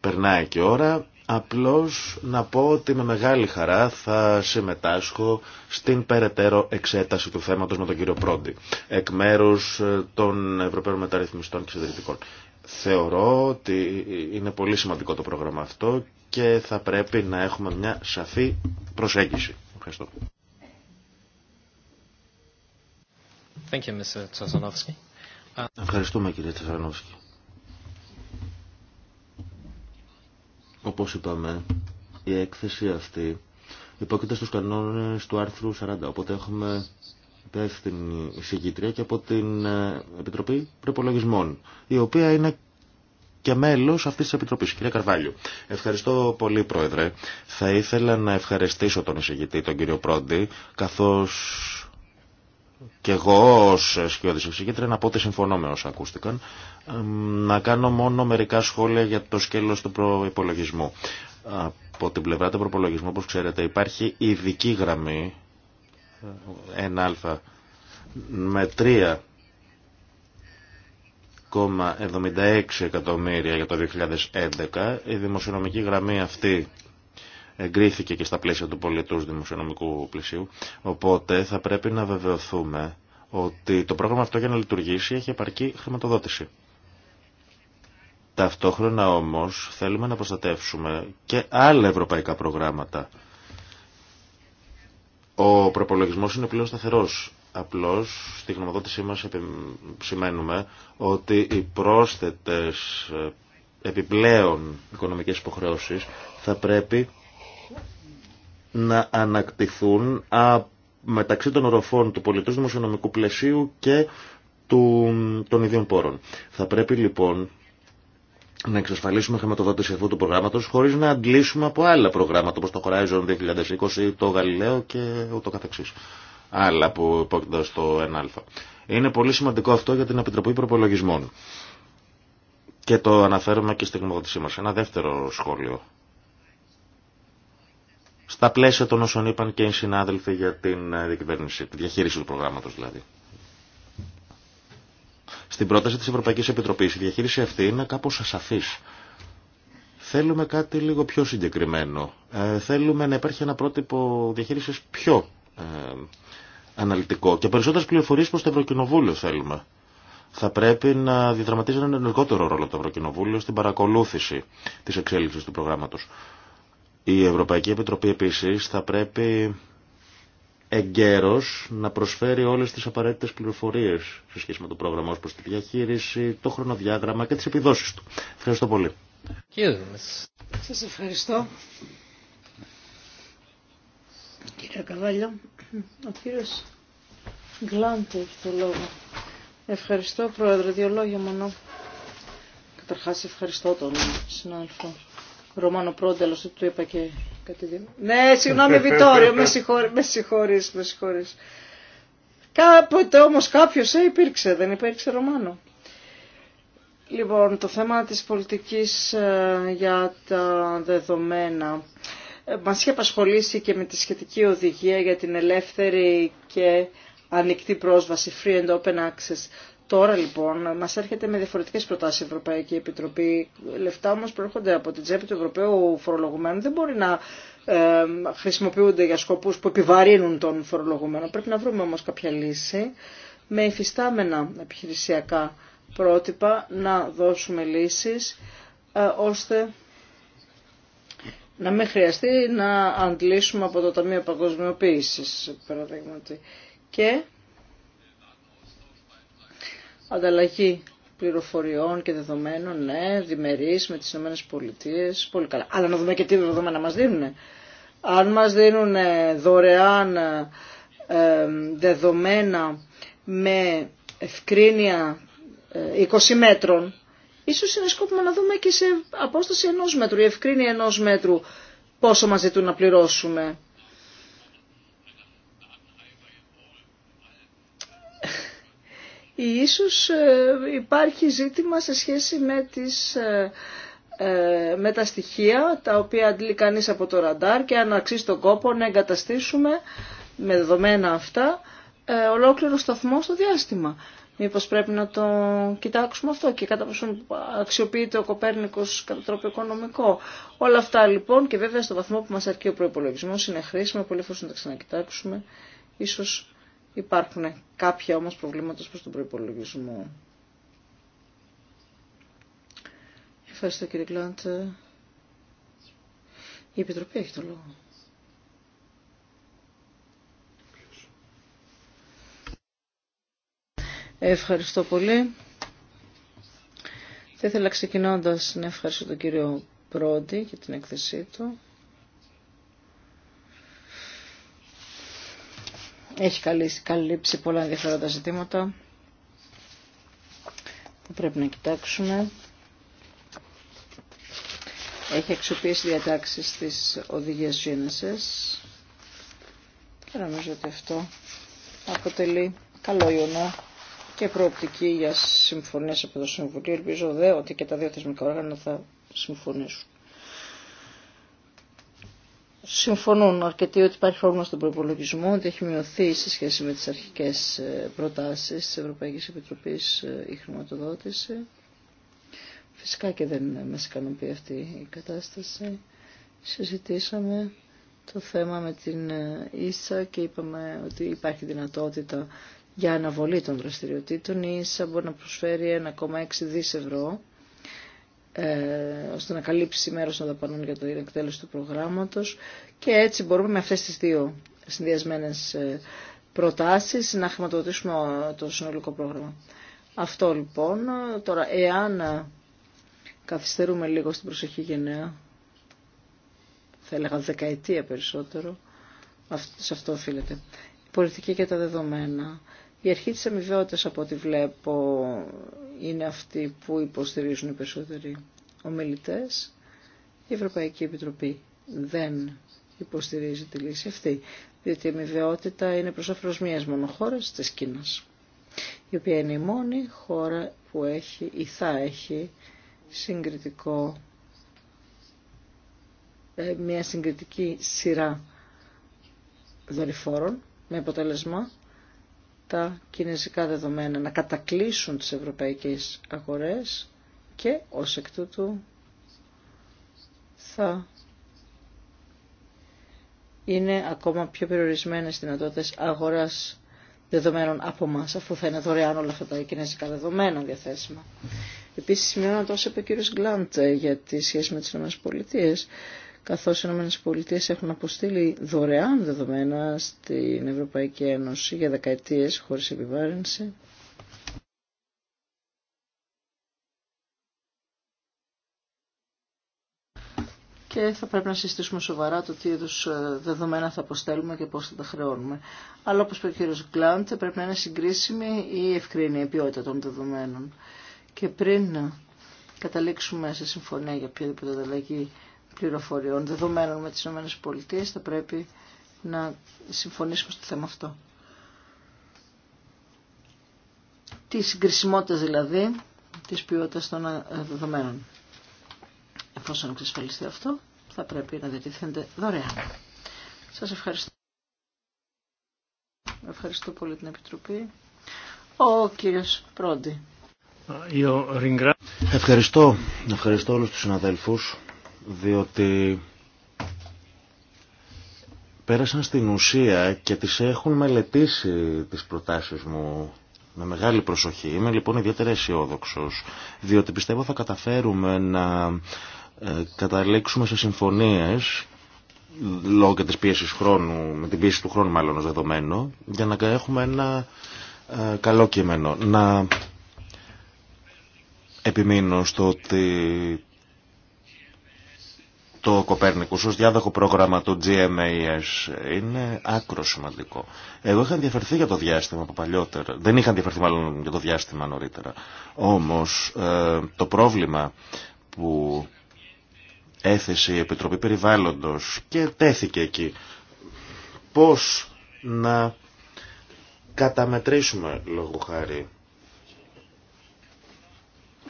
περνάει και ώρα, απλώς να πω ότι με μεγάλη χαρά θα συμμετάσχω στην περαιτέρω εξέταση του θέματος με τον κύριο Πρόντι, εκ μέρους ε, των Ευρωπαίων Μεταρρυθμιστών και Συντηρητικών. Θεωρώ ότι είναι πολύ σημαντικό το πρόγραμμα αυτό και θα πρέπει να έχουμε μια σαφή προσέγγιση. Ευχαριστώ. Thank you, Mr. Ευχαριστούμε κύριε Τσεφρανόφσκι. Όπως είπαμε, η έκθεση αυτή υπόκειται στους κανόνες του άρθρου 40, οπότε έχουμε υπεύθυνη εισηγητρία και από την ε, Επιτροπή Προπολογισμών, η οποία είναι και μέλο αυτή τη Επιτροπή. Κυρία Καρβάλιο, ευχαριστώ πολύ, Πρόεδρε. Θα ήθελα να ευχαριστήσω τον εισηγητή, τον κύριο Πρόντι, καθώ και εγώ ως σκιώδης εξήγητρια να πω ότι συμφωνώ με όσα ακούστηκαν, να κάνω μόνο μερικά σχόλια για το σκέλος του προϋπολογισμού. Από την πλευρά του προυπολογισμου οπως όπως ξέρετε, υπάρχει ειδική γραμμή 1α ε, με 3,76 εκατομμύρια για το 2011. Η δημοσιονομική γραμμή αυτή εγκρίθηκε και στα πλαίσια του πολιτού δημοσιονομικού πλαισίου, οπότε θα πρέπει να βεβαιωθούμε ότι το πρόγραμμα αυτό για να λειτουργήσει έχει επαρκή χρηματοδότηση. Ταυτόχρονα όμως θέλουμε να προστατεύσουμε και άλλα ευρωπαϊκά προγράμματα. Ο προπολογισμός είναι πλέον σταθερός. Απλώς στη γνωμοδότησή μας σημαίνουμε ότι οι πρόσθετες ε, επιπλέον οικονομικές υποχρεώσεις θα πρέπει να ανακτηθούν μεταξύ των οροφών του πολιτού δημοσιονομικού πλαισίου και του, των ίδιων πόρων. Θα πρέπει λοιπόν να εξασφαλίσουμε χρηματοδότηση αυτού του προγράμματος χωρίς να αντλήσουμε από άλλα προγράμματα όπως το Horizon 2020, το Γαλιλαίο και ούτω καθεξής. Άλλα που υπόκειται στο 1α. Είναι πολύ σημαντικό αυτό για την Επιτροπή Προπολογισμών. Και το αναφέρουμε και στην γνωμοδότησή μας. Ένα δεύτερο σχόλιο στα πλαίσια των όσων είπαν και οι συνάδελφοι για την ε, διακυβέρνηση, τη διαχείριση του προγράμματος δηλαδή. Στην πρόταση της Ευρωπαϊκής Επιτροπής η διαχείριση αυτή είναι κάπως ασαφής. Θέλουμε κάτι λίγο πιο συγκεκριμένο. Ε, θέλουμε να υπάρχει ένα πρότυπο διαχείρισης πιο ε, αναλυτικό και περισσότερες πληροφορίες προς το Ευρωκοινοβούλιο θέλουμε. Θα πρέπει να διδραματίζει έναν ενεργότερο ρόλο το Ευρωκοινοβούλιο στην παρακολούθηση της εξέλιξης του προγράμματος. Η Ευρωπαϊκή Επιτροπή επίσης θα πρέπει εγκαίρως να προσφέρει όλες τις απαραίτητες πληροφορίες σε σχέση με το πρόγραμμα ως προς τη διαχείριση, το χρονοδιάγραμμα και τις επιδόσεις του. Ευχαριστώ πολύ. Σας ευχαριστώ. Κύριε Καβάλιο, ο κύριος Γκλάντε έχει το λόγο. Ευχαριστώ, Πρόεδρε. Δύο λόγια μόνο. Καταρχάς ευχαριστώ τον συνάδελφο Ρωμάνο Πρόνταλο, του είπα και κάτι Ναι, συγγνώμη Βιτόριο, με συγχωρείς, με συγχωρείς, με συγχωρείς. Κάποτε όμως κάποιος ε, υπήρξε, δεν υπήρξε Ρωμάνο. Λοιπόν, το θέμα της πολιτικής ε, για τα δεδομένα ε, μας είχε απασχολήσει και με τη σχετική οδηγία για την ελεύθερη και ανοιχτή πρόσβαση, free and open access. Τώρα λοιπόν μας έρχεται με διαφορετικές προτάσεις η Ευρωπαϊκή Επιτροπή. Λεφτά όμω προέρχονται από την τσέπη του Ευρωπαίου φορολογουμένου. Δεν μπορεί να ε, χρησιμοποιούνται για σκοπούς που επιβαρύνουν τον φορολογουμένο. Πρέπει να βρούμε όμω κάποια λύση με υφιστάμενα επιχειρησιακά πρότυπα να δώσουμε λύσει, ε, ώστε να μην χρειαστεί να αντλήσουμε από το Ταμείο Παγκοσμιοποίησης, παραδείγματι. Και ανταλλαγή πληροφοριών και δεδομένων, ναι, διμερείς με τις Ηνωμένες Πολιτείες, πολύ καλά. Αλλά να δούμε και τι δεδομένα μας δίνουν. Αν μας δίνουν δωρεάν ε, δεδομένα με ευκρίνεια 20 ε, μέτρων, ίσως είναι σκόπιμο να δούμε και σε απόσταση ενός μέτρου, η ευκρίνεια ενός μέτρου, πόσο μας ζητούν να πληρώσουμε. Ίσως ε, υπάρχει ζήτημα σε σχέση με, τις, ε, ε, με τα στοιχεία τα οποία αντλεί κανείς από το ραντάρ και αν αξίζει τον κόπο να εγκαταστήσουμε με δεδομένα αυτά ολόκληρο σταθμό στο διάστημα. Μήπως πρέπει να το κοιτάξουμε αυτό και κατά πόσο αξιοποιείται ο Κοπέρνικος κατά τρόπο οικονομικό. Όλα αυτά λοιπόν και βέβαια στο βαθμό που μας αρκεί ο προϋπολογισμός είναι χρήσιμο, πολύ να τα ξανακοιτάξουμε. Ίσως Υπάρχουν κάποια όμως προβλήματα προς τον προϋπολογισμό. Ευχαριστώ κύριε Κλάντε. Η Επιτροπή έχει το λόγο. Ευχαριστώ πολύ. Θα ήθελα ξεκινώντας να ευχαριστώ τον κύριο Πρόντι για την έκθεσή του. έχει καλύψει πολλά ενδιαφέροντα ζητήματα που πρέπει να κοιτάξουμε. Έχει αξιοποιήσει διατάξεις της οδηγίας Genesis και νομίζω ότι αυτό αποτελεί καλό ιονό και προοπτική για συμφωνίες από το Συμβουλίο. Ελπίζω δε ότι και τα δύο θεσμικά όργανα θα συμφωνήσουν συμφωνούν αρκετοί ότι υπάρχει πρόβλημα στον προπολογισμό, ότι έχει μειωθεί σε σχέση με τις αρχικές ε, προτάσεις της Ευρωπαϊκής Επιτροπής ε, η χρηματοδότηση. Φυσικά και δεν μας ικανοποιεί αυτή η κατάσταση. Συζητήσαμε το θέμα με την ε, ίσα και είπαμε ότι υπάρχει δυνατότητα για αναβολή των δραστηριοτήτων. Η ίσα μπορεί να προσφέρει 1,6 δις ευρώ ε, ώστε να καλύψει μέρος να δαπανών για την εκτέλεση του προγράμματος και έτσι μπορούμε με αυτές τις δύο συνδυασμένες ε, προτάσεις να χρηματοδοτήσουμε το συνολικό πρόγραμμα. Αυτό λοιπόν. Τώρα, εάν καθυστερούμε λίγο στην προσοχή γενναία, θα έλεγα δεκαετία περισσότερο, σε αυτό οφείλεται. Η πολιτική και τα δεδομένα η αρχή της αμοιβαιότητας από ό,τι βλέπω είναι αυτή που υποστηρίζουν οι περισσότεροι ομιλητές. Η Ευρωπαϊκή Επιτροπή δεν υποστηρίζει τη λύση αυτή, διότι η αμοιβαιότητα είναι προς όφελος μίας μόνο χώρας της Κίνας, η οποία είναι η μόνη χώρα που έχει ή θα έχει συγκριτικό, ε, μια συγκριτική σειρά δορυφόρων με αποτέλεσμα τα κινέζικα δεδομένα, να κατακλείσουν τις ευρωπαϊκές αγορές και ως εκ τούτου θα είναι ακόμα πιο περιορισμένες δυνατότητες αγοράς δεδομένων από εμά, αφού θα είναι δωρεάν όλα αυτά τα κινέζικα δεδομένα διαθέσιμα. Επίσης, σημειώνω τόσο είπε ο κ. Γκλάντ ε, για τη σχέση με τις ΗΠΑ καθώς οι ΗΠΑ έχουν αποστείλει δωρεάν δεδομένα στην Ευρωπαϊκή Ένωση για δεκαετίες χωρίς επιβάρυνση. και θα πρέπει να συστήσουμε σοβαρά το τι είδου ε, δεδομένα θα αποστέλουμε και πώς θα τα χρεώνουμε. Αλλά όπως είπε ο κ. Γκλάντ, πρέπει να είναι συγκρίσιμη η ευκρίνη, η ποιότητα των δεδομένων. Και πριν καταλήξουμε σε συμφωνία για οποιαδήποτε ανταλλαγή πληροφοριών, δεδομένων με τις ΗΠΑ, θα πρέπει να συμφωνήσουμε στο θέμα αυτό. Τη συγκρισιμότητα δηλαδή της ποιότητας των ε, δεδομένων. Εφόσον εξασφαλιστεί αυτό, θα πρέπει να διατίθενται δωρεάν. Σας ευχαριστώ. Ευχαριστώ πολύ την Επιτροπή. Ο κύριος Πρόντι. Ευχαριστώ. Ευχαριστώ όλους τους συναδέλφους διότι πέρασαν στην ουσία και τις έχουν μελετήσει τις προτάσεις μου με μεγάλη προσοχή. Είμαι λοιπόν ιδιαίτερα αισιόδοξο, διότι πιστεύω θα καταφέρουμε να ε, καταλήξουμε σε συμφωνίες λόγω και της πίεσης χρόνου, με την πίεση του χρόνου μάλλον ως δεδομένο, για να έχουμε ένα ε, καλό κείμενο. Να επιμείνω στο ότι το Κοπέρνικους ως διάδοχο πρόγραμμα του GMAS είναι άκρο σημαντικό. Εγώ είχα ενδιαφερθεί για το διάστημα από παλιότερα. Δεν είχα ενδιαφερθεί μάλλον για το διάστημα νωρίτερα. Όμως ε, το πρόβλημα που έθεσε η Επιτροπή Περιβάλλοντος και τέθηκε εκεί πώς να καταμετρήσουμε λόγω χάρη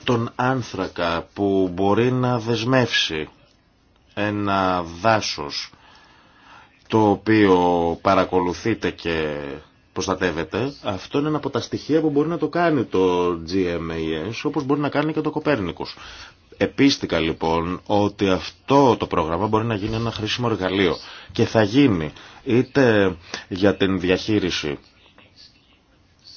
τον άνθρακα που μπορεί να δεσμεύσει ένα δάσος το οποίο παρακολουθείτε και προστατεύεται, αυτό είναι ένα από τα στοιχεία που μπορεί να το κάνει το GMAS, όπως μπορεί να κάνει και το Κοπέρνικος. Επίστηκα λοιπόν ότι αυτό το πρόγραμμα μπορεί να γίνει ένα χρήσιμο εργαλείο και θα γίνει είτε για την διαχείριση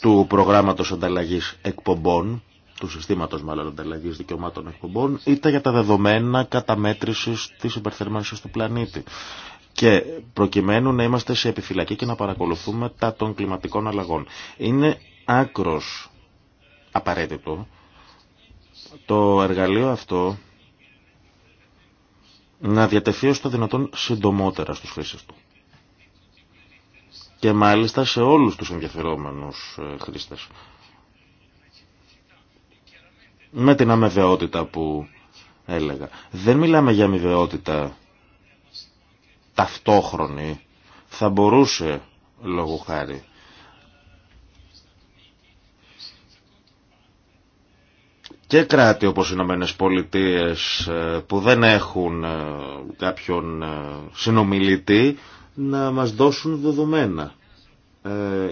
του προγράμματος ανταλλαγής εκπομπών, του συστήματος μάλλον ανταλλαγή δικαιωμάτων εκπομπών, είτε για τα δεδομένα καταμέτρησης της υπερθερμάνσης του πλανήτη. Και προκειμένου να είμαστε σε επιφυλακή και να παρακολουθούμε τα των κλιματικών αλλαγών. Είναι άκρος απαραίτητο το εργαλείο αυτό να διατεθεί ως το δυνατόν συντομότερα στους χρήστες του. Και μάλιστα σε όλους τους ενδιαφερόμενους ε, χρήστες με την αμεβαιότητα που έλεγα. Δεν μιλάμε για αμεβαιότητα ταυτόχρονη. Θα μπορούσε λόγω χάρη. Και κράτη όπως οι Ηνωμένες Πολιτείες ε, που δεν έχουν ε, κάποιον ε, συνομιλητή να μας δώσουν δεδομένα.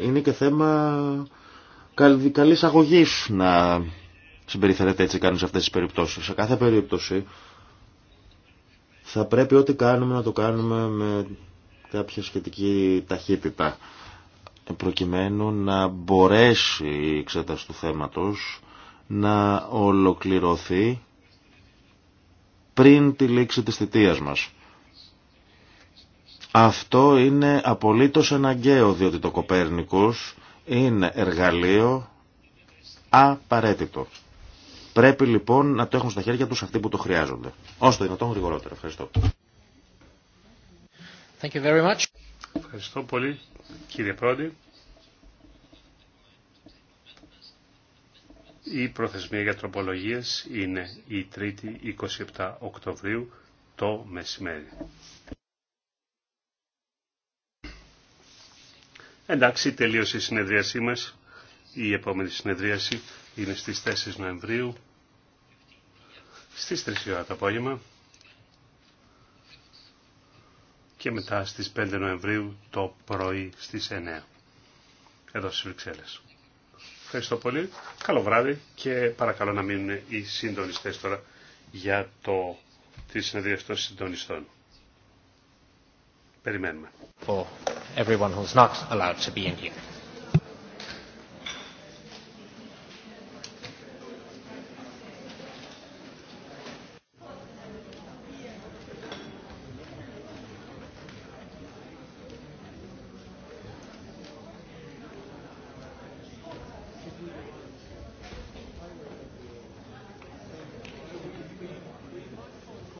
Είναι και θέμα καλής αγωγής να συμπεριφερέται έτσι κάνει σε αυτές τις περιπτώσεις. Σε κάθε περίπτωση θα πρέπει ό,τι κάνουμε να το κάνουμε με κάποια σχετική ταχύτητα προκειμένου να μπορέσει η εξέταση του θέματος να ολοκληρωθεί πριν τη λήξη της θητείας μας. Αυτό είναι απολύτως αναγκαίο διότι το Κοπέρνικος είναι εργαλείο απαραίτητο. Πρέπει λοιπόν να το έχουν στα χέρια τους αυτοί που το χρειάζονται. Όσο το δυνατόν γρηγορότερα. Ευχαριστώ. Thank you very much. Ευχαριστώ πολύ κύριε Πρόεδρε. Η προθεσμία για τροπολογίες είναι η 3η 27 Οκτωβρίου το μεσημέρι. Εντάξει, τελείωσε η συνεδρίασή μας. Η επόμενη συνεδρίαση είναι στις 4 Νοεμβρίου στις 3 ώρα το απόγευμα και μετά στις 5 Νοεμβρίου το πρωί στις 9 εδώ στις Βρυξέλλες. Ευχαριστώ πολύ. Καλό βράδυ και παρακαλώ να μείνουν οι συντονιστές τώρα για το, τη συνεδρία των συντονιστών. Περιμένουμε. everyone who's not allowed to be in here.